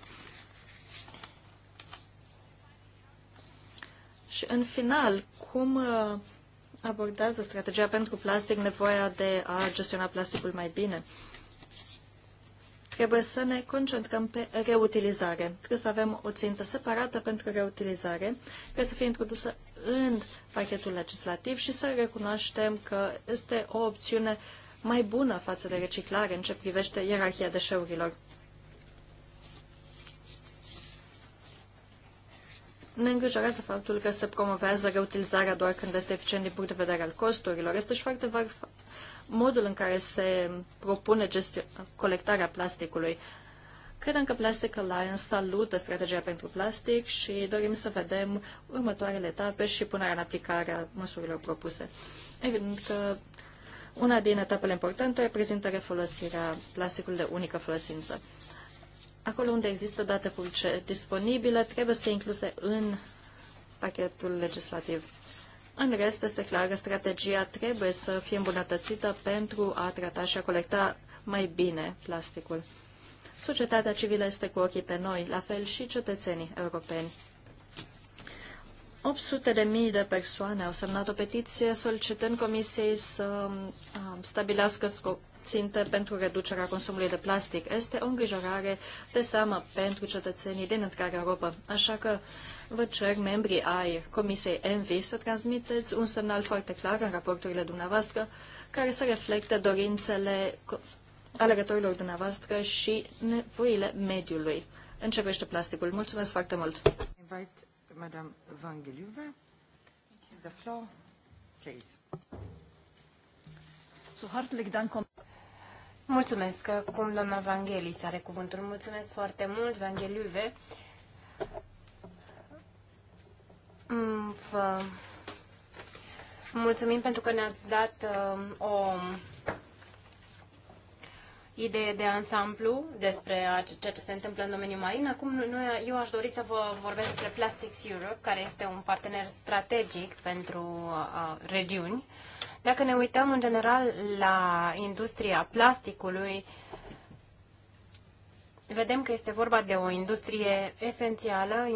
Și în final, cum uh, abordează strategia pentru plastic nevoia de a gestiona plasticul mai bine? Trebuie să ne concentrăm pe reutilizare. Trebuie să avem o țintă separată pentru reutilizare, care să fie introdusă în pachetul legislativ și să recunoaștem că este o opțiune mai bună față de reciclare în ce privește ierarhia deșeurilor. Ne îngrijorează faptul că se promovează reutilizarea doar când este eficient din punct de vedere al costurilor. Este și foarte var modul în care se propune colectarea plasticului. Credem că Plastic Alliance salută strategia pentru plastic și dorim să vedem următoarele etape și punerea în aplicare a măsurilor propuse. Evident că una din etapele importante reprezintă refolosirea plasticului de unică folosință acolo unde există date publice disponibile, trebuie să fie incluse în pachetul legislativ. În rest, este clară, strategia trebuie să fie îmbunătățită pentru a trata și a colecta mai bine plasticul. Societatea civilă este cu ochii pe noi, la fel și cetățenii europeni. 800 de mii de persoane au semnat o petiție solicitând Comisiei să um, stabilească ținte pentru reducerea consumului de plastic. Este o îngrijorare de seamă pentru cetățenii din întreaga Europa. Așa că vă cer, membrii ai Comisiei ENVI, să transmiteți un semnal foarte clar în raporturile dumneavoastră care să reflecte dorințele alegătorilor dumneavoastră și nevoile mediului. Începește plasticul. Mulțumesc foarte mult! Madame Van Mulțumesc. Cum doamna Vangelis are cuvântul. Mulțumesc foarte mult, Vangeliuve. Mm, vă mulțumim pentru că ne-ați dat uh, o idee de ansamblu despre ceea ce se întâmplă în domeniul marin. Acum noi, eu aș dori să vă vorbesc despre Plastics Europe, care este un partener strategic pentru uh, regiuni. Dacă ne uităm în general la industria plasticului, vedem că este vorba de o industrie esențială,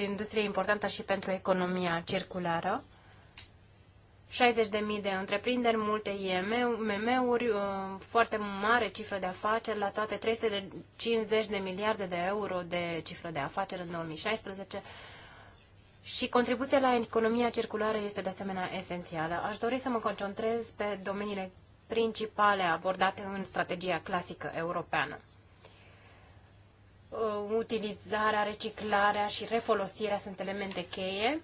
industrie importantă și pentru economia circulară. 60.000 de întreprinderi, multe IMM-uri, uh, foarte mare cifră de afaceri, la toate 350 de miliarde de euro de cifră de afaceri în 2016. Și contribuția la economia circulară este de asemenea esențială. Aș dori să mă concentrez pe domeniile principale abordate în strategia clasică europeană. Uh, utilizarea, reciclarea și refolosirea sunt elemente cheie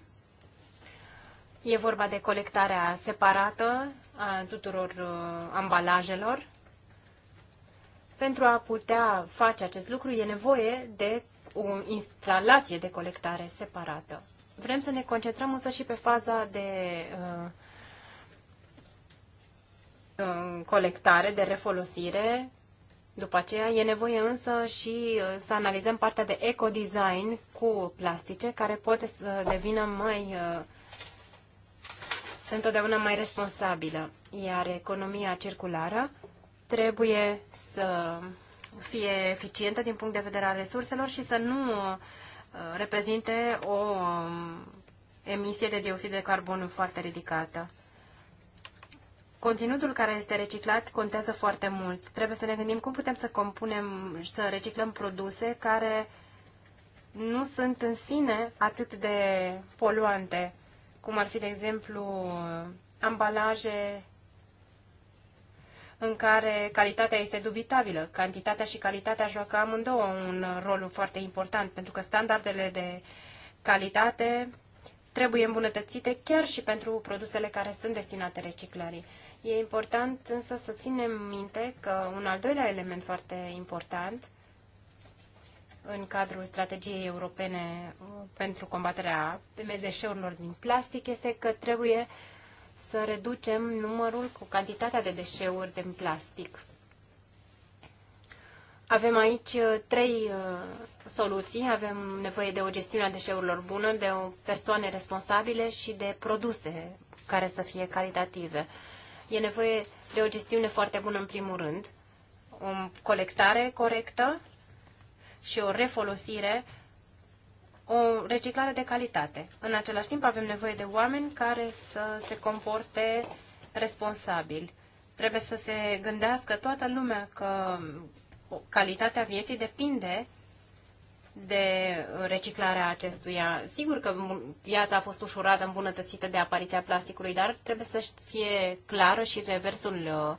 E vorba de colectarea separată a tuturor uh, ambalajelor. Pentru a putea face acest lucru e nevoie de o instalație de colectare separată. Vrem să ne concentrăm însă și pe faza de uh, uh colectare, de refolosire. După aceea e nevoie însă și uh, să analizăm partea de ecodesign cu plastice care poate să devină mai uh, este întotdeauna mai responsabilă, iar economia circulară trebuie să fie eficientă din punct de vedere al resurselor și să nu uh, reprezinte o um, emisie de dioxid de carbon foarte ridicată. Conținutul care este reciclat contează foarte mult. Trebuie să ne gândim cum putem să compunem, să reciclăm produse care nu sunt în sine atât de poluante cum ar fi, de exemplu, ambalaje în care calitatea este dubitabilă. Cantitatea și calitatea joacă amândouă un rol foarte important, pentru că standardele de calitate trebuie îmbunătățite chiar și pentru produsele care sunt destinate reciclării. E important însă să ținem minte că un al doilea element foarte important în cadrul strategiei europene uh, pentru combaterea deșeurilor din plastic este că trebuie să reducem numărul cu cantitatea de deșeuri din plastic. Avem aici uh, trei uh, soluții. Avem nevoie de o gestiune a deșeurilor bună, de o persoane responsabile și de produse care să fie calitative. E nevoie de o gestiune foarte bună în primul rând, o colectare corectă și o refolosire, o reciclare de calitate. În același timp avem nevoie de oameni care să se comporte responsabil. Trebuie să se gândească toată lumea că calitatea vieții depinde de reciclarea acestuia. Sigur că viața a fost ușurată, îmbunătățită de apariția plasticului, dar trebuie să fie clară și reversul uh,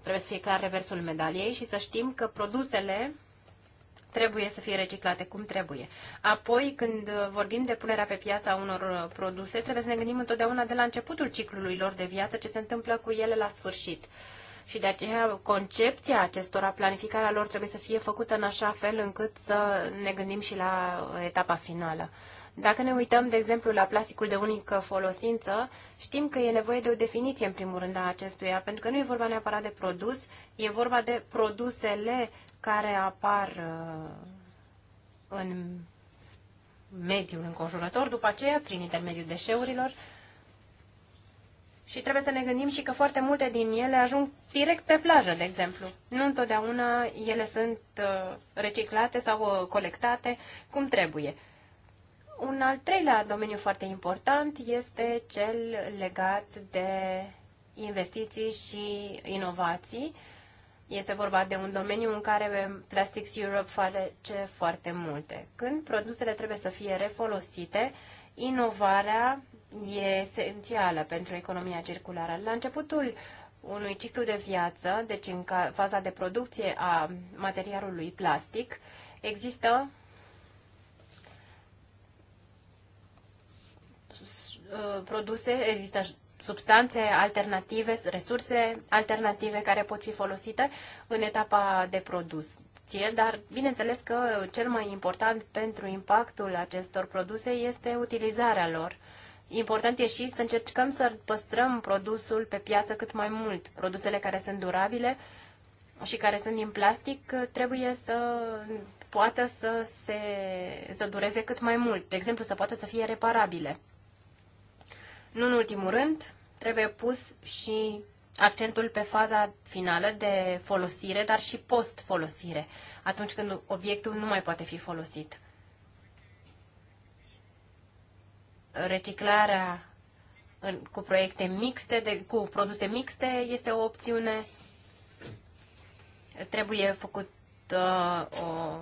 trebuie să fie clar reversul medaliei și să știm că produsele trebuie să fie reciclate cum trebuie. Apoi, când vorbim de punerea pe piața unor produse, trebuie să ne gândim întotdeauna de la începutul ciclului lor de viață ce se întâmplă cu ele la sfârșit. Și de aceea concepția acestora, planificarea lor trebuie să fie făcută în așa fel încât să ne gândim și la etapa finală. Dacă ne uităm, de exemplu, la plasticul de unică folosință, știm că e nevoie de o definiție, în primul rând, a acestuia, pentru că nu e vorba neapărat de produs, e vorba de produsele care apar uh, în mediul înconjurător, după aceea prin intermediul deșeurilor. Și trebuie să ne gândim și că foarte multe din ele ajung direct pe plajă, de exemplu. Nu întotdeauna ele sunt uh, reciclate sau uh, colectate cum trebuie. Un al treilea domeniu foarte important este cel legat de investiții și inovații este vorba de un domeniu în care Plastics Europe face foarte multe. Când produsele trebuie să fie refolosite, inovarea e esențială pentru economia circulară. La începutul unui ciclu de viață, deci în faza de producție a materialului plastic, există uh, produse, există substanțe alternative, resurse alternative care pot fi folosite în etapa de produs. dar bineînțeles că cel mai important pentru impactul acestor produse este utilizarea lor. Important e și să încercăm să păstrăm produsul pe piață cât mai mult. Produsele care sunt durabile și care sunt din plastic trebuie să poată să, se, să dureze cât mai mult. De exemplu, să poată să fie reparabile. Nu în ultimul rând, trebuie pus și accentul pe faza finală de folosire, dar și post-folosire, atunci când obiectul nu mai poate fi folosit. Reciclarea în, cu proiecte mixte, de, cu produse mixte este o opțiune. Trebuie făcut uh, o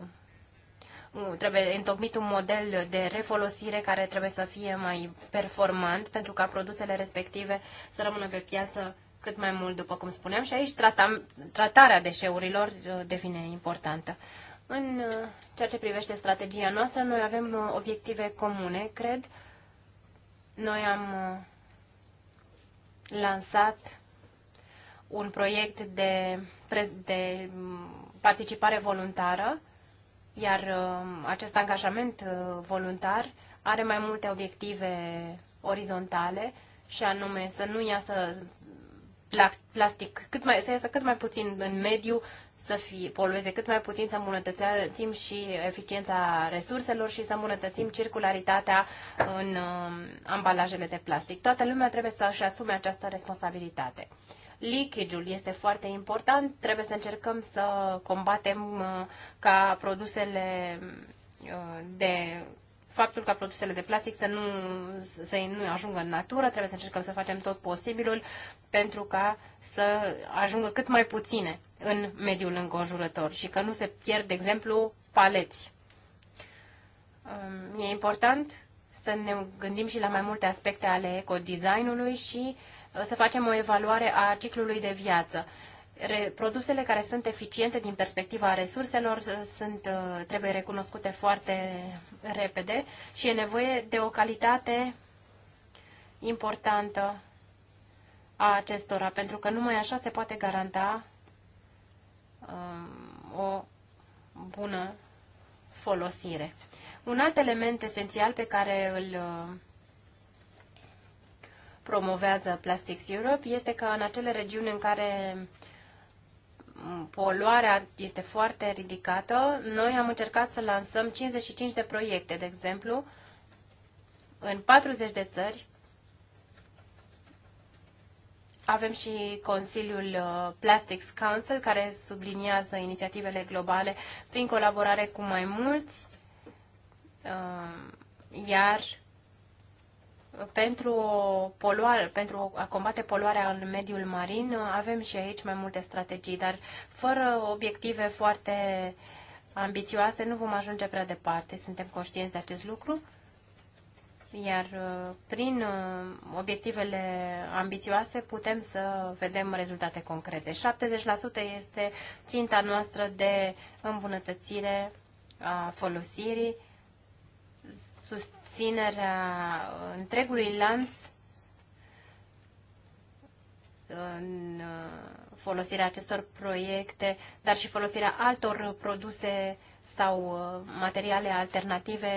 trebuie întocmit un model de refolosire care trebuie să fie mai performant pentru ca produsele respective să rămână pe piață cât mai mult, după cum spuneam, și aici tratam, tratarea deșeurilor uh, devine importantă. În uh, ceea ce privește strategia noastră, noi avem uh, obiective comune, cred. Noi am lansat un proiect de, de mm, participare voluntară iar um, acest angajament uh, voluntar are mai multe obiective orizontale și anume să nu iasă plastic cât mai, să iasă cât mai puțin în mediu, să fie, polueze cât mai puțin, să îmbunătățim și eficiența resurselor și să îmbunătățim circularitatea în um, ambalajele de plastic. Toată lumea trebuie să își asume această responsabilitate. Leakage-ul este foarte important. Trebuie să încercăm să combatem uh, ca produsele uh, de faptul ca produsele de plastic să nu, să nu ajungă în natură, trebuie să încercăm să facem tot posibilul pentru ca să ajungă cât mai puține în mediul înconjurător și că nu se pierd, de exemplu, paleți. Um, e important să ne gândim și la mai multe aspecte ale ecodesignului și uh, să facem o evaluare a ciclului de viață. Produsele care sunt eficiente din perspectiva resurselor sunt, uh, trebuie recunoscute foarte repede și e nevoie de o calitate importantă a acestora, pentru că numai așa se poate garanta um, o bună folosire. Un alt element esențial pe care îl uh, promovează Plastics Europe este că în acele regiuni în care poluarea este foarte ridicată, noi am încercat să lansăm 55 de proiecte, de exemplu, în 40 de țări. Avem și Consiliul uh, Plastics Council, care subliniază inițiativele globale prin colaborare cu mai mulți, uh, iar pentru, poluare, pentru a combate poluarea în mediul marin avem și aici mai multe strategii, dar fără obiective foarte ambițioase nu vom ajunge prea departe. Suntem conștienți de acest lucru, iar uh, prin uh, obiectivele ambițioase putem să vedem rezultate concrete. 70% este ținta noastră de îmbunătățire a folosirii, susținere susținerea întregului lanț în uh, folosirea acestor proiecte, dar și folosirea altor produse sau uh, materiale alternative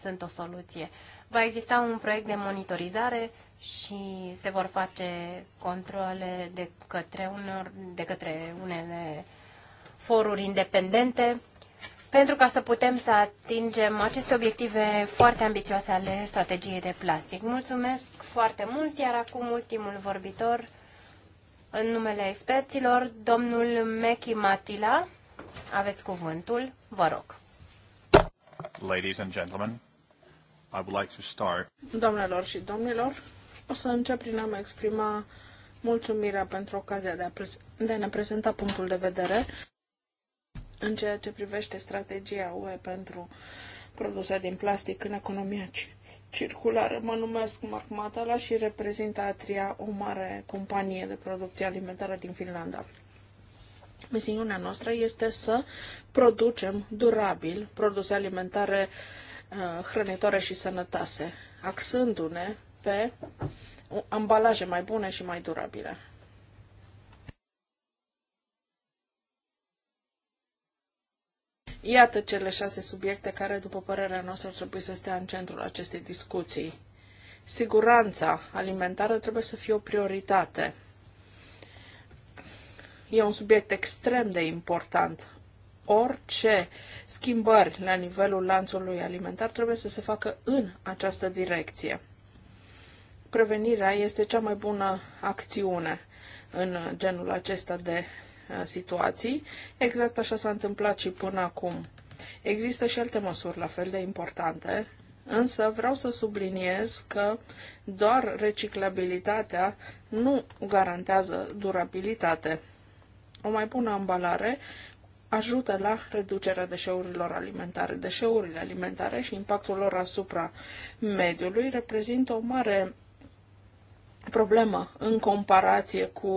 sunt o soluție. Va exista un proiect de monitorizare și se vor face controle de către, unor, de către unele foruri independente pentru ca să putem să atingem aceste obiective foarte ambițioase ale strategiei de plastic. Mulțumesc foarte mult, iar acum ultimul vorbitor în numele experților, domnul Mechi Matila. Aveți cuvântul, vă rog. Ladies and gentlemen, I would like to start. Doamnelor și domnilor, o să încep prin a mă exprima mulțumirea pentru ocazia de a, de a ne prezenta punctul de vedere în ceea ce privește strategia UE pentru produse din plastic în economia circulară. Mă numesc Marc Matala și reprezint Atria, o mare companie de producție alimentară din Finlanda. Misiunea noastră este să producem durabil produse alimentare uh, hrănitoare și sănătoase, axându-ne pe ambalaje mai bune și mai durabile. Iată cele șase subiecte care, după părerea noastră, ar trebui să stea în centrul acestei discuții. Siguranța alimentară trebuie să fie o prioritate. E un subiect extrem de important. Orice schimbări la nivelul lanțului alimentar trebuie să se facă în această direcție. Prevenirea este cea mai bună acțiune în genul acesta de Uh, situații. Exact așa s-a întâmplat și până acum. Există și alte măsuri la fel de importante, însă vreau să subliniez că doar reciclabilitatea nu garantează durabilitate. O mai bună ambalare ajută la reducerea deșeurilor alimentare. Deșeurile alimentare și impactul lor asupra mediului reprezintă o mare problemă în comparație cu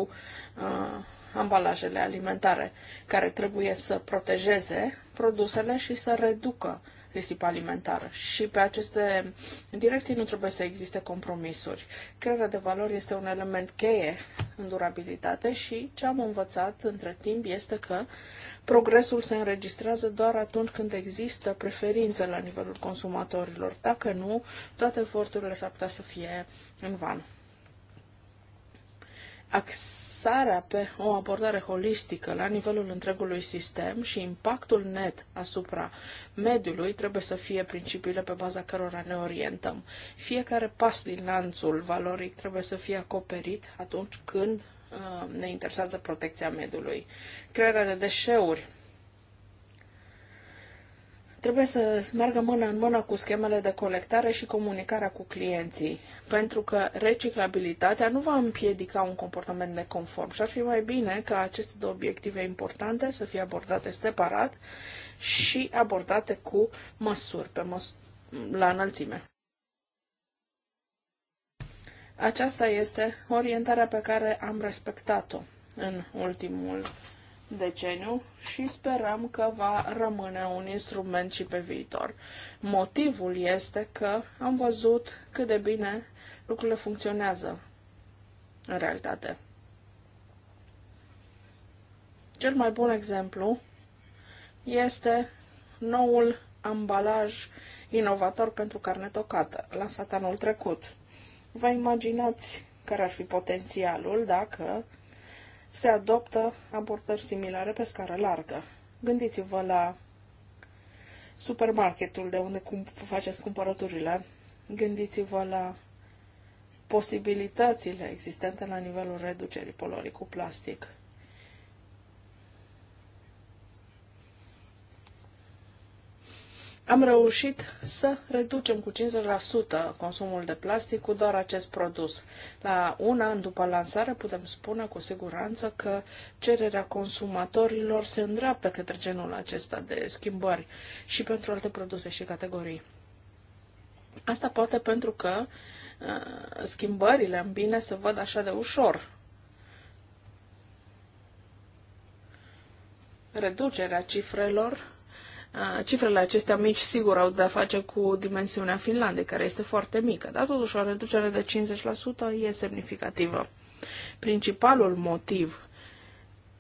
uh, ambalajele alimentare, care trebuie să protejeze produsele și să reducă risipa alimentară. Și pe aceste direcții nu trebuie să existe compromisuri. Crearea de valori este un element cheie în durabilitate și ce am învățat între timp este că progresul se înregistrează doar atunci când există preferințe la nivelul consumatorilor. Dacă nu, toate eforturile s-ar putea să fie în van axarea pe o abordare holistică la nivelul întregului sistem și impactul net asupra mediului trebuie să fie principiile pe baza cărora ne orientăm. Fiecare pas din lanțul valoric trebuie să fie acoperit atunci când uh, ne interesează protecția mediului. Crearea de deșeuri Trebuie să meargă mână în mână cu schemele de colectare și comunicarea cu clienții, pentru că reciclabilitatea nu va împiedica un comportament neconform și ar fi mai bine ca aceste două obiective importante să fie abordate separat și abordate cu măsuri pe măs- la înălțime. Aceasta este orientarea pe care am respectat-o în ultimul deceniu și sperăm că va rămâne un instrument și pe viitor. Motivul este că am văzut cât de bine lucrurile funcționează în realitate. Cel mai bun exemplu este noul ambalaj inovator pentru carne tocată, lansat anul trecut. Vă imaginați care ar fi potențialul dacă se adoptă abordări similare pe scară largă. Gândiți-vă la supermarketul de unde cum faceți cumpărăturile, gândiți-vă la posibilitățile existente la nivelul reducerii polorii cu plastic. am reușit să reducem cu 50% consumul de plastic cu doar acest produs. La un an după lansare putem spune cu siguranță că cererea consumatorilor se îndreaptă către genul acesta de schimbări și pentru alte produse și categorii. Asta poate pentru că uh, schimbările în bine se văd așa de ușor. Reducerea cifrelor Cifrele acestea mici, sigur, au de-a face cu dimensiunea Finlandei, care este foarte mică, dar totuși o reducere de 50% e semnificativă. Principalul motiv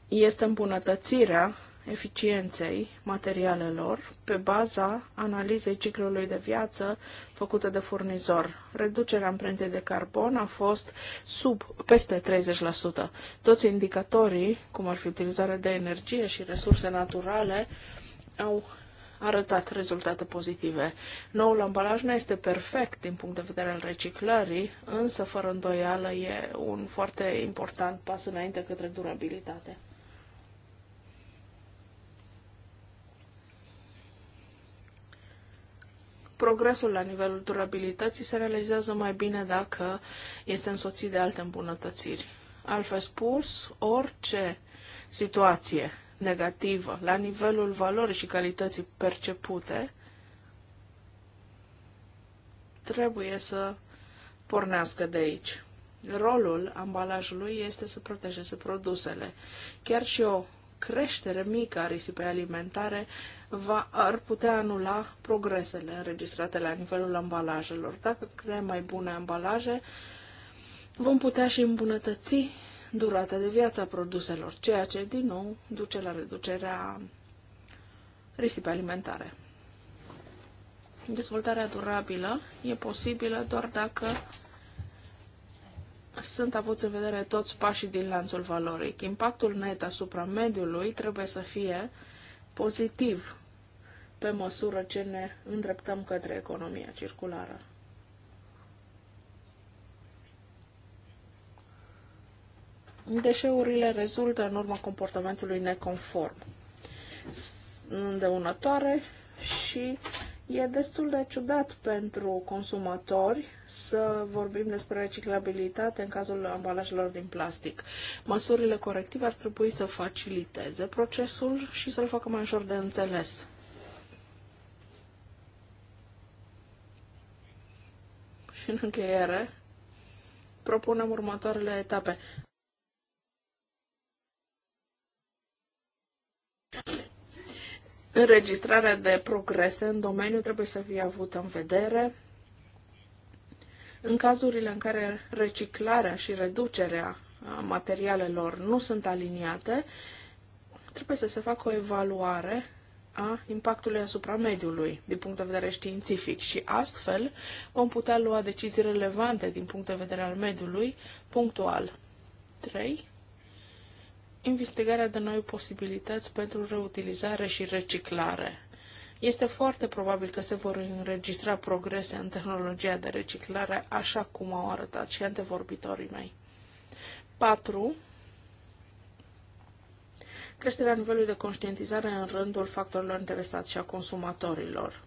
este îmbunătățirea eficienței materialelor pe baza analizei ciclului de viață făcută de furnizor. Reducerea amprentei de carbon a fost sub peste 30%. Toți indicatorii, cum ar fi utilizarea de energie și resurse naturale, au arătat rezultate pozitive. Noul ambalaj nu este perfect din punct de vedere al reciclării, însă fără îndoială e un foarte important pas înainte către durabilitate. progresul la nivelul durabilității se realizează mai bine dacă este însoțit de alte îmbunătățiri. Altfel spus, orice situație negativă la nivelul valorii și calității percepute, trebuie să pornească de aici. Rolul ambalajului este să protejeze produsele. Chiar și o creștere mică a risipei alimentare va, ar putea anula progresele înregistrate la nivelul ambalajelor. Dacă creăm mai bune ambalaje, vom putea și îmbunătăți durata de viață a produselor, ceea ce, din nou, duce la reducerea risipei alimentare. Dezvoltarea durabilă e posibilă doar dacă sunt avuți în vedere toți pașii din lanțul valoric. Impactul net asupra mediului trebuie să fie pozitiv pe măsură ce ne îndreptăm către economia circulară. Deșeurile rezultă în urma comportamentului neconform, îndeunătoare și e destul de ciudat pentru consumatori să vorbim despre reciclabilitate în cazul ambalajelor din plastic. Măsurile corective ar trebui să faciliteze procesul și să-l facă mai ușor de înțeles. Și în încheiere, propunem următoarele etape. Înregistrarea de progrese în domeniu trebuie să fie avută în vedere. În cazurile în care reciclarea și reducerea materialelor nu sunt aliniate, trebuie să se facă o evaluare a impactului asupra mediului din punct de vedere științific și astfel vom putea lua decizii relevante din punct de vedere al mediului punctual. 3 investigarea de noi posibilități pentru reutilizare și reciclare. Este foarte probabil că se vor înregistra progrese în tehnologia de reciclare, așa cum au arătat și antevorbitorii mei. 4. Creșterea nivelului de conștientizare în rândul factorilor interesați și a consumatorilor.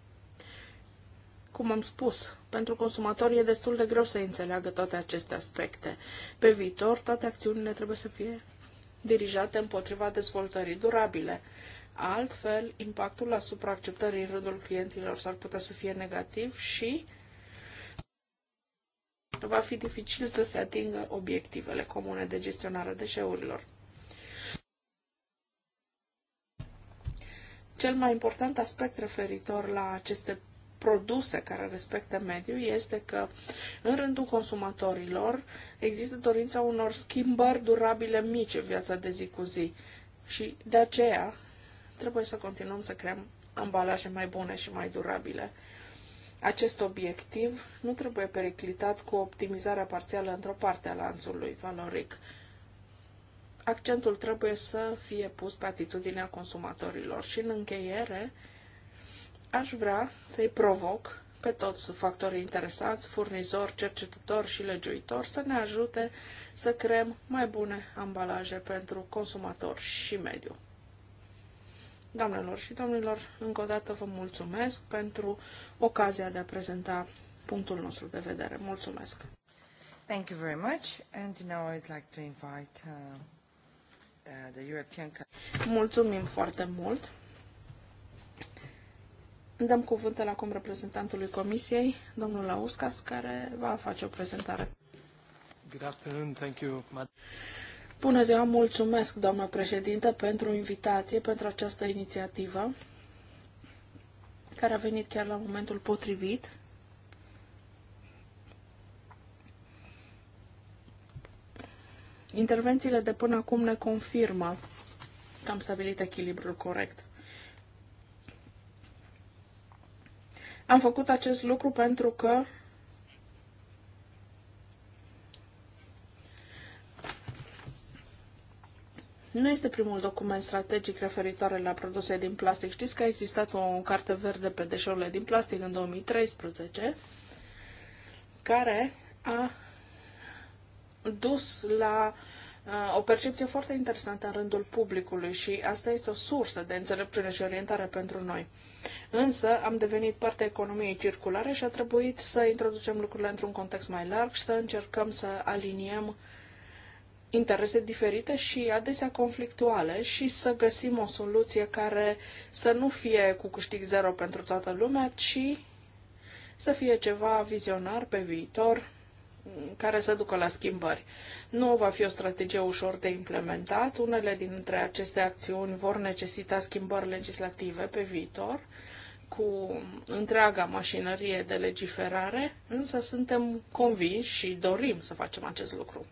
Cum am spus, pentru consumatori e destul de greu să înțeleagă toate aceste aspecte. Pe viitor, toate acțiunile trebuie să fie dirijate împotriva dezvoltării durabile. Altfel, impactul asupra acceptării în rândul clientilor s-ar putea să fie negativ și va fi dificil să se atingă obiectivele comune de gestionare deșeurilor. Cel mai important aspect referitor la aceste produse care respectă mediul este că în rândul consumatorilor există dorința unor schimbări durabile mici în viața de zi cu zi. Și de aceea trebuie să continuăm să creăm ambalaje mai bune și mai durabile. Acest obiectiv nu trebuie periclitat cu optimizarea parțială într-o parte a lanțului valoric. Accentul trebuie să fie pus pe atitudinea consumatorilor și, în încheiere, Aș vrea să-i provoc pe toți factorii interesați, furnizori, cercetători și legiuitori să ne ajute să creăm mai bune ambalaje pentru consumator și mediu. Doamnelor și domnilor, încă o dată vă mulțumesc pentru ocazia de a prezenta punctul nostru de vedere. Mulțumesc! Thank you very much and now I'd like to invite uh, uh, the European Mulțumim foarte mult! Dăm cuvântul acum reprezentantului Comisiei, domnul Lauskas, care va face o prezentare. Good afternoon, thank you. Bună ziua, mulțumesc, doamnă președintă, pentru invitație, pentru această inițiativă, care a venit chiar la momentul potrivit. Intervențiile de până acum ne confirmă că am stabilit echilibrul corect. Am făcut acest lucru pentru că Nu este primul document strategic referitoare la produse din plastic. Știți că a existat o carte verde pe deșeurile din plastic în 2013, care a dus la uh, Uh, o percepție foarte interesantă în rândul publicului și asta este o sursă de înțelepciune și orientare pentru noi. Însă am devenit parte economiei circulare și a trebuit să introducem lucrurile într-un context mai larg și să încercăm să aliniem interese diferite și adesea conflictuale și să găsim o soluție care să nu fie cu câștig zero pentru toată lumea, ci să fie ceva vizionar pe viitor, care să ducă la schimbări. Nu va fi o strategie ușor de implementat. Unele dintre aceste acțiuni vor necesita schimbări legislative pe viitor cu întreaga mașinărie de legiferare, însă suntem convinși și dorim să facem acest lucru.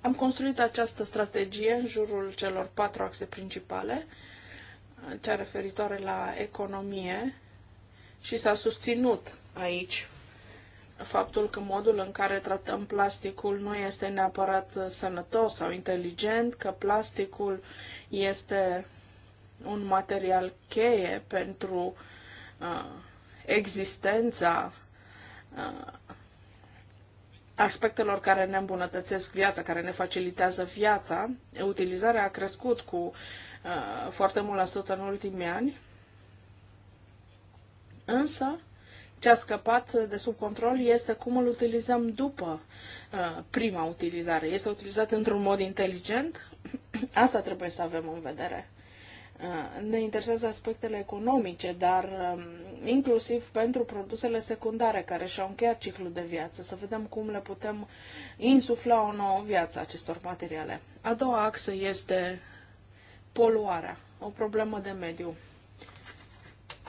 Am construit această strategie în jurul celor patru axe principale, cea referitoare la economie, și s-a susținut aici faptul că modul în care tratăm plasticul nu este neapărat uh, sănătos sau inteligent, că plasticul este un material cheie pentru uh, existența uh, aspectelor care ne îmbunătățesc viața, care ne facilitează viața. Utilizarea a crescut cu uh, foarte mult la sută în ultimii ani Însă, ce a scăpat de sub control este cum îl utilizăm după uh, prima utilizare. Este utilizat într-un mod inteligent? Asta trebuie să avem în vedere. Uh, ne interesează aspectele economice, dar um, inclusiv pentru produsele secundare care și-au încheiat ciclul de viață, să vedem cum le putem insufla o nouă viață acestor materiale. A doua axă este poluarea, o problemă de mediu.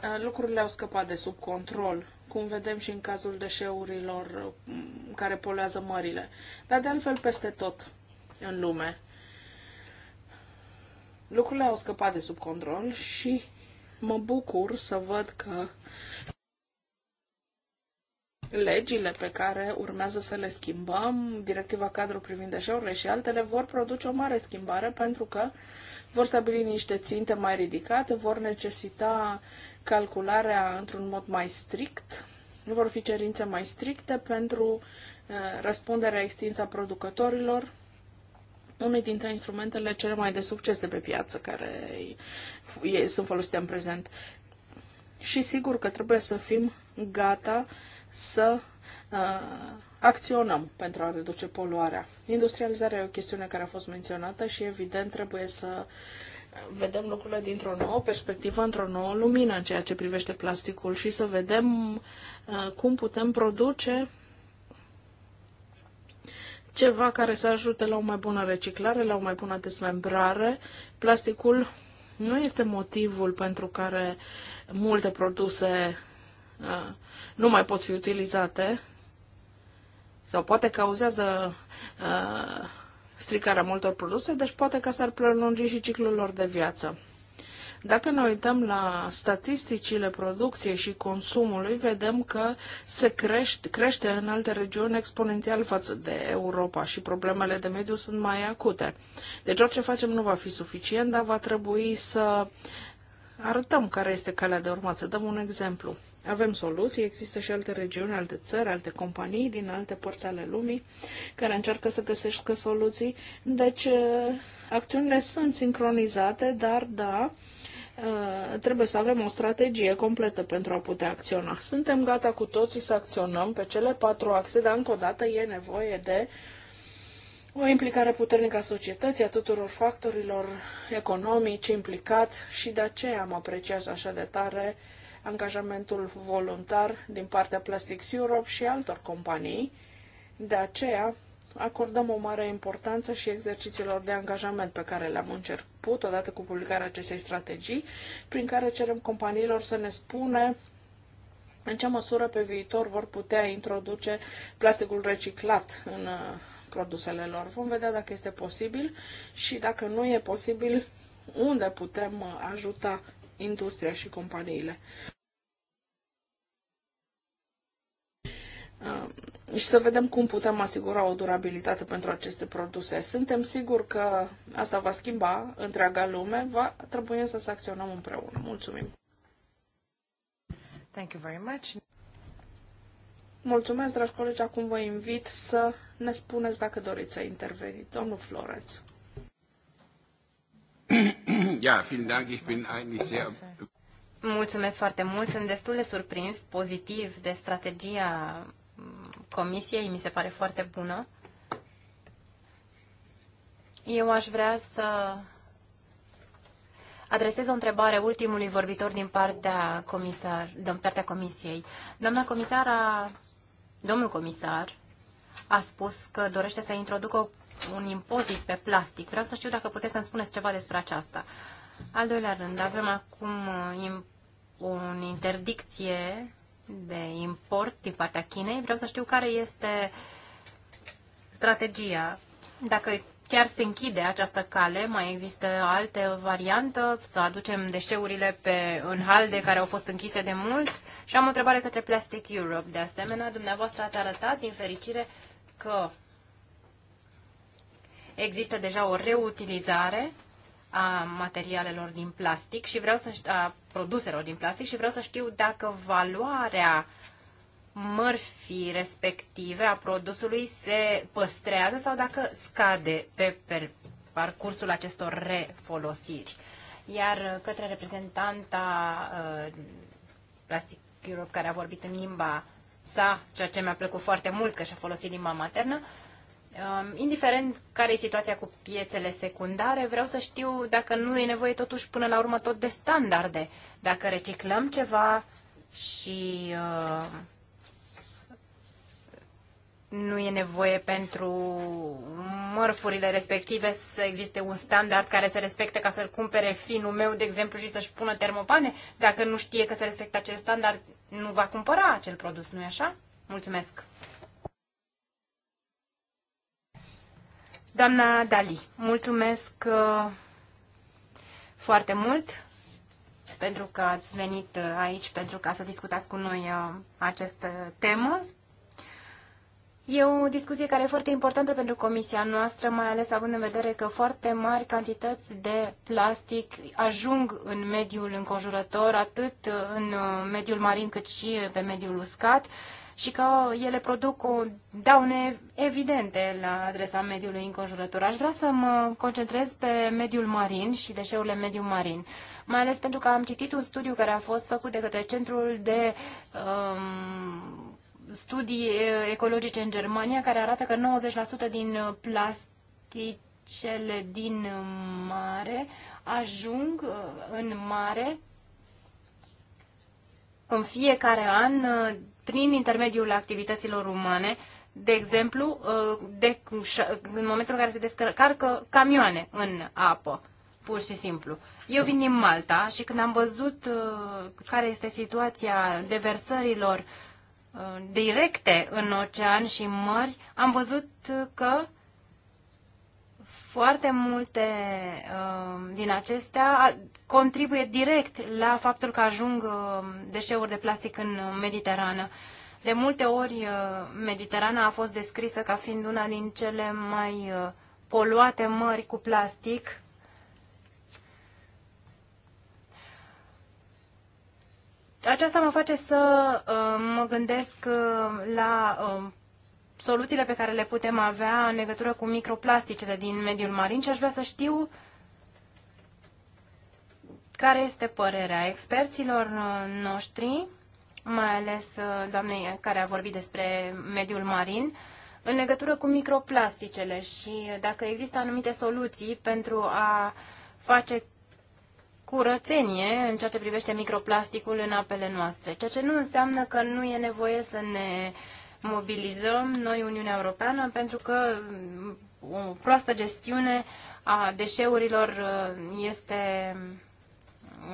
Eh, lucrurile au scăpat de sub control, cum vedem și în cazul deșeurilor mm, care poluează mările, dar de altfel peste tot în lume. Lucrurile au scăpat de sub control și mă bucur să văd că legile pe care urmează să le schimbăm, directiva cadru privind deșeurile și altele, vor produce o mare schimbare pentru că vor stabili niște ținte mai ridicate, vor necesita calcularea într-un mod mai strict, Nu vor fi cerințe mai stricte pentru uh, răspunderea extinsă a producătorilor, unul dintre instrumentele cele mai de succes de pe piață care sunt folosite în prezent. Și sigur că trebuie să fim gata să uh, acționăm pentru a reduce poluarea. Industrializarea e o chestiune care a fost menționată și evident trebuie să uh, vedem lucrurile dintr-o nouă perspectivă, într-o nouă lumină în ceea ce privește plasticul și să vedem uh, cum putem produce ceva care să ajute la o mai bună reciclare, la o mai bună desmembrare. Plasticul nu este motivul pentru care multe produse uh, nu mai pot fi utilizate sau poate cauzează uh, stricarea multor produse, deci poate că s-ar prelungi și ciclul lor de viață. Dacă ne uităm la statisticile producției și consumului, vedem că se crește, crește în alte regiuni exponențial față de Europa și problemele de mediu sunt mai acute. Deci orice facem nu va fi suficient, dar va trebui să arătăm care este calea de urmat. Să dăm un exemplu. Avem soluții, există și alte regiuni, alte țări, alte companii din alte părți ale lumii care încearcă să găsească soluții. Deci, uh, acțiunile sunt sincronizate, dar da, uh, trebuie să avem o strategie completă pentru a putea acționa. Suntem gata cu toții să acționăm pe cele patru axe, dar încă o dată e nevoie de o implicare puternică a societății, a tuturor factorilor economici implicați și de aceea am apreciat așa de tare uh, angajamentul voluntar din partea Plastics Europe și altor companii. De aceea, acordăm o mare importanță și exercițiilor de angajament pe care le-am început odată cu publicarea acestei strategii, prin care cerem companiilor să ne spune în ce măsură pe viitor vor putea introduce plasticul reciclat în uh, produsele lor. Vom vedea dacă este posibil și dacă nu e posibil, unde putem uh, ajuta industria și companiile. Uh, și să vedem cum putem asigura o durabilitate pentru aceste produse. Suntem siguri că asta va schimba întreaga lume, va trebui să, să acționăm împreună. Mulțumim! Thank you very much. Mulțumesc, dragi colegi. Acum vă invit să ne spuneți dacă doriți să interveniți. Domnul Floreț. Ja, vielen Dank. Ich bin eigentlich sehr... Mulțumesc foarte mult. Sunt destul de surprins pozitiv de strategia comisiei, mi se pare foarte bună. Eu aș vrea să adresez o întrebare ultimului vorbitor din partea, comisar, din partea comisiei. Doamna comisar a, domnul comisar a spus că dorește să introducă un impozit pe plastic. Vreau să știu dacă puteți să-mi spuneți ceva despre aceasta. Al doilea rând, avem acum uh, o interdicție de import din partea Chinei. Vreau să știu care este strategia. Dacă chiar se închide această cale, mai există alte variantă, să aducem deșeurile pe, în halde care au fost închise de mult. Și am o întrebare către Plastic Europe. De asemenea, dumneavoastră ați arătat, din fericire, că există deja o reutilizare a materialelor din plastic și vreau să a produselor din plastic și vreau să știu dacă valoarea mărfii respective a produsului se păstrează sau dacă scade pe, pe parcursul acestor refolosiri. Iar uh, către reprezentanta uh, Plastic Europe care a vorbit în limba sa, ceea ce mi-a plăcut foarte mult că și-a folosit limba maternă, uh, Um, indiferent care e situația cu piețele secundare, vreau să știu dacă nu e nevoie totuși până la urmă tot de standarde. Dacă reciclăm ceva și uh, nu e nevoie pentru mărfurile respective să existe un standard care se respecte ca să-l cumpere finul meu, de exemplu, și să-și pună termopane. Dacă nu știe că se respectă acel standard, nu va cumpăra acel produs, nu-i așa? Mulțumesc! Doamna Dali, mulțumesc uh, foarte mult pentru că ați venit uh, aici pentru ca să discutați cu noi uh, acest temă. E o discuție care e foarte importantă pentru comisia noastră, mai ales având în vedere că foarte mari cantități de plastic ajung în mediul înconjurător, atât în mediul marin cât și pe mediul uscat și că ele produc o daune evidente la adresa mediului înconjurător. Aș vrea să mă concentrez pe mediul marin și deșeurile mediul marin, mai ales pentru că am citit un studiu care a fost făcut de către Centrul de um, Studii Ecologice în Germania, care arată că 90% din plasticele din mare ajung uh, în mare în fiecare an uh, prin intermediul activităților umane, de exemplu, uh, de, în momentul în care se descarcă camioane în apă, pur și simplu. Eu vin din Malta și când am văzut uh, care este situația deversărilor uh, directe în ocean și în mări, am văzut că foarte multe uh, din acestea contribuie direct la faptul că ajung uh, deșeuri de plastic în Mediterană. De multe ori, uh, Mediterana a fost descrisă ca fiind una din cele mai uh, poluate mări cu plastic. Aceasta mă face să uh, mă gândesc uh, la um, soluțiile pe care le putem avea în legătură cu microplasticele din mediul marin și aș vrea să știu care este părerea experților noștri, mai ales uh, doamnei care a vorbit despre mediul marin, în legătură cu microplasticele și dacă există anumite soluții pentru a face curățenie în ceea ce privește microplasticul în apele noastre, ceea ce nu înseamnă că nu e nevoie să ne mobilizăm noi Uniunea Europeană pentru că mm, o proastă gestiune a deșeurilor mm, este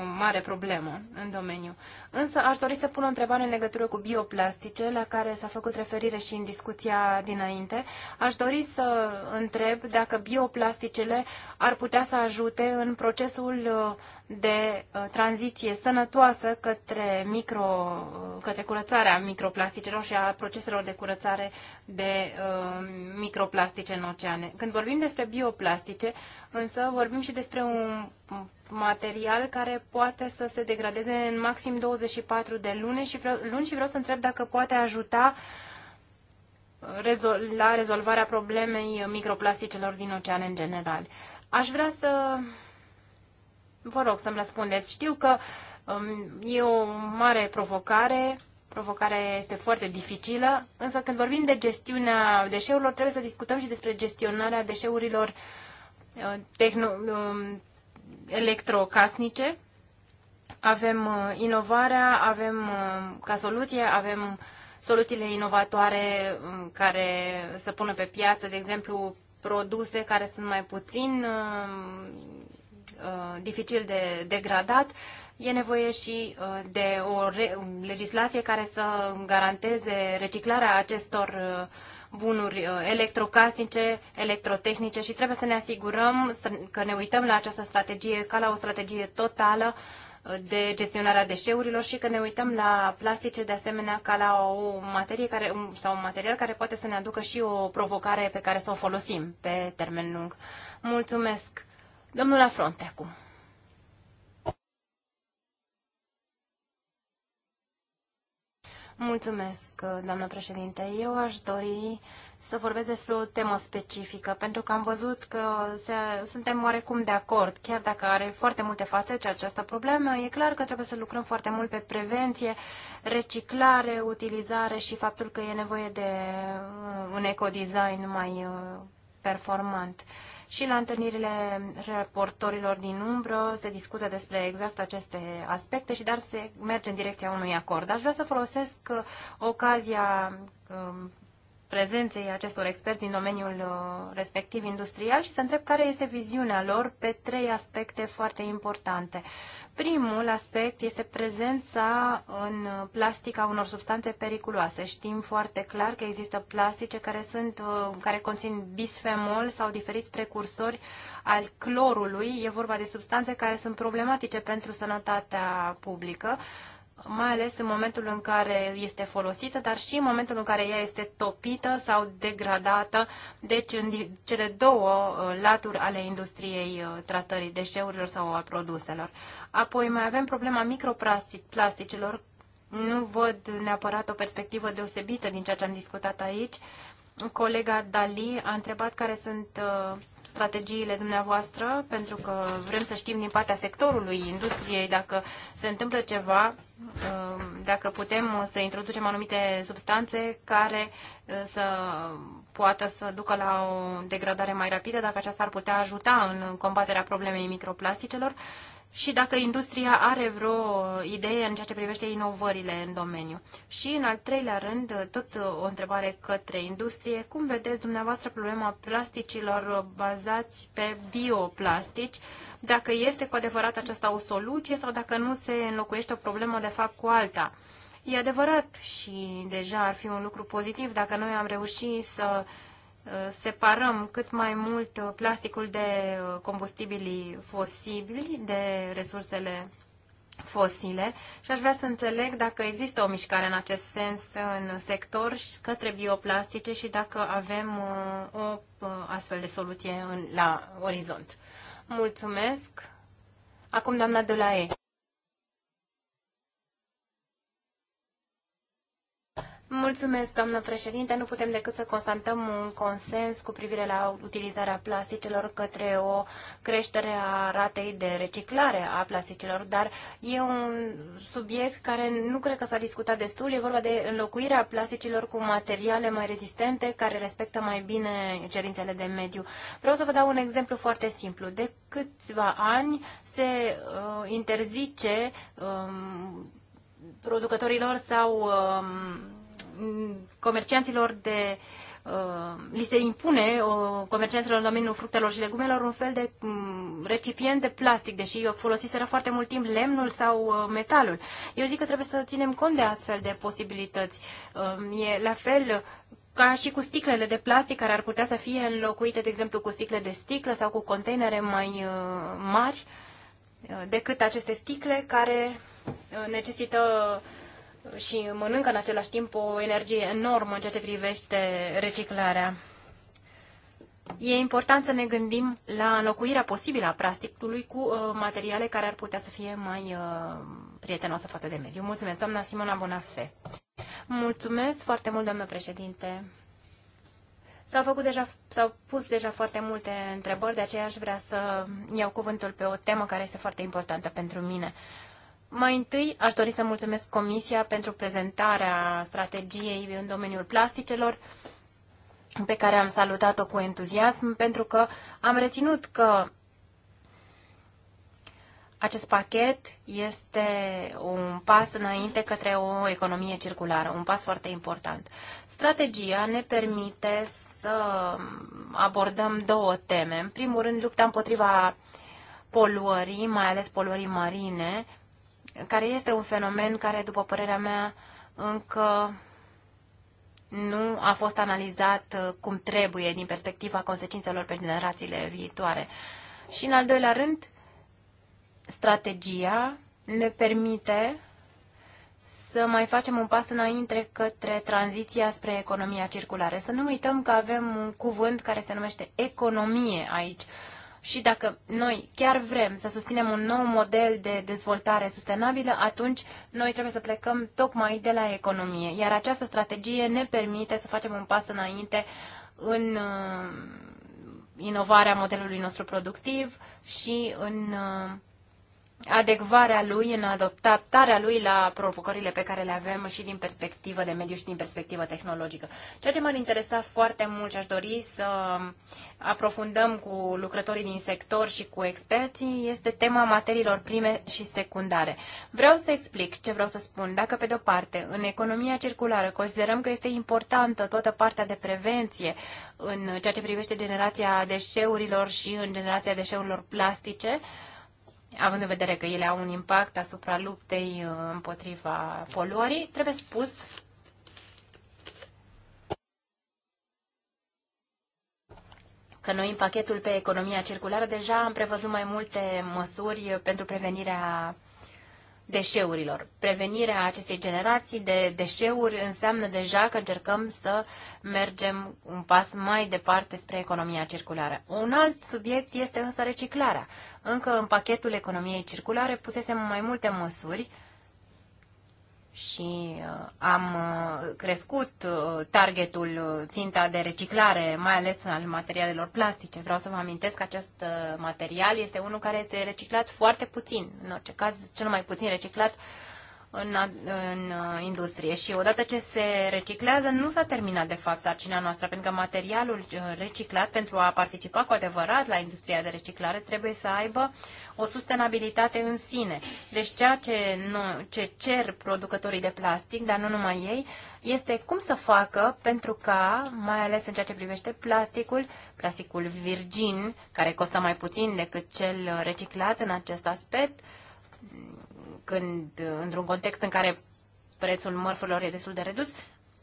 o mare problemă în domeniu. Însă aș dori să pun o întrebare în legătură cu bioplastice, la care s-a făcut referire și în discuția dinainte. Aș dori să întreb dacă bioplasticele ar putea să ajute în procesul uh, de uh, tranziție sănătoasă către, micro, uh, către curățarea microplasticelor și a proceselor de curățare de uh, microplastice în oceane. Când vorbim despre bioplastice, însă vorbim și despre un material care poate să se degradeze în maxim 20 24 de luni și vreau, luni și vreau să întreb dacă poate ajuta rezol, la rezolvarea problemei microplasticelor din ocean în general. Aș vrea să vă rog să-mi răspundeți. Știu că um, e o mare provocare, provocarea este foarte dificilă, însă când vorbim de gestiunea deșeurilor, trebuie să discutăm și despre gestionarea deșeurilor uh, tehno, uh, electrocasnice avem uh, inovarea, avem uh, ca soluție, avem soluțiile inovatoare um, care să pună pe piață, de exemplu, produse care sunt mai puțin uh, dificil de degradat, e nevoie și de o re- legislație care să garanteze reciclarea acestor bunuri electrocasnice, electrotehnice și trebuie să ne asigurăm că ne uităm la această strategie ca la o strategie totală de gestionarea deșeurilor și că ne uităm la plastice de asemenea ca la o materie care, sau un material care poate să ne aducă și o provocare pe care să o folosim pe termen lung. Mulțumesc. Domnul Afronte acum. Mulțumesc, doamnă președinte. Eu aș dori să vorbesc despre o temă specifică, pentru că am văzut că se, suntem oarecum de acord, chiar dacă are foarte multe fațete această problemă, e clar că trebuie să lucrăm foarte mult pe prevenție, reciclare, utilizare și faptul că e nevoie de uh, un ecodesign mai uh, performant. Și la întâlnirile reportorilor din umbră se discută despre exact aceste aspecte și dar se merge în direcția unui acord. Aș vrea să folosesc uh, ocazia um, prezenței acestor experți din domeniul uh, respectiv industrial și să întreb care este viziunea lor pe trei aspecte foarte importante. Primul aspect este prezența în plastic a unor substanțe periculoase. Știm foarte clar că există plastice care, sunt, uh, care conțin bisfemol sau diferiți precursori al clorului. E vorba de substanțe care sunt problematice pentru sănătatea publică mai ales în momentul în care este folosită, dar și în momentul în care ea este topită sau degradată, deci în cele două uh, laturi ale industriei uh, tratării deșeurilor sau a produselor. Apoi mai avem problema microplasticelor. Nu văd neapărat o perspectivă deosebită din ceea ce am discutat aici. Colega Dali a întrebat care sunt uh, strategiile dumneavoastră, pentru că vrem să știm din partea sectorului industriei dacă se întâmplă ceva, um, dacă putem să introducem anumite substanțe care uh, să poată să ducă la o degradare mai rapidă, dacă aceasta ar putea ajuta în combaterea problemei microplasticelor și dacă industria are vreo idee în ceea ce privește inovările în domeniu. Și în al treilea rând, tot o întrebare către industrie, cum vedeți dumneavoastră problema plasticilor bazați pe bioplastici, dacă este cu adevărat aceasta o soluție sau dacă nu se înlocuiește o problemă de fapt cu alta. E adevărat și deja ar fi un lucru pozitiv dacă noi am reușit să Uh, separăm cât mai mult uh, plasticul de uh, combustibilii fosibili, de resursele fosile și aș vrea să înțeleg dacă există o mișcare în acest sens în sector și către bioplastice și dacă avem o astfel de soluție în, la orizont. Mulțumesc! Acum doamna de la E. Mulțumesc, doamnă președinte. Nu putem decât să constatăm un consens cu privire la utilizarea plasticelor către o creștere a ratei de reciclare a plasticelor. dar e un subiect care nu cred că s-a discutat destul. E vorba de înlocuirea plasticilor cu materiale mai rezistente care respectă mai bine cerințele de mediu. Vreau să vă dau un exemplu foarte simplu. De câțiva ani se uh, interzice um, producătorilor sau um, comercianților de uh, li se impune o, comercianților în domeniul fructelor și legumelor un fel de mm, recipient de plastic, deși folosiseră foarte mult timp lemnul sau uh, metalul. Eu zic că trebuie să ținem cont de astfel de posibilități. Um, e la fel ca și cu sticlele de plastic care ar putea să fie înlocuite, de exemplu, cu sticle de sticlă sau cu containere mai uh, mari decât aceste sticle care necesită uh, și mănâncă în același timp o energie enormă în ceea ce privește reciclarea. E important să ne gândim la înlocuirea posibilă a plasticului cu uh, materiale care ar putea să fie mai uh, prietenoase față de mediu. Mulțumesc, doamna Simona Bonafe. Mulțumesc foarte mult, doamnă președinte. S-au, făcut deja, s-au pus deja foarte multe întrebări, de aceea aș vrea să iau cuvântul pe o temă care este foarte importantă pentru mine. Uh, mai întâi, aș dori să mulțumesc Comisia pentru prezentarea strategiei în domeniul plasticelor, pe care am salutat-o cu entuziasm, pentru că am reținut că acest pachet este un pas înainte către o economie circulară, un pas foarte important. Strategia ne permite să abordăm două teme. În primul rând, lupta împotriva poluării, mai ales poluării marine, care este un fenomen care, după părerea mea, încă nu a fost analizat uh, cum trebuie din perspectiva consecințelor pe generațiile viitoare. Și, în al doilea rând, strategia ne permite să mai facem un pas înainte către tranziția spre economia circulară. Să nu uităm că avem un cuvânt care se numește economie aici. Și dacă noi chiar vrem să susținem un nou model de dezvoltare sustenabilă, atunci noi trebuie să plecăm tocmai de la economie. Iar această strategie ne permite să facem un pas înainte în uh, inovarea modelului nostru productiv și în uh, adecvarea lui, în adaptarea lui la provocările pe care le avem și din perspectivă de mediu și din perspectivă tehnologică. Ceea ce m-ar interesa foarte mult și aș dori să aprofundăm cu lucrătorii din sector și cu experții este tema materiilor prime și secundare. Vreau să explic ce vreau să spun. Dacă, pe de-o parte, în economia circulară considerăm că este importantă toată partea de prevenție în ceea ce privește generația deșeurilor și în generația deșeurilor plastice, având în vedere că ele au un impact asupra luptei uh, împotriva poluării, trebuie spus că noi în pachetul pe economia circulară deja am prevăzut mai multe măsuri pentru prevenirea deșeurilor. Prevenirea acestei generații de deșeuri înseamnă deja că încercăm să mergem un pas mai departe spre economia circulară. Un alt subiect este însă reciclarea. Încă în pachetul economiei circulare pusesem mai multe măsuri și uh, am uh, crescut uh, targetul ținta de reciclare, mai ales al materialelor plastice. Vreau să vă amintesc că acest material este unul care este reciclat foarte puțin, în orice caz cel mai puțin reciclat în, în uh, industrie și odată ce se reciclează, nu s-a terminat de fapt sarcina noastră, pentru că materialul uh, reciclat pentru a participa cu adevărat la industria de reciclare trebuie să aibă o sustenabilitate în sine. Deci ceea ce, nu, ce cer producătorii de plastic, dar nu numai ei, este cum să facă pentru ca, mai ales în ceea ce privește plasticul, plasticul virgin, care costă mai puțin decât cel reciclat în acest aspect, când, într-un context în care prețul mărfurilor e destul de redus,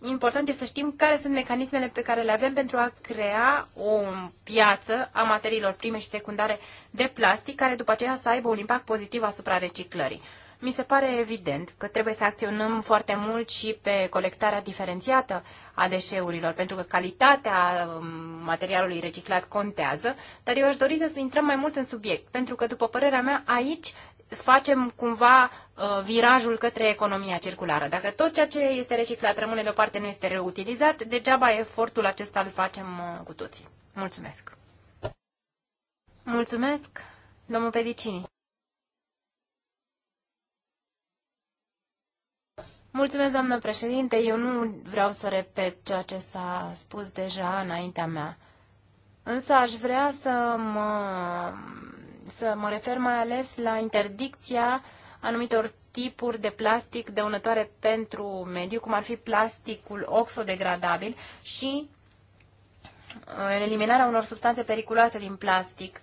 important este să știm care sunt mecanismele pe care le avem pentru a crea o piață a materiilor prime și secundare de plastic, care după aceea să aibă un impact pozitiv asupra reciclării. Mi se pare evident că trebuie să acționăm foarte mult și pe colectarea diferențiată a deșeurilor, pentru că calitatea um, materialului reciclat contează, dar eu aș dori să intrăm mai mult în subiect, pentru că, după părerea mea, aici facem cumva uh, virajul către economia circulară. Dacă tot ceea ce este reciclat rămâne deoparte nu este reutilizat, degeaba efortul acesta îl facem uh, cu toții. Mulțumesc! Mulțumesc, domnul Pedicini! Mulțumesc, doamnă președinte. Eu nu vreau să repet ceea ce s-a spus deja înaintea mea. Însă aș vrea să mă să mă refer mai ales la interdicția anumitor tipuri de plastic dăunătoare pentru mediu, cum ar fi plasticul oxodegradabil și uh, eliminarea unor substanțe periculoase din plastic,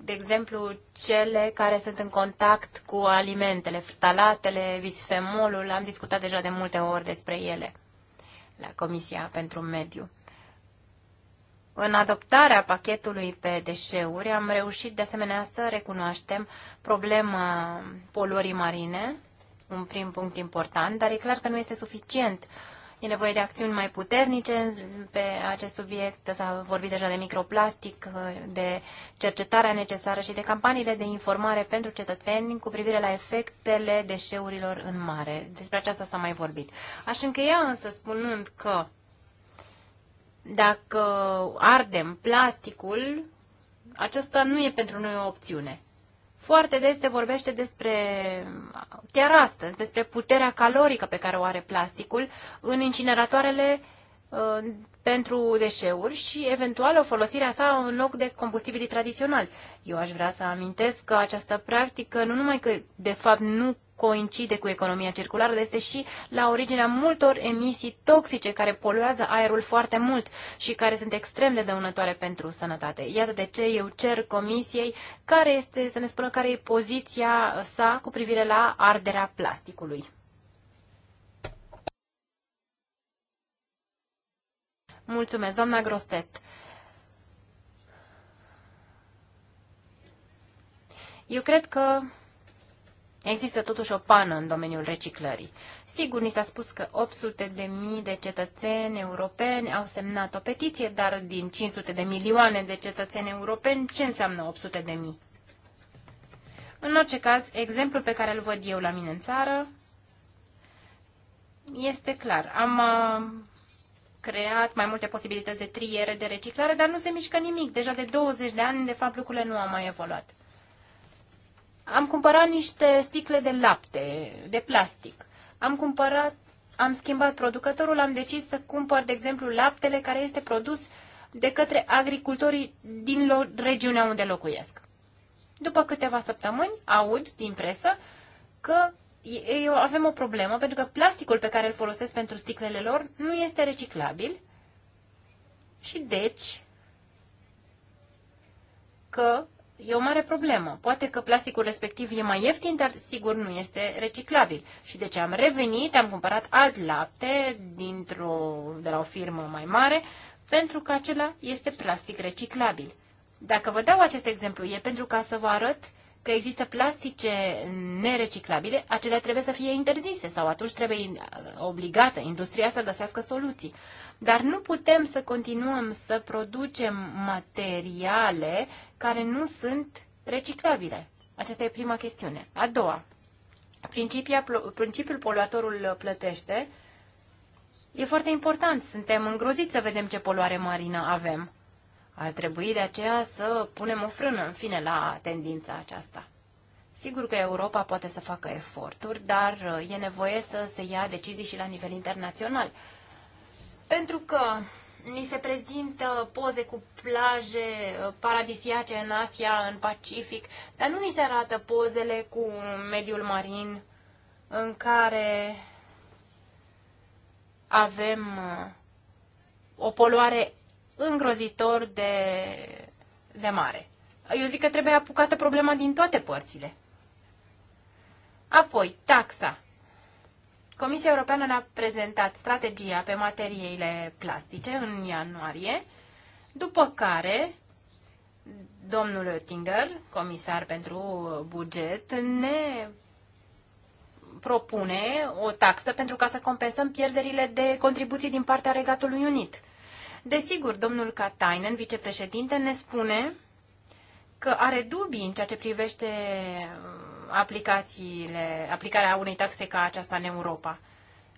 de exemplu cele care sunt în contact cu alimentele, ftalatele, visfemolul, am discutat deja de multe ori despre ele la Comisia pentru Mediu. În adoptarea pachetului pe deșeuri am reușit de asemenea să recunoaștem problema poluării marine, un prim punct important, dar e clar că nu este suficient. E nevoie de acțiuni mai puternice pe acest subiect, s-a vorbit deja de microplastic, de cercetarea necesară și de campaniile de informare pentru cetățeni cu privire la efectele deșeurilor în mare. Despre aceasta s-a mai vorbit. Aș încheia însă spunând că dacă ardem plasticul, aceasta nu e pentru noi o opțiune. Foarte des se vorbește despre, chiar astăzi, despre puterea calorică pe care o are plasticul în incineratoarele uh, pentru deșeuri și eventual o folosire sa în loc de combustibilii tradiționali. Eu aș vrea să amintesc că această practică nu numai că de fapt nu coincide cu economia circulară, dar este și la originea multor emisii toxice care poluează aerul foarte mult și care sunt extrem de dăunătoare pentru sănătate. Iată de ce eu cer comisiei care este, să ne spună care e poziția sa cu privire la arderea plasticului. Mulțumesc, doamna Grostet. Eu cred că Există totuși o pană în domeniul reciclării. Sigur, ni s-a spus că 800 de mii de cetățeni europeni au semnat o petiție, dar din 500 de milioane de cetățeni europeni, ce înseamnă 800 de mii? În orice caz, exemplul pe care îl văd eu la mine în țară este clar. Am uh, creat mai multe posibilități de triere de reciclare, dar nu se mișcă nimic. Deja de 20 de ani, de fapt, lucrurile nu au mai evoluat. Am cumpărat niște sticle de lapte, de plastic. Am cumpărat, am schimbat producătorul, am decis să cumpăr, de exemplu, laptele care este produs de către agricultorii din regiunea unde locuiesc. După câteva săptămâni, aud din presă că eu avem o problemă pentru că plasticul pe care îl folosesc pentru sticlele lor nu este reciclabil și deci că e o mare problemă. Poate că plasticul respectiv e mai ieftin, dar sigur nu este reciclabil. Și deci am revenit, am cumpărat alt lapte dintr-o, de la o firmă mai mare, pentru că acela este plastic reciclabil. Dacă vă dau acest exemplu, e pentru ca să vă arăt că există plastice nereciclabile, acelea trebuie să fie interzise sau atunci trebuie obligată industria să găsească soluții. Dar nu putem să continuăm să producem materiale care nu sunt reciclabile. Aceasta e prima chestiune. A doua, principiul poluatorul plătește. E foarte important. Suntem îngroziți să vedem ce poluare marină avem. Ar trebui de aceea să punem o frână, în fine, la tendința aceasta. Sigur că Europa poate să facă eforturi, dar uh, e nevoie să se ia decizii și la nivel internațional. Pentru că ni se prezintă poze cu plaje uh, paradisiace în Asia, în Pacific, dar nu ni se arată pozele cu mediul marin în care avem uh, o poluare îngrozitor de, de mare. Eu zic că trebuie apucată problema din toate părțile. Apoi, taxa. Comisia Europeană ne-a prezentat strategia pe materiile plastice în ianuarie, după care domnul Oettinger, comisar pentru buget, ne propune o taxă pentru ca să compensăm pierderile de contribuții din partea Regatului Unit. Desigur, domnul Katainen, vicepreședinte, ne spune că are dubii în ceea ce privește uh, aplicațiile, aplicarea unei taxe ca aceasta în Europa.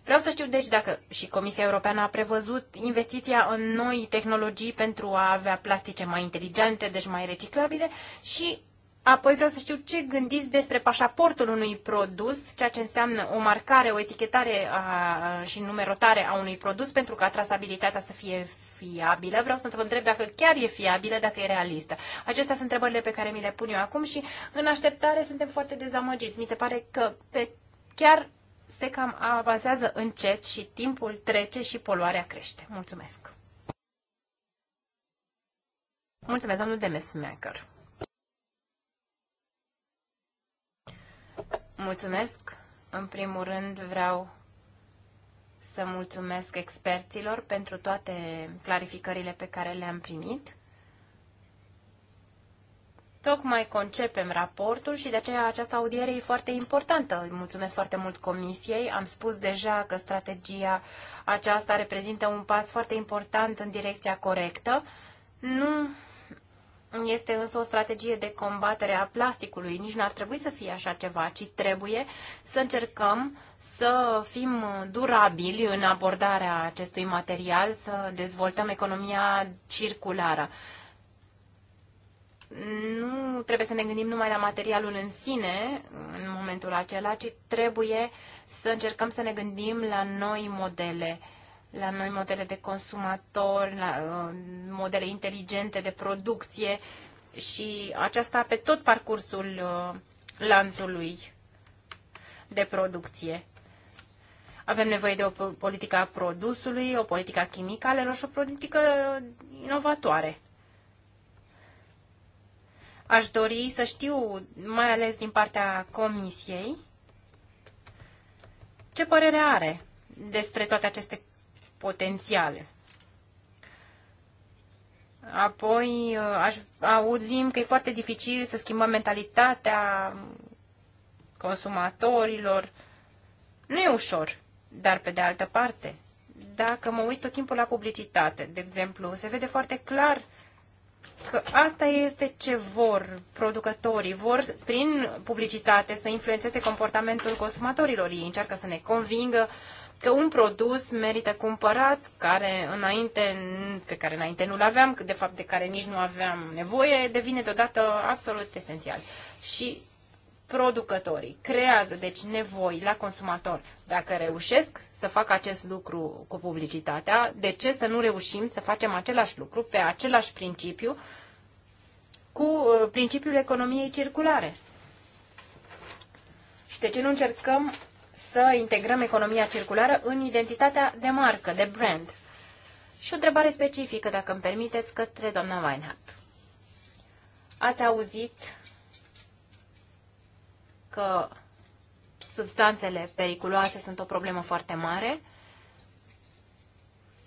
Vreau să știu, deci, dacă și Comisia Europeană a prevăzut investiția în noi tehnologii pentru a avea plastice mai inteligente, deci mai reciclabile, și Apoi vreau să știu ce gândiți despre pașaportul unui produs, ceea ce înseamnă o marcare, o etichetare a, și numerotare a unui produs pentru ca trasabilitatea să fie fiabilă. Vreau să vă întreb dacă chiar e fiabilă, dacă e realistă. Acestea sunt întrebările pe care mi le pun eu acum și în așteptare suntem foarte dezamăgiți. Mi se pare că pe chiar se cam avansează încet și timpul trece și poluarea crește. Mulțumesc! Mulțumesc, domnul Demesmaker. Mulțumesc. În primul rând vreau să mulțumesc experților pentru toate clarificările pe care le-am primit. Tocmai concepem raportul și de aceea această audiere e foarte importantă. Îi mulțumesc foarte mult comisiei. Am spus deja că strategia aceasta reprezintă un pas foarte important în direcția corectă. Nu este însă o strategie de combatere a plasticului. Nici nu ar trebui să fie așa ceva, ci trebuie să încercăm să fim durabili în abordarea acestui material, să dezvoltăm economia circulară. Nu trebuie să ne gândim numai la materialul în sine în momentul acela, ci trebuie să încercăm să ne gândim la noi modele uh, la noi modele de consumator, la uh, modele inteligente de producție și aceasta pe tot parcursul uh, lanțului de producție. Avem nevoie de o politică a produsului, o politică a chimicalelor și o politică uh, inovatoare. Aș dori să știu, mai ales din partea Comisiei, ce părere are despre toate aceste potențiale. Apoi uh, aș, auzim că e foarte dificil să schimbăm mentalitatea consumatorilor. Nu e ușor, dar pe de altă parte, dacă mă uit tot timpul la publicitate, de exemplu, se vede foarte clar că asta este ce vor producătorii. Vor, prin publicitate, să influențeze comportamentul consumatorilor. Ei încearcă să ne convingă uh, că un produs merită cumpărat, care înainte, pe care înainte nu-l aveam, de fapt de care nici nu aveam nevoie, devine deodată absolut esențial. Și producătorii creează, deci, nevoi la consumator. Dacă reușesc să facă acest lucru cu publicitatea, de ce să nu reușim să facem același lucru pe același principiu cu uh, principiul economiei circulare? Și de ce nu încercăm să integrăm economia circulară în identitatea de marcă, de brand. Și o întrebare specifică, dacă îmi permiteți, către doamna Weinhardt. Ați auzit că substanțele periculoase sunt o problemă foarte mare.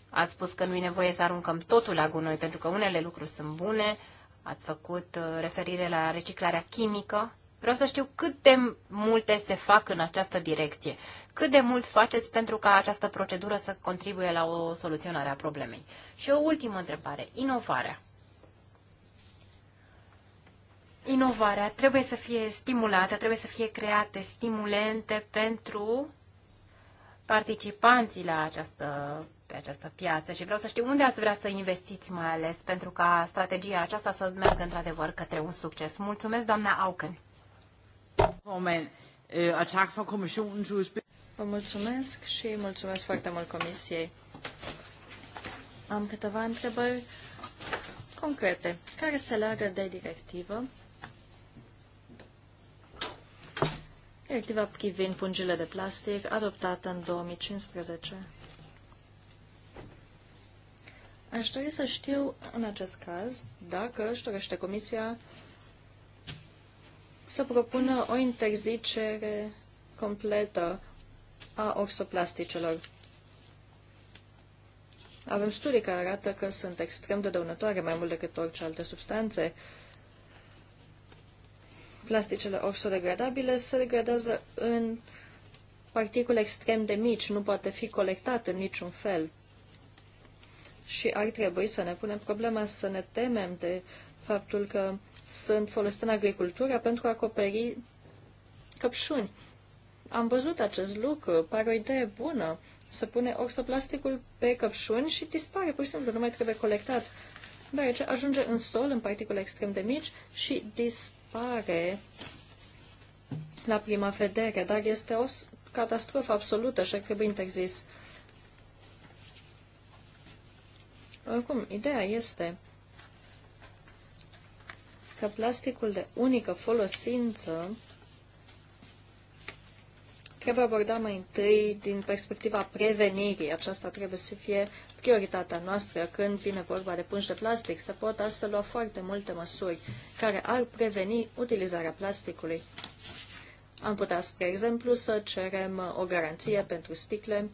Ați spus că nu e nevoie să aruncăm totul la gunoi, pentru că unele lucruri sunt bune. Ați făcut uh, referire la reciclarea chimică. Vreau să știu cât de multe se fac în această direcție. Cât de mult faceți pentru ca această procedură să contribuie la o soluționare a problemei. Și o ultimă întrebare. Inovarea. Inovarea trebuie să fie stimulată, trebuie să fie create stimulente pentru participanții la această, pe această piață și vreau să știu unde ați vrea să investiți mai ales pentru ca strategia aceasta să meargă într-adevăr către un succes. Mulțumesc, doamna Auken. Øh, Vă mulțumesc și mulțumesc foarte mult Comisiei. Am câteva întrebări concrete care se leagă de directivă. Directiva privind pungile de plastic adoptată în 2015. Aș dori să știu, în acest caz, dacă își dorește Comisia să propună o interzicere completă a oxoplasticelor. Avem studii care arată că sunt extrem de dăunătoare, mai mult decât orice alte substanțe. Plasticele oxodegradabile se degradează în particule extrem de mici, nu poate fi colectat în niciun fel. Și ar trebui să ne punem problema, să ne temem de faptul că sunt folosite în agricultură pentru a acoperi căpșuni. Am văzut acest lucru, pare o idee bună. să pune oxoplasticul pe căpșuni și dispare, pur și simplu, nu mai trebuie colectat. Deoarece ajunge în sol, în particule extrem de mici și dispare la prima vedere, dar este o catastrofă absolută și ar trebui interzis. Oricum, ideea este că plasticul de unică folosință trebuie abordat mai întâi din perspectiva prevenirii. Aceasta trebuie să fie prioritatea noastră când vine vorba de pungi de plastic. Se pot astfel lua foarte multe măsuri care ar preveni utilizarea plasticului. Am putea, spre exemplu, să cerem o garanție pentru sticle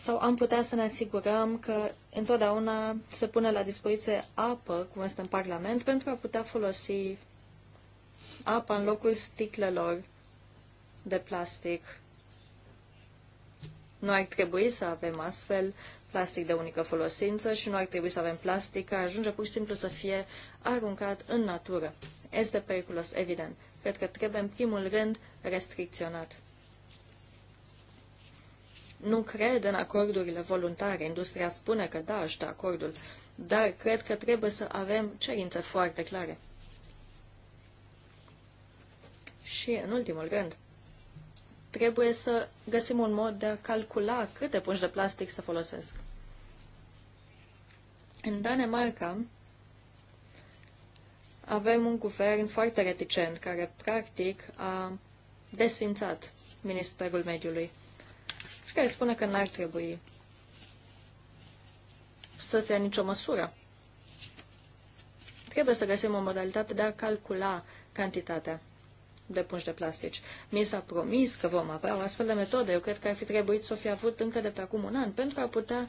sau am putea să ne asigurăm că întotdeauna se pune la dispoziție apă, cum este în Parlament, pentru a putea folosi apa în locul sticlelor de plastic. Nu ar trebui să avem astfel plastic de unică folosință și nu ar trebui să avem plastic care ajunge pur și simplu să fie aruncat în natură. Este periculos, evident. Cred că trebuie în primul rând restricționat nu cred în acordurile voluntare. Industria spune că da, aștept acordul, dar cred că trebuie să avem cerințe foarte clare. Și, în ultimul rând, trebuie să găsim un mod de a calcula câte pungi de plastic să folosesc. În Danemarca avem un guvern foarte reticent care, practic, a desfințat Ministerul Mediului și care spune că n-ar trebui să se ia nicio măsură. Trebuie să găsim o modalitate de a calcula cantitatea de pungi de plastic, Mi s-a promis că vom avea o astfel de metodă. Eu cred că ar fi trebuit să o fi avut încă de pe acum un an pentru a putea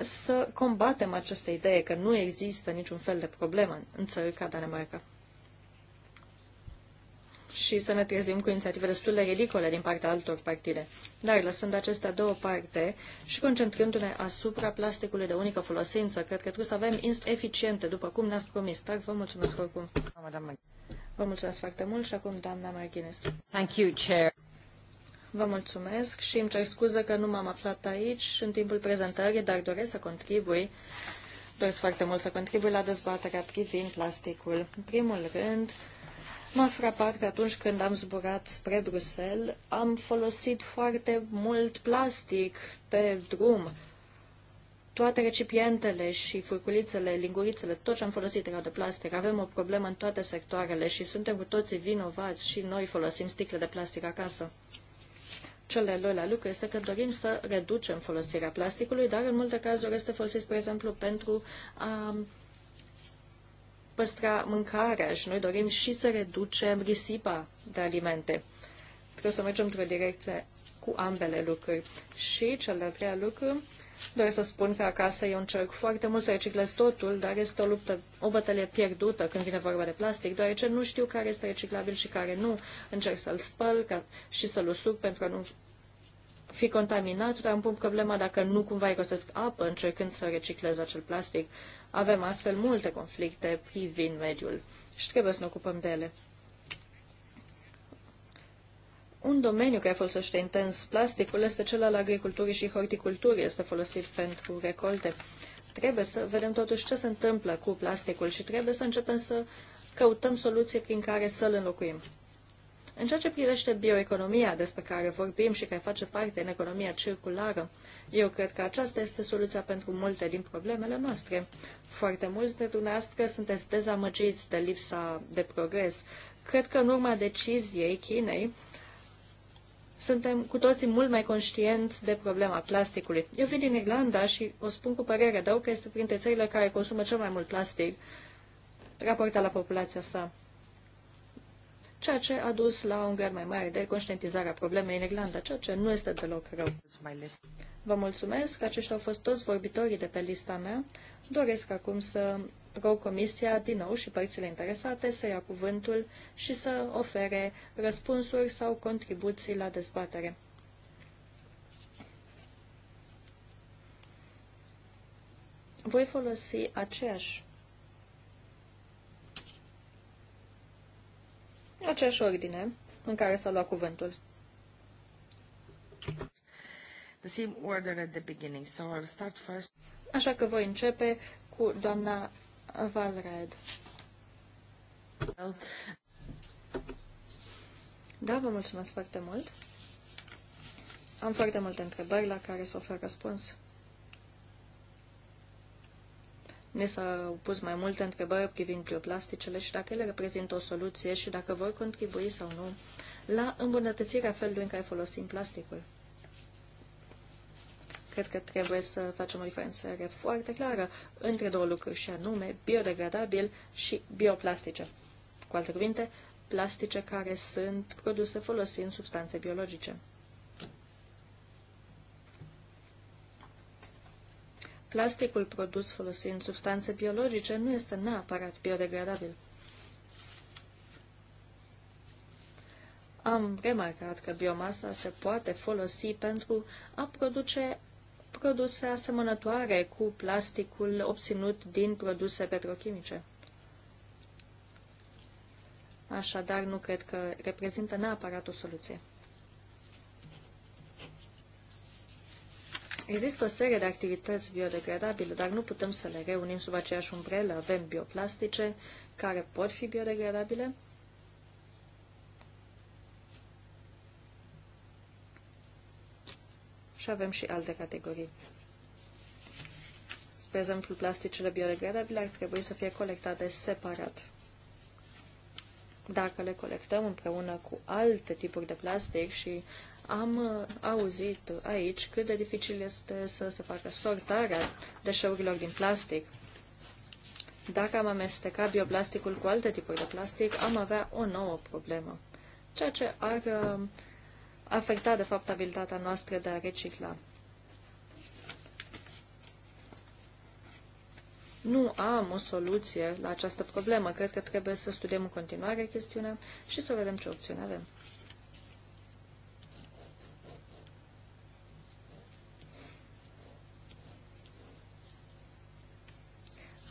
să combatem această idee că nu există niciun fel de problemă în țări ca Danemarca și să ne trezim cu inițiative destul de ridicole din partea altor partide. Dar lăsând acestea două parte și concentrându-ne asupra plasticului de unică folosință, cred că trebuie să avem eficiente, după cum ne-ați promis. Dar vă mulțumesc oricum. Vă mulțumesc foarte mult și acum doamna Marghines. Thank you, Chair. Vă mulțumesc și îmi cer scuză că nu m-am aflat aici în timpul prezentării, dar doresc să contribui doresc foarte mult să contribui la dezbaterea privind plasticul. În primul rând, M-a frapat că atunci când am zburat spre Bruxelles, am folosit foarte mult plastic pe drum. Toate recipientele și furculițele, lingurițele, tot ce am folosit erau de plastic. Avem o problemă în toate sectoarele și suntem cu toții vinovați și noi folosim sticle de plastic acasă. Cel de-al doilea lucru este că dorim să reducem folosirea plasticului, dar în multe cazuri este folosit, spre exemplu, pentru a păstra mâncarea și noi dorim și să reducem risipa de alimente. Trebuie să mergem într-o direcție cu ambele lucruri. Și cel de-al treia lucru, doresc să spun că acasă eu încerc foarte mult să reciclez totul, dar este o luptă, o bătălie pierdută când vine vorba de plastic, deoarece nu știu care este reciclabil și care nu. Încerc să-l spăl ca, și să-l usuc pentru a nu fi contaminat, dar îmi pun problema dacă nu cumva irosesc apă încercând să reciclez acel plastic. Avem astfel multe conflicte privind mediul și trebuie să ne ocupăm de ele. Un domeniu care folosește intens plasticul este cel al agriculturii și horticulturii. Este folosit pentru recolte. Trebuie să vedem totuși ce se întâmplă cu plasticul și trebuie să începem să căutăm soluții prin care să-l înlocuim. În ceea ce privește bioeconomia despre care vorbim și care face parte în economia circulară, eu cred că aceasta este soluția pentru multe din problemele noastre. Foarte mulți de dumneavoastră sunteți dezamăgiți de lipsa de progres. Cred că în urma deciziei Chinei, suntem cu toții mult mai conștienți de problema plasticului. Eu vin din Irlanda și o spun cu părere, dau că este printre țările care consumă cel mai mult plastic raportat la populația sa ceea ce a dus la un grad mai mare de conștientizare a problemei în Irlanda, ceea ce nu este deloc rău. Vă mulțumesc, aceștia au fost toți vorbitorii de pe lista mea. Doresc acum să rog Comisia din nou și părțile interesate să ia cuvântul și să ofere răspunsuri sau contribuții la dezbatere. Voi folosi aceeași aceeași ordine în care s-a luat cuvântul. The same order at the beginning, so I'll start first. Așa că voi începe cu doamna Valred. Da, vă mulțumesc foarte mult. Am foarte multe întrebări la care să ofer răspuns. Ne s-au pus mai multe întrebări privind bioplasticele și dacă ele reprezintă o soluție și dacă vor contribui sau nu la îmbunătățirea felului în care folosim plasticul. Cred că trebuie să facem o diferențiere foarte clară între două lucruri și anume biodegradabil și bioplastice. Cu alte cuvinte, plastice care sunt produse folosind substanțe biologice. Plasticul produs folosind substanțe biologice nu este neapărat biodegradabil. Am remarcat că biomasa se poate folosi pentru a produce produse asemănătoare cu plasticul obținut din produse petrochimice. Așadar, nu cred că reprezintă neapărat o soluție. Există o serie de activități biodegradabile, dar nu putem să le reunim sub aceeași umbrelă. Avem bioplastice care pot fi biodegradabile. Și avem și alte categorii. Spre exemplu, plasticele biodegradabile ar trebui să fie colectate separat. Dacă le colectăm împreună cu alte tipuri de plastic și am uh, auzit aici cât de dificil este să se facă sortarea deșeurilor din plastic. Dacă am amesteca bioplasticul cu alte tipuri de plastic, am avea o nouă problemă, ceea ce ar uh, afecta, de fapt, abilitatea noastră de a recicla. Nu am o soluție la această problemă. Cred că trebuie să studiem în continuare chestiunea și să vedem ce opțiune avem.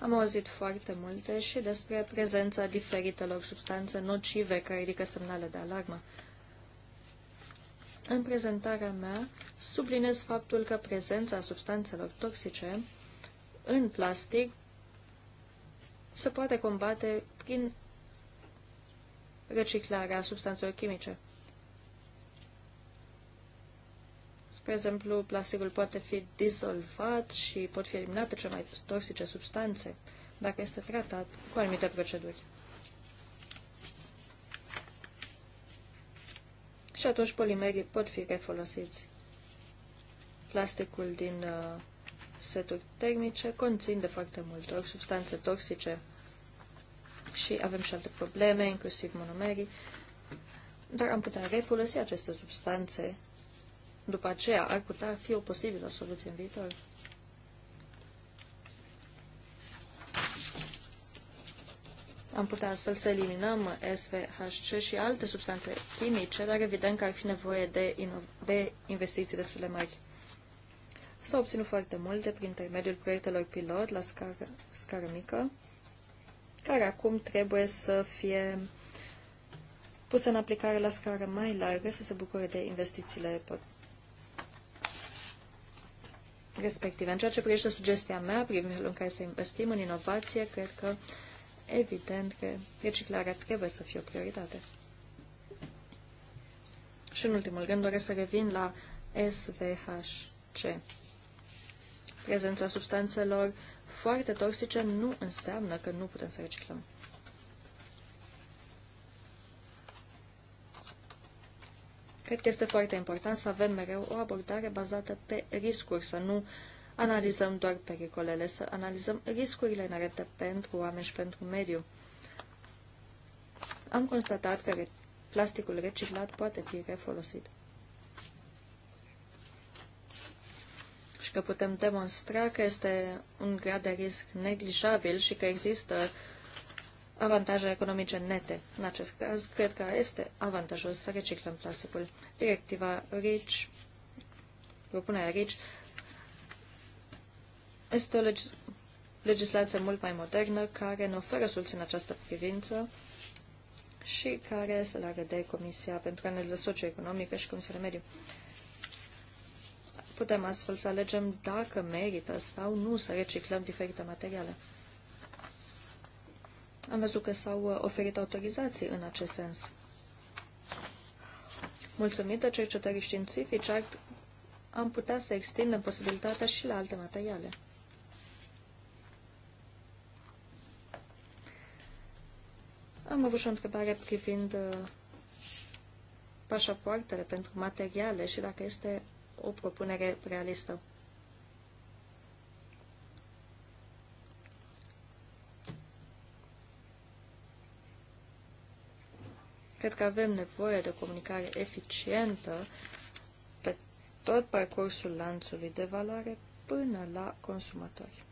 Am auzit foarte multe și despre prezența diferitelor substanțe nocive care ridică semnale de alarmă. În prezentarea mea, sublinez faptul că prezența substanțelor toxice în plastic se poate combate prin reciclarea substanțelor chimice. De exemplu, plasticul poate fi dizolvat și pot fi eliminate cele mai toxice substanțe dacă este tratat cu anumite proceduri. Și atunci polimerii pot fi refolosiți. Plasticul din uh, seturi termice conțin de foarte multe ori substanțe toxice și avem și alte probleme, inclusiv monomerii, dar am putea refolosi aceste substanțe după aceea ar putea fi o posibilă soluție în viitor. Am putea astfel să eliminăm SVHC și alte substanțe chimice, dar evident că ar fi nevoie de, de investiții destul de mari. s au obținut foarte multe prin intermediul proiectelor pilot la scară, scară mică, care acum trebuie să fie pusă în aplicare la scară mai largă, să se bucure de investițiile respective. În ceea ce privește sugestia mea privind felul în care să investim în inovație, cred că, evident, că reciclarea trebuie să fie o prioritate. Și în ultimul rând doresc să revin la SVHC. Prezența substanțelor foarte toxice nu înseamnă că nu putem să reciclăm. Cred că este foarte important să avem mereu o abordare bazată pe riscuri, să nu analizăm doar pericolele, să analizăm riscurile inerente pentru oameni și pentru mediu. Am constatat că plasticul reciclat poate fi refolosit. și că putem demonstra că este un grad de risc neglijabil și că există avantaje economice nete. În acest caz, cred că este avantajos să reciclăm plasticul. Directiva RICH, propunerea RICH, este o legis legislație mult mai modernă care ne oferă soluții în această privință și care se leagă de Comisia pentru Analiză Socioeconomică și Comisia de Mediu. Putem astfel să alegem dacă merită sau nu să reciclăm diferite materiale. Am văzut că s-au uh, oferit autorizații în acest sens. Mulțumită cercetării științifice, am putea să extindem posibilitatea și la alte materiale. Am avut și o întrebare privind uh, pașapoartele pentru materiale și dacă este o propunere realistă. Cred că avem nevoie de o comunicare eficientă pe tot parcursul lanțului de valoare până la consumatori.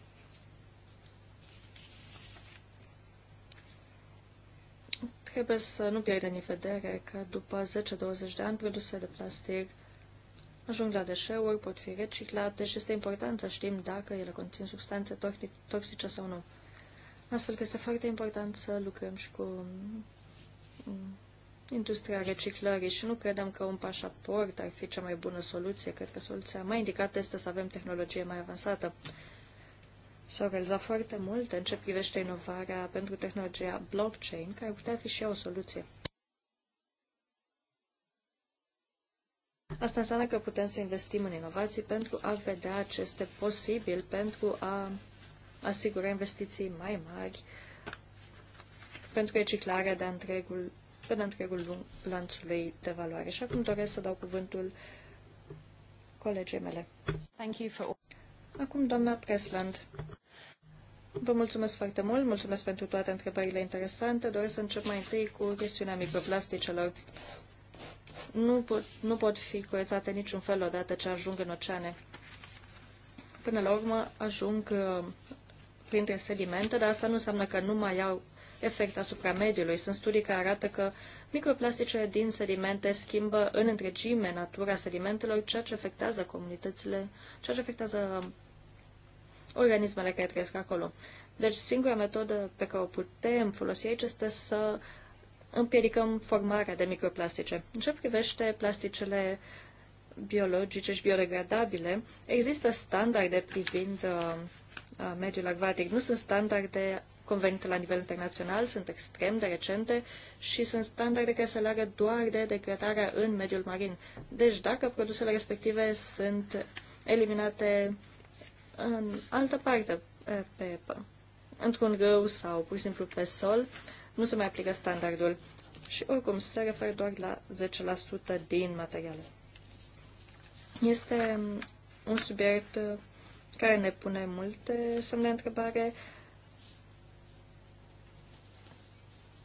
Trebuie să nu pierdem în vedere că după 10-20 de ani produsele de plastic ajung la deșeuri, pot fi reciclate și este important să știm dacă ele conțin substanțe toxice sau nu. Astfel că este foarte important să lucrăm și cu mm, industria reciclării și nu credem că un pașaport ar fi cea mai bună soluție. Cred că soluția mai indicată este să avem tehnologie mai avansată. S-au realizat foarte multe în ce privește inovarea pentru tehnologia blockchain, care putea fi și ea o soluție. Asta înseamnă că putem să investim în inovații pentru a vedea ce este posibil, pentru a asigura investiții mai mari pentru reciclarea de întregul pe de întregul lanțului de valoare. Și acum doresc să dau cuvântul colegii mele. Thank you for... Acum, doamna Presland. Vă mulțumesc foarte mult, mulțumesc pentru toate întrebările interesante. Doresc să încep mai întâi cu chestiunea microplasticelor. Nu pot, nu pot fi curățate niciun fel odată ce ajung în oceane. Până la urmă ajung uh, printre sedimente, dar asta nu înseamnă că nu mai au efect asupra mediului. Sunt studii care arată că microplasticele din sedimente schimbă în întregime natura sedimentelor, ceea ce afectează comunitățile, ceea ce afectează organismele care trăiesc acolo. Deci singura metodă pe care o putem folosi aici este să împiedicăm formarea de microplastice. În ce privește plasticele biologice și biodegradabile, există standarde privind uh, uh mediul acvatic. Nu sunt standarde convenite la nivel internațional, sunt extrem de recente și sunt standarde care se leagă doar de decretarea în mediul marin. Deci dacă produsele respective sunt eliminate în altă parte pe apă, într-un râu sau pur și simplu pe sol, nu se mai aplică standardul și oricum se referă doar la 10% din materiale. Este un subiect care ne pune multe semne întrebare.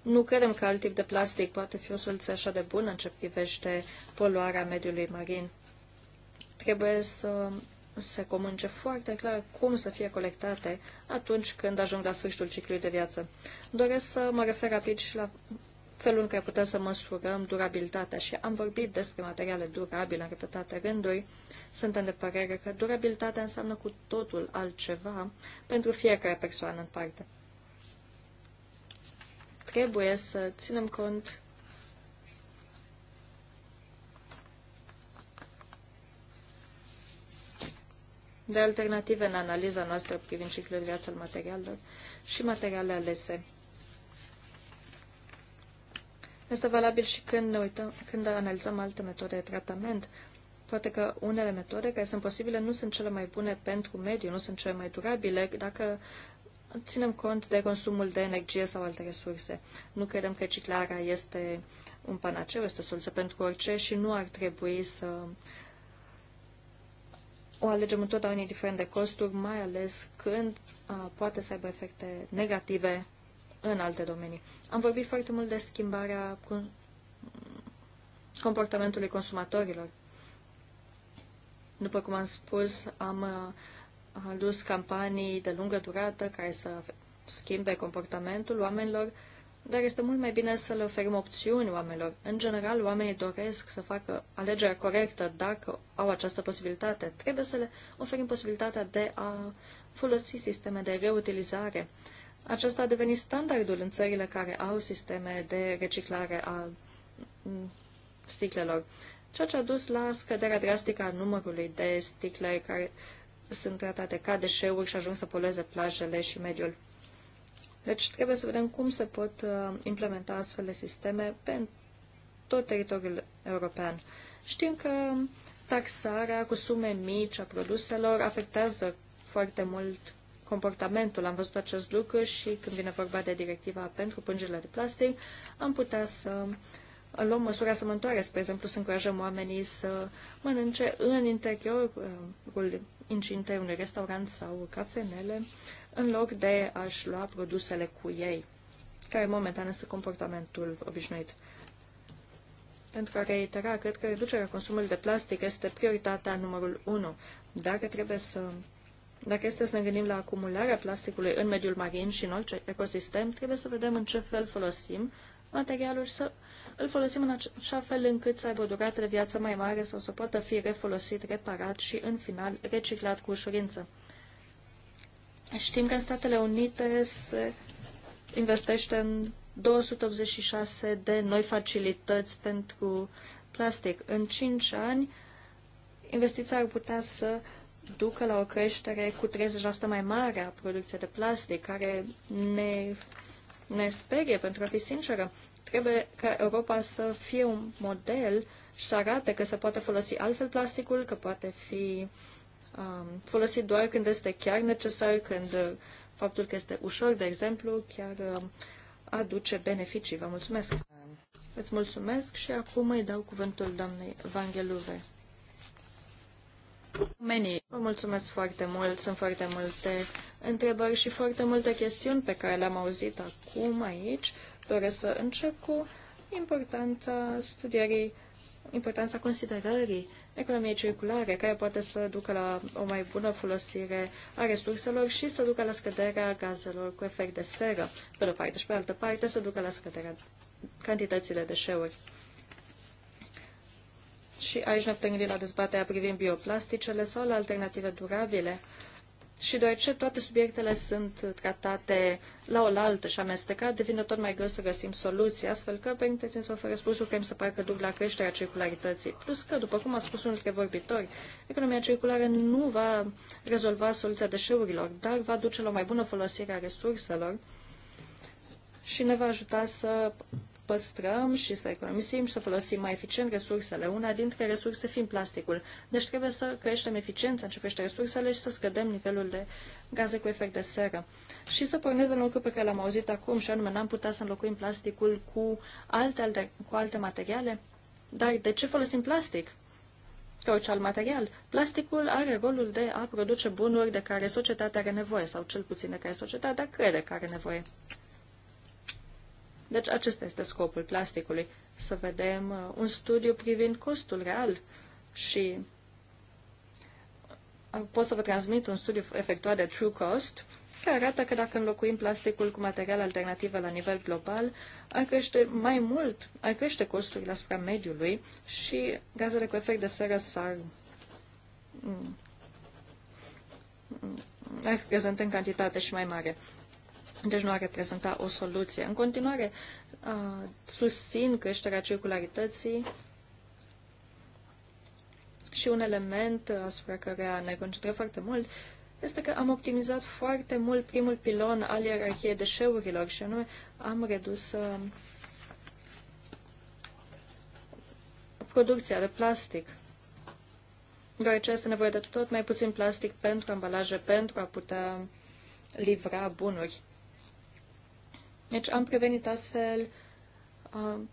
Nu credem că alt tip de plastic poate fi o soluție așa de bună în ce privește poluarea mediului marin. Trebuie să se comunice foarte clar cum să fie colectate atunci când ajung la sfârșitul ciclului de viață. Doresc să mă refer rapid și la felul în care putem să măsurăm durabilitatea și am vorbit despre materiale durabile în repetate rânduri, suntem de părere că durabilitatea înseamnă cu totul altceva pentru fiecare persoană în parte trebuie să ținem cont de alternative în analiza noastră privind ciclul de viață al materialelor și materiale alese. Este valabil și când, ne uităm, când analizăm alte metode de tratament. Poate că unele metode care sunt posibile nu sunt cele mai bune pentru mediu, nu sunt cele mai durabile, dacă ținem cont de consumul de energie sau alte resurse. Nu credem că ciclarea este un panaceu, este soluție pentru orice și nu ar trebui să o alegem întotdeauna indiferent de costuri, mai ales când a, poate să aibă efecte negative în alte domenii. Am vorbit foarte mult de schimbarea comportamentului consumatorilor. După cum am spus, am a, a dus campanii de lungă durată care să schimbe comportamentul oamenilor, dar este mult mai bine să le oferim opțiuni oamenilor. În general, oamenii doresc să facă alegerea corectă dacă au această posibilitate. Trebuie să le oferim posibilitatea de a folosi sisteme de reutilizare. acesta a devenit standardul în țările care au sisteme de reciclare a mm, sticlelor, ceea ce a dus la scăderea drastică a numărului de sticle care sunt tratate ca deșeuri și ajung să poleze plajele și mediul. Deci trebuie să vedem cum se pot uh, implementa astfel de sisteme pe tot teritoriul european. Știm că taxarea cu sume mici a produselor afectează foarte mult comportamentul. Am văzut acest lucru și când vine vorba de directiva pentru pungile de plastic, am putea să luăm măsuri asemănătoare, spre exemplu, să încurajăm oamenii să mănânce în interiorul incinte unui restaurant sau cafenele, în loc de a-și lua produsele cu ei, care momentan este comportamentul obișnuit. Pentru a reitera, cred că reducerea consumului de plastic este prioritatea numărul 1. Dacă trebuie să dacă este să ne gândim la acumularea plasticului în mediul marin și în orice ecosistem, trebuie să vedem în ce fel folosim materialul și să îl folosim în așa fel încât să aibă o durată de viață mai mare sau să poată fi refolosit, reparat și, în final, reciclat cu ușurință. Știm că în Statele Unite se investește în 286 de noi facilități pentru plastic. În 5 ani, investiția ar putea să ducă la o creștere cu 30% mai mare a producției de plastic, care ne, ne sperie, pentru a fi sinceră. Trebuie ca Europa să fie un model și să arate că se poate folosi altfel plasticul, că poate fi um, folosit doar când este chiar necesar, când uh, faptul că este ușor, de exemplu, chiar um, aduce beneficii. Vă mulțumesc! Îți mulțumesc și acum îi dau cuvântul doamnei Vangheluve. Vă mulțumesc foarte mult, sunt foarte multe întrebări și foarte multe chestiuni pe care le-am auzit acum aici. Doresc să încep cu importanța studierii, importanța considerării economiei circulare, care poate să ducă la o mai bună folosire a resurselor și să ducă la scăderea gazelor cu efect de seră, pe de o parte, și pe altă parte să ducă la scăderea cantității de deșeuri. Și aici ne-am la dezbaterea privind bioplasticele sau la alternative durabile, și deoarece toate subiectele sunt tratate la oaltă și amestecat, devine tot mai greu să găsim soluții, astfel că permiteți-mi să ofer răspunsul că mi se pare că duc la creșterea circularității. Plus că, după cum a spus unul dintre vorbitori, economia circulară nu va rezolva soluția deșeurilor, dar va duce la o mai bună folosire a resurselor și ne va ajuta să păstrăm și să economisim și să folosim mai eficient resursele, una dintre resurse fiind plasticul. Deci trebuie să creștem eficiența în ce privește resursele și să scădem nivelul de gaze cu efect de seră. Și să pornez în lucru pe care l-am auzit acum, și anume n-am putea să înlocuim plasticul cu alte, alte, cu alte materiale. Dar de ce folosim plastic? Ca orice alt material, plasticul are rolul de a produce bunuri de care societatea are nevoie, sau cel puțin de care societatea crede că are nevoie. Deci acesta este scopul plasticului, să vedem uh, un studiu privind costul real și uh, pot să vă transmit un studiu efectuat de True Cost, care arată că dacă înlocuim plasticul cu material alternativ la nivel global, ar crește mai mult, ar crește costurile asupra mediului și gazele cu efect de seră s-ar mm, mm, mm, ar reprezenta în cantitate și mai mare deci nu ar reprezenta o soluție. În continuare, susțin creșterea circularității și un element asupra care ne concentrăm foarte mult este că am optimizat foarte mult primul pilon al ierarhiei deșeurilor și anume am redus producția de plastic. Deoarece este nevoie de tot mai puțin plastic pentru ambalaje, pentru a putea livra bunuri. Deci am prevenit astfel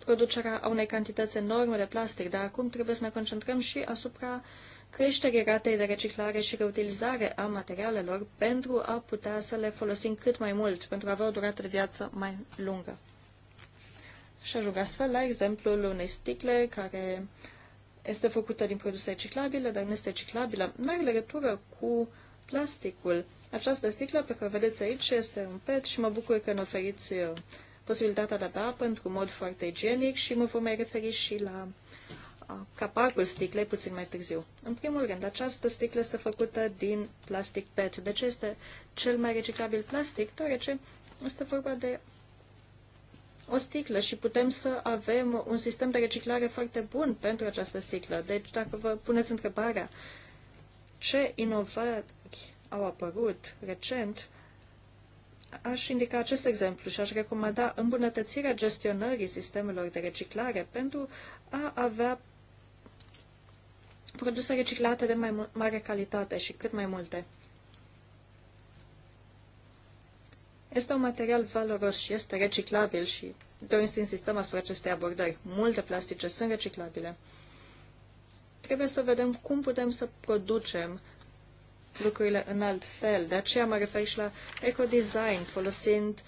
producerea unei cantități enorme de plastic, dar acum trebuie să ne concentrăm și asupra creșterii ratei de reciclare și reutilizare a materialelor pentru a putea să le folosim cât mai mult, pentru a avea o durată de viață mai lungă. Și ajung astfel la exemplul unei sticle care este făcută din produse reciclabile, dar nu este reciclabilă. Nu are legătură cu plasticul, această sticlă pe care o vedeți aici este un PET și mă bucur că ne oferiți uh, posibilitatea de a bea da pentru într-un mod foarte igienic și mă voi mai referi și la uh, capacul sticlei puțin mai târziu. În primul rând, această sticlă este făcută din plastic PET. De ce este cel mai reciclabil plastic? Deoarece este vorba de o sticlă și putem să avem un sistem de reciclare foarte bun pentru această sticlă. Deci, dacă vă puneți întrebarea ce inovare! au apărut recent, aș indica acest exemplu și aș recomanda îmbunătățirea gestionării sistemelor de reciclare pentru a avea produse reciclate de mai mare calitate și cât mai multe. Este un material valoros și este reciclabil și dorim să insistăm asupra acestei abordări. Multe plastice sunt reciclabile. Trebuie să vedem cum putem să producem lucrurile în alt fel. De aceea mă refer și la ecodesign, folosind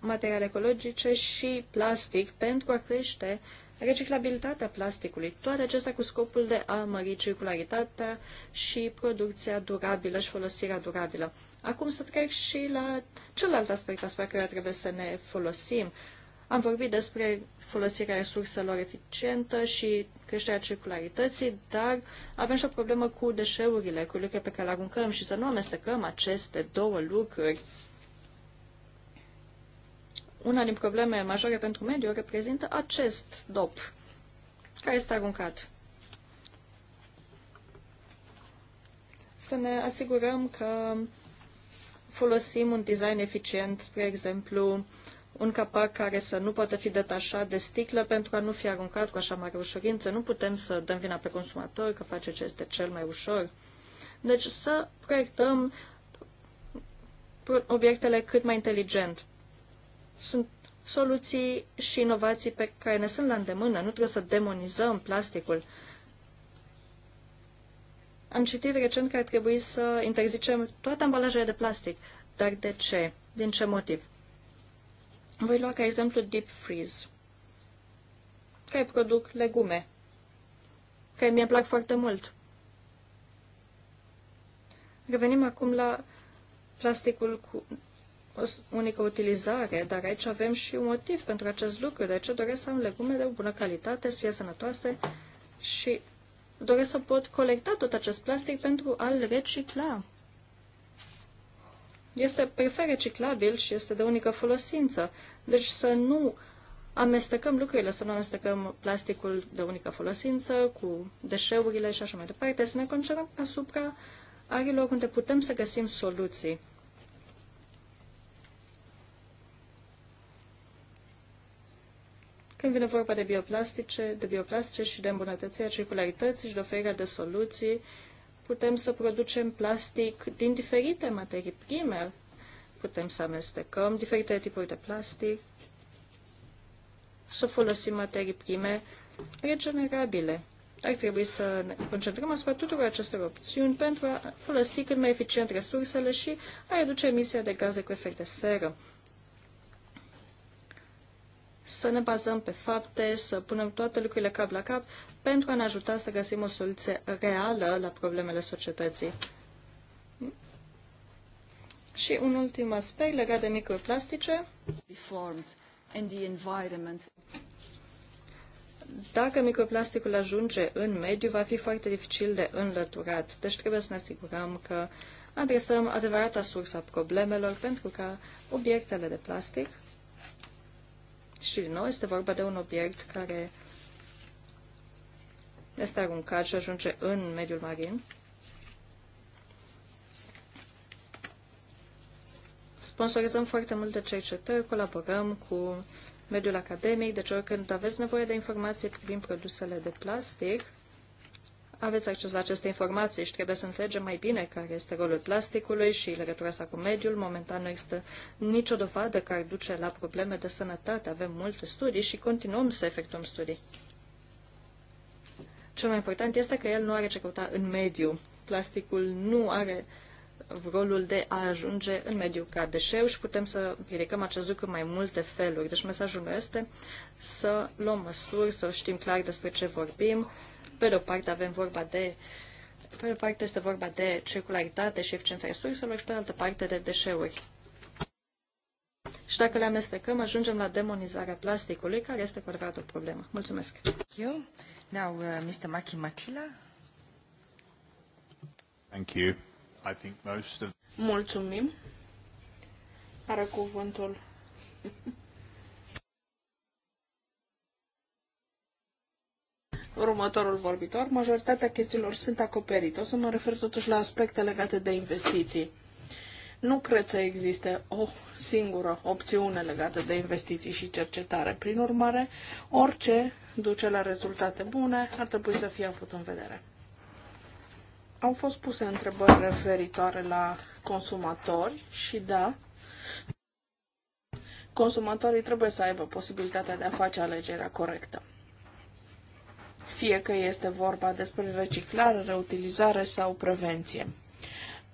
materiale ecologice și plastic pentru a crește reciclabilitatea plasticului. Toate acestea cu scopul de a mări circularitatea și producția durabilă și folosirea durabilă. Acum să trec și la celălalt aspect asupra care trebuie să ne folosim, am vorbit despre folosirea resurselor eficientă și creșterea circularității, dar avem și o problemă cu deșeurile, cu lucrurile pe care le aruncăm și să nu amestecăm aceste două lucruri. Una din probleme majore pentru mediu reprezintă acest dop care este aruncat. Să ne asigurăm că folosim un design eficient, spre exemplu, un capac care să nu poată fi detașat de sticlă pentru a nu fi aruncat cu așa mare ușurință. Nu putem să dăm vina pe consumator că face ce este cel mai ușor. Deci să proiectăm obiectele cât mai inteligent. Sunt soluții și inovații pe care ne sunt la îndemână. Nu trebuie să demonizăm plasticul. Am citit recent că ar trebui să interzicem toate ambalajele de plastic. Dar de ce? Din ce motiv? Voi lua ca exemplu deep freeze, care produc legume, care mi-e plac foarte mult. Revenim acum la plasticul cu o unică utilizare, dar aici avem și un motiv pentru acest lucru, de ce doresc să am legume de bună calitate, să fie sănătoase și doresc să pot colecta tot acest plastic pentru a-l recicla este perfect reciclabil și este de unică folosință. Deci să nu amestecăm lucrurile, să nu amestecăm plasticul de unică folosință cu deșeurile și așa mai departe, să ne concentrăm asupra arilor unde putem să găsim soluții. Când vine vorba de bioplastice, de bioplastice și de îmbunătățirea circularității și de oferirea de soluții Putem să producem plastic din diferite materii prime. Putem să amestecăm diferite tipuri de plastic, să folosim materii prime regenerabile. Ar trebui să ne concentrăm asupra tuturor acestor opțiuni pentru a folosi cât mai eficient resursele și a reduce emisia de gaze cu efect de seră să ne bazăm pe fapte, să punem toate lucrurile cap la cap pentru a ne ajuta să găsim o soluție reală la problemele societății. Și un ultim aspect legat de microplastice. Dacă microplasticul ajunge în mediu, va fi foarte dificil de înlăturat. Deci trebuie să ne asigurăm că adresăm adevărata sursa problemelor pentru ca obiectele de plastic și din nou este vorba de un obiect care este aruncat și ajunge în mediul marin. Sponsorizăm foarte multe cercetări, colaborăm cu mediul academic, deci oricând aveți nevoie de informații privind produsele de plastic, aveți acces la aceste informații și trebuie să înțelegem mai bine care este rolul plasticului și legătura sa cu mediul. Momentan nu există nicio dovadă care duce la probleme de sănătate. Avem multe studii și continuăm să efectuăm studii. Cel mai important este că el nu are ce căuta în mediu. Plasticul nu are rolul de a ajunge în mediu ca deșeu și putem să ridicăm acest lucru în mai multe feluri. Deci mesajul meu este să luăm măsuri, să știm clar despre ce vorbim, pe de o parte avem vorba de pe de o parte este vorba de circularitate și eficiența resurselor și pe de altă parte de deșeuri. Și dacă le amestecăm, ajungem la demonizarea plasticului, care este cu adevărat o problemă. Mulțumesc. Thank you. Now, uh, Mr. Maki Matila. Thank you. I think most of... Mulțumim. Are cuvântul următorul vorbitor, majoritatea chestiilor sunt acoperite. O să mă refer totuși la aspecte legate de investiții. Nu cred să existe o singură opțiune legată de investiții și cercetare. Prin urmare, orice duce la rezultate bune ar trebui să fie avut în vedere. Au fost puse întrebări referitoare la consumatori și da, consumatorii trebuie să aibă posibilitatea de a face alegerea corectă fie că este vorba despre reciclare, reutilizare sau prevenție.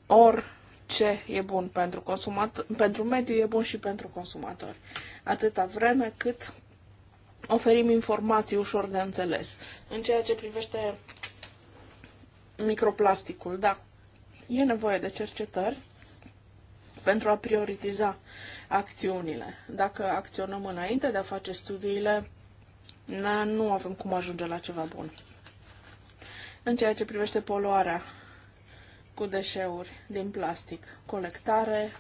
Or, ce e bun pentru, consumator, pentru mediu, e bun și pentru consumatori. Atâta vreme cât oferim informații ușor de înțeles. În ceea ce privește microplasticul, da, e nevoie de cercetări pentru a prioritiza acțiunile. Dacă acționăm înainte de a face studiile, Na, nu avem cum ajunge la ceva bun. În ceea ce privește poluarea cu deșeuri din plastic, colectare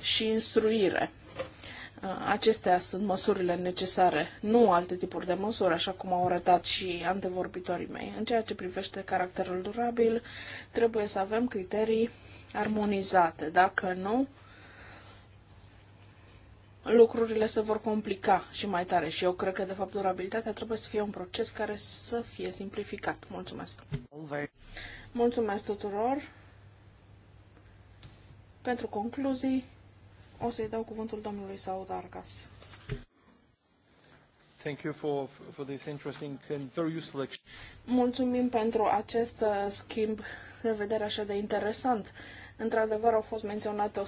și instruire. Acestea sunt măsurile necesare, nu alte tipuri de măsuri, așa cum au arătat și antevorbitorii mei. În ceea ce privește caracterul durabil, trebuie să avem criterii armonizate. Dacă nu, lucrurile se vor complica și mai tare și eu cred că, de fapt, durabilitatea trebuie să fie un proces care să fie simplificat. Mulțumesc! Mulțumesc tuturor! Pentru concluzii, o să-i dau cuvântul domnului Saud Argas. Thank you for, for this interesting and very useful Mulțumim pentru acest uh, schimb de vedere așa de interesant. Într-adevăr, au fost menționate o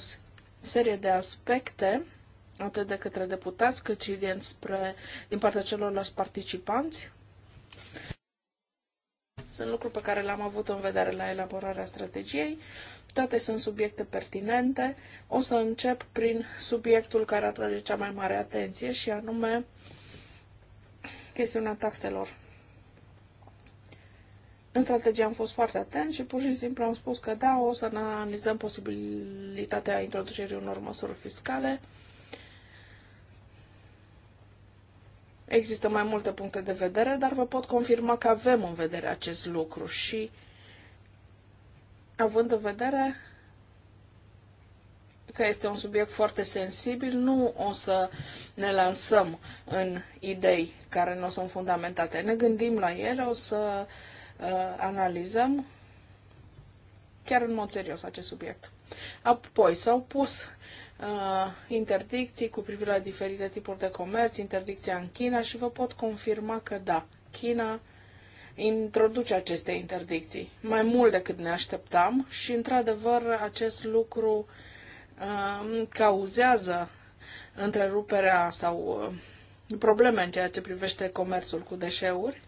serie de aspecte atât de către deputați, cât și din, spre, din partea celorlalți participanți. Sunt lucruri pe care le-am avut în vedere la elaborarea strategiei. Toate sunt subiecte pertinente. O să încep prin subiectul care atrage cea mai mare atenție și anume chestiunea taxelor. În strategie am fost foarte atent și pur și simplu am spus că da, o să analizăm posibilitatea introducerii unor măsuri fiscale Există mai multe puncte de vedere, dar vă pot confirma că avem în vedere acest lucru și având în vedere că este un subiect foarte sensibil, nu o să ne lansăm în idei care nu sunt fundamentate. Ne gândim la ele, o să uh, analizăm chiar în mod serios acest subiect. Apoi s-au pus uh, interdicții cu privire la diferite tipuri de comerț, interdicția în China și vă pot confirma că da, China introduce aceste interdicții mai mult decât ne așteptam și, într-adevăr, acest lucru uh, cauzează întreruperea sau uh, probleme în ceea ce privește comerțul cu deșeuri.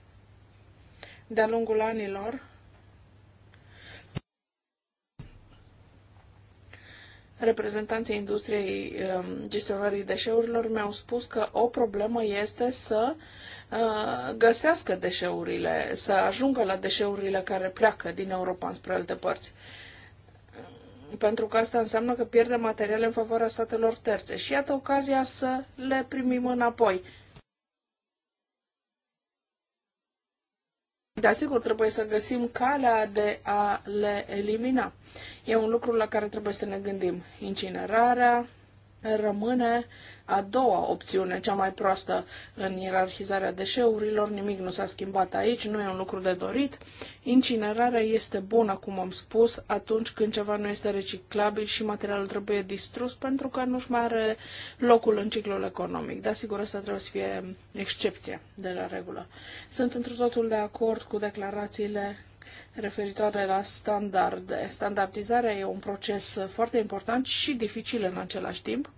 De-a lungul anilor, reprezentanții industriei um, gestionării deșeurilor mi-au spus că o problemă este să uh, găsească deșeurile, să ajungă la deșeurile care pleacă din Europa spre alte părți. Pentru că asta înseamnă că pierde materiale în favoarea statelor terțe. Și iată ocazia să le primim înapoi. Dar sigur trebuie să găsim calea de a le elimina. E un lucru la care trebuie să ne gândim. Incinerarea, rămâne a doua opțiune, cea mai proastă în ierarhizarea deșeurilor. Nimic nu s-a schimbat aici, nu e un lucru de dorit. Incinerarea este bună, cum am spus, atunci când ceva nu este reciclabil și materialul trebuie distrus pentru că nu-și mai are locul în ciclul economic. Dar sigur, asta trebuie să fie excepție de la regulă. Sunt într totul de acord cu declarațiile referitoare la standarde. Standardizarea e un proces foarte important și dificil în același timp.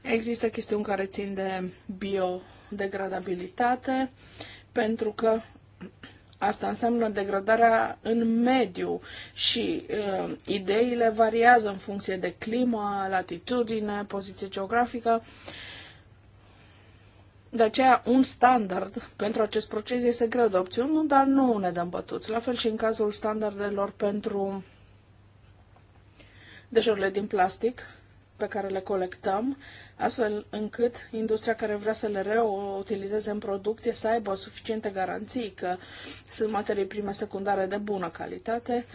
Există chestiuni care țin de biodegradabilitate, pentru că Asta înseamnă degradarea în mediu și uh, ideile variază în funcție de climă, latitudine, poziție geografică de aceea, un standard pentru acest proces este greu de opțiune, dar nu ne dăm bătuți. La fel și în cazul standardelor pentru deșeurile din plastic pe care le colectăm, astfel încât industria care vrea să le reutilizeze în producție să aibă suficiente garanții că sunt materii prime secundare de bună calitate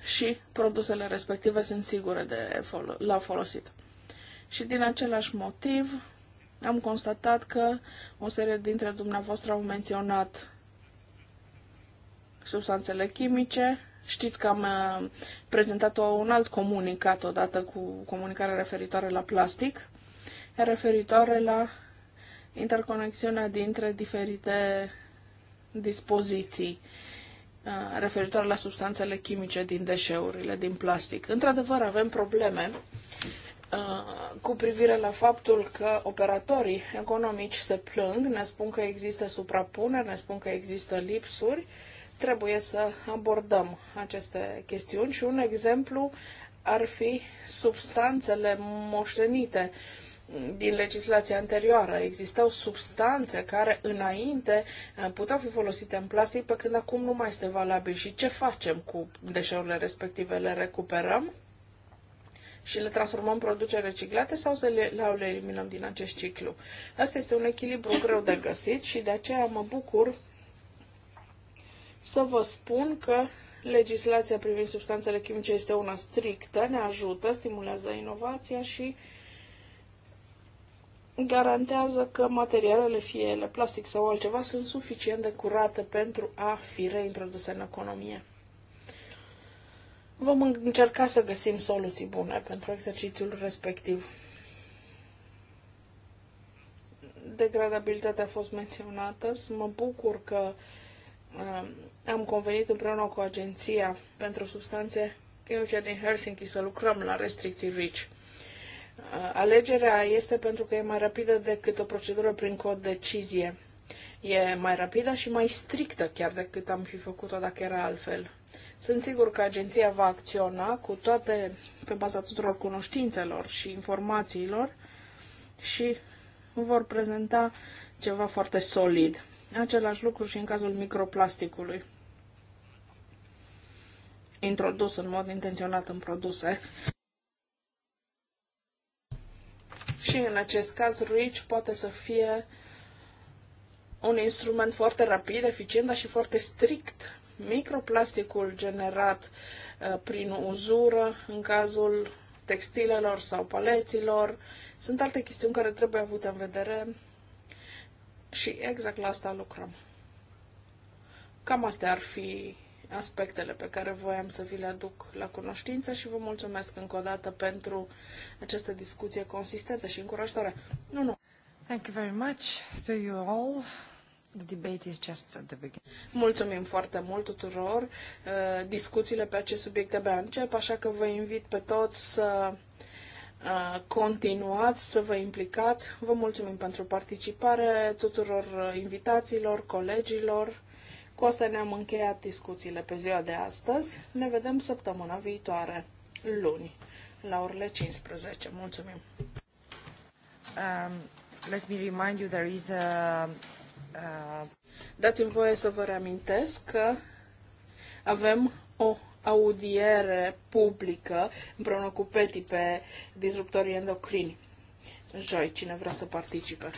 și produsele respective sunt sigure de fol- la folosit. Și din același motiv am constatat că o serie dintre dumneavoastră au menționat substanțele chimice. Știți că am uh, prezentat un alt comunicat odată cu comunicarea referitoare la plastic, referitoare la interconexiunea dintre diferite dispoziții uh, referitoare la substanțele chimice din deșeurile din plastic. Într-adevăr, avem probleme Uh, cu privire la faptul că operatorii economici se plâng, ne spun că există suprapuneri, ne spun că există lipsuri, trebuie să abordăm aceste chestiuni și un exemplu ar fi substanțele moștenite din legislația anterioară. Existau substanțe care înainte uh, puteau fi folosite în plastic, pe când acum nu mai este valabil. Și ce facem cu deșeurile respective? Le recuperăm? și le transformăm în produse reciclate sau să le, le, le eliminăm din acest ciclu. Asta este un echilibru greu de găsit și de aceea mă bucur să vă spun că legislația privind substanțele chimice este una strictă, ne ajută, stimulează inovația și garantează că materialele, fie ele plastic sau altceva, sunt suficient de curate pentru a fi reintroduse în economie. Vom încerca să găsim soluții bune pentru exercițiul respectiv. Degradabilitatea a fost menționată. Mă bucur că uh, am convenit împreună cu Agenția pentru Substanțe Chimice din Helsinki să lucrăm la restricții RICH. Uh, alegerea este pentru că e mai rapidă decât o procedură prin cod decizie. E mai rapidă și mai strictă chiar decât am fi făcut-o dacă era altfel sunt sigur că agenția va acționa cu toate, pe baza tuturor cunoștințelor și informațiilor și vor prezenta ceva foarte solid. Același lucru și în cazul microplasticului introdus în mod intenționat în produse. Și în acest caz, REACH poate să fie un instrument foarte rapid, eficient, dar și foarte strict microplasticul generat uh, prin uzură în cazul textilelor sau paleților. Sunt alte chestiuni care trebuie avute în vedere și exact la asta lucrăm. Cam astea ar fi aspectele pe care voiam să vi le aduc la cunoștință și vă mulțumesc încă o dată pentru această discuție consistentă și încurajatoare. Nu, nu. Thank you very much to you all The debate is just at the beginning. Mulțumim foarte mult tuturor. Uh, discuțiile pe acest subiect abia încep, așa că vă invit pe toți să uh, continuați, să vă implicați. Vă mulțumim pentru participare tuturor uh, invitațiilor, colegilor. Cu asta ne-am încheiat discuțiile pe ziua de astăzi. Ne vedem săptămâna viitoare, luni, la orele 15. Mulțumim! Um, let me remind you there is a Uh, dați-mi voie să vă reamintesc că avem o audiere publică împreună cu PETI pe disruptorii endocrini. Joi, cine vrea să participe.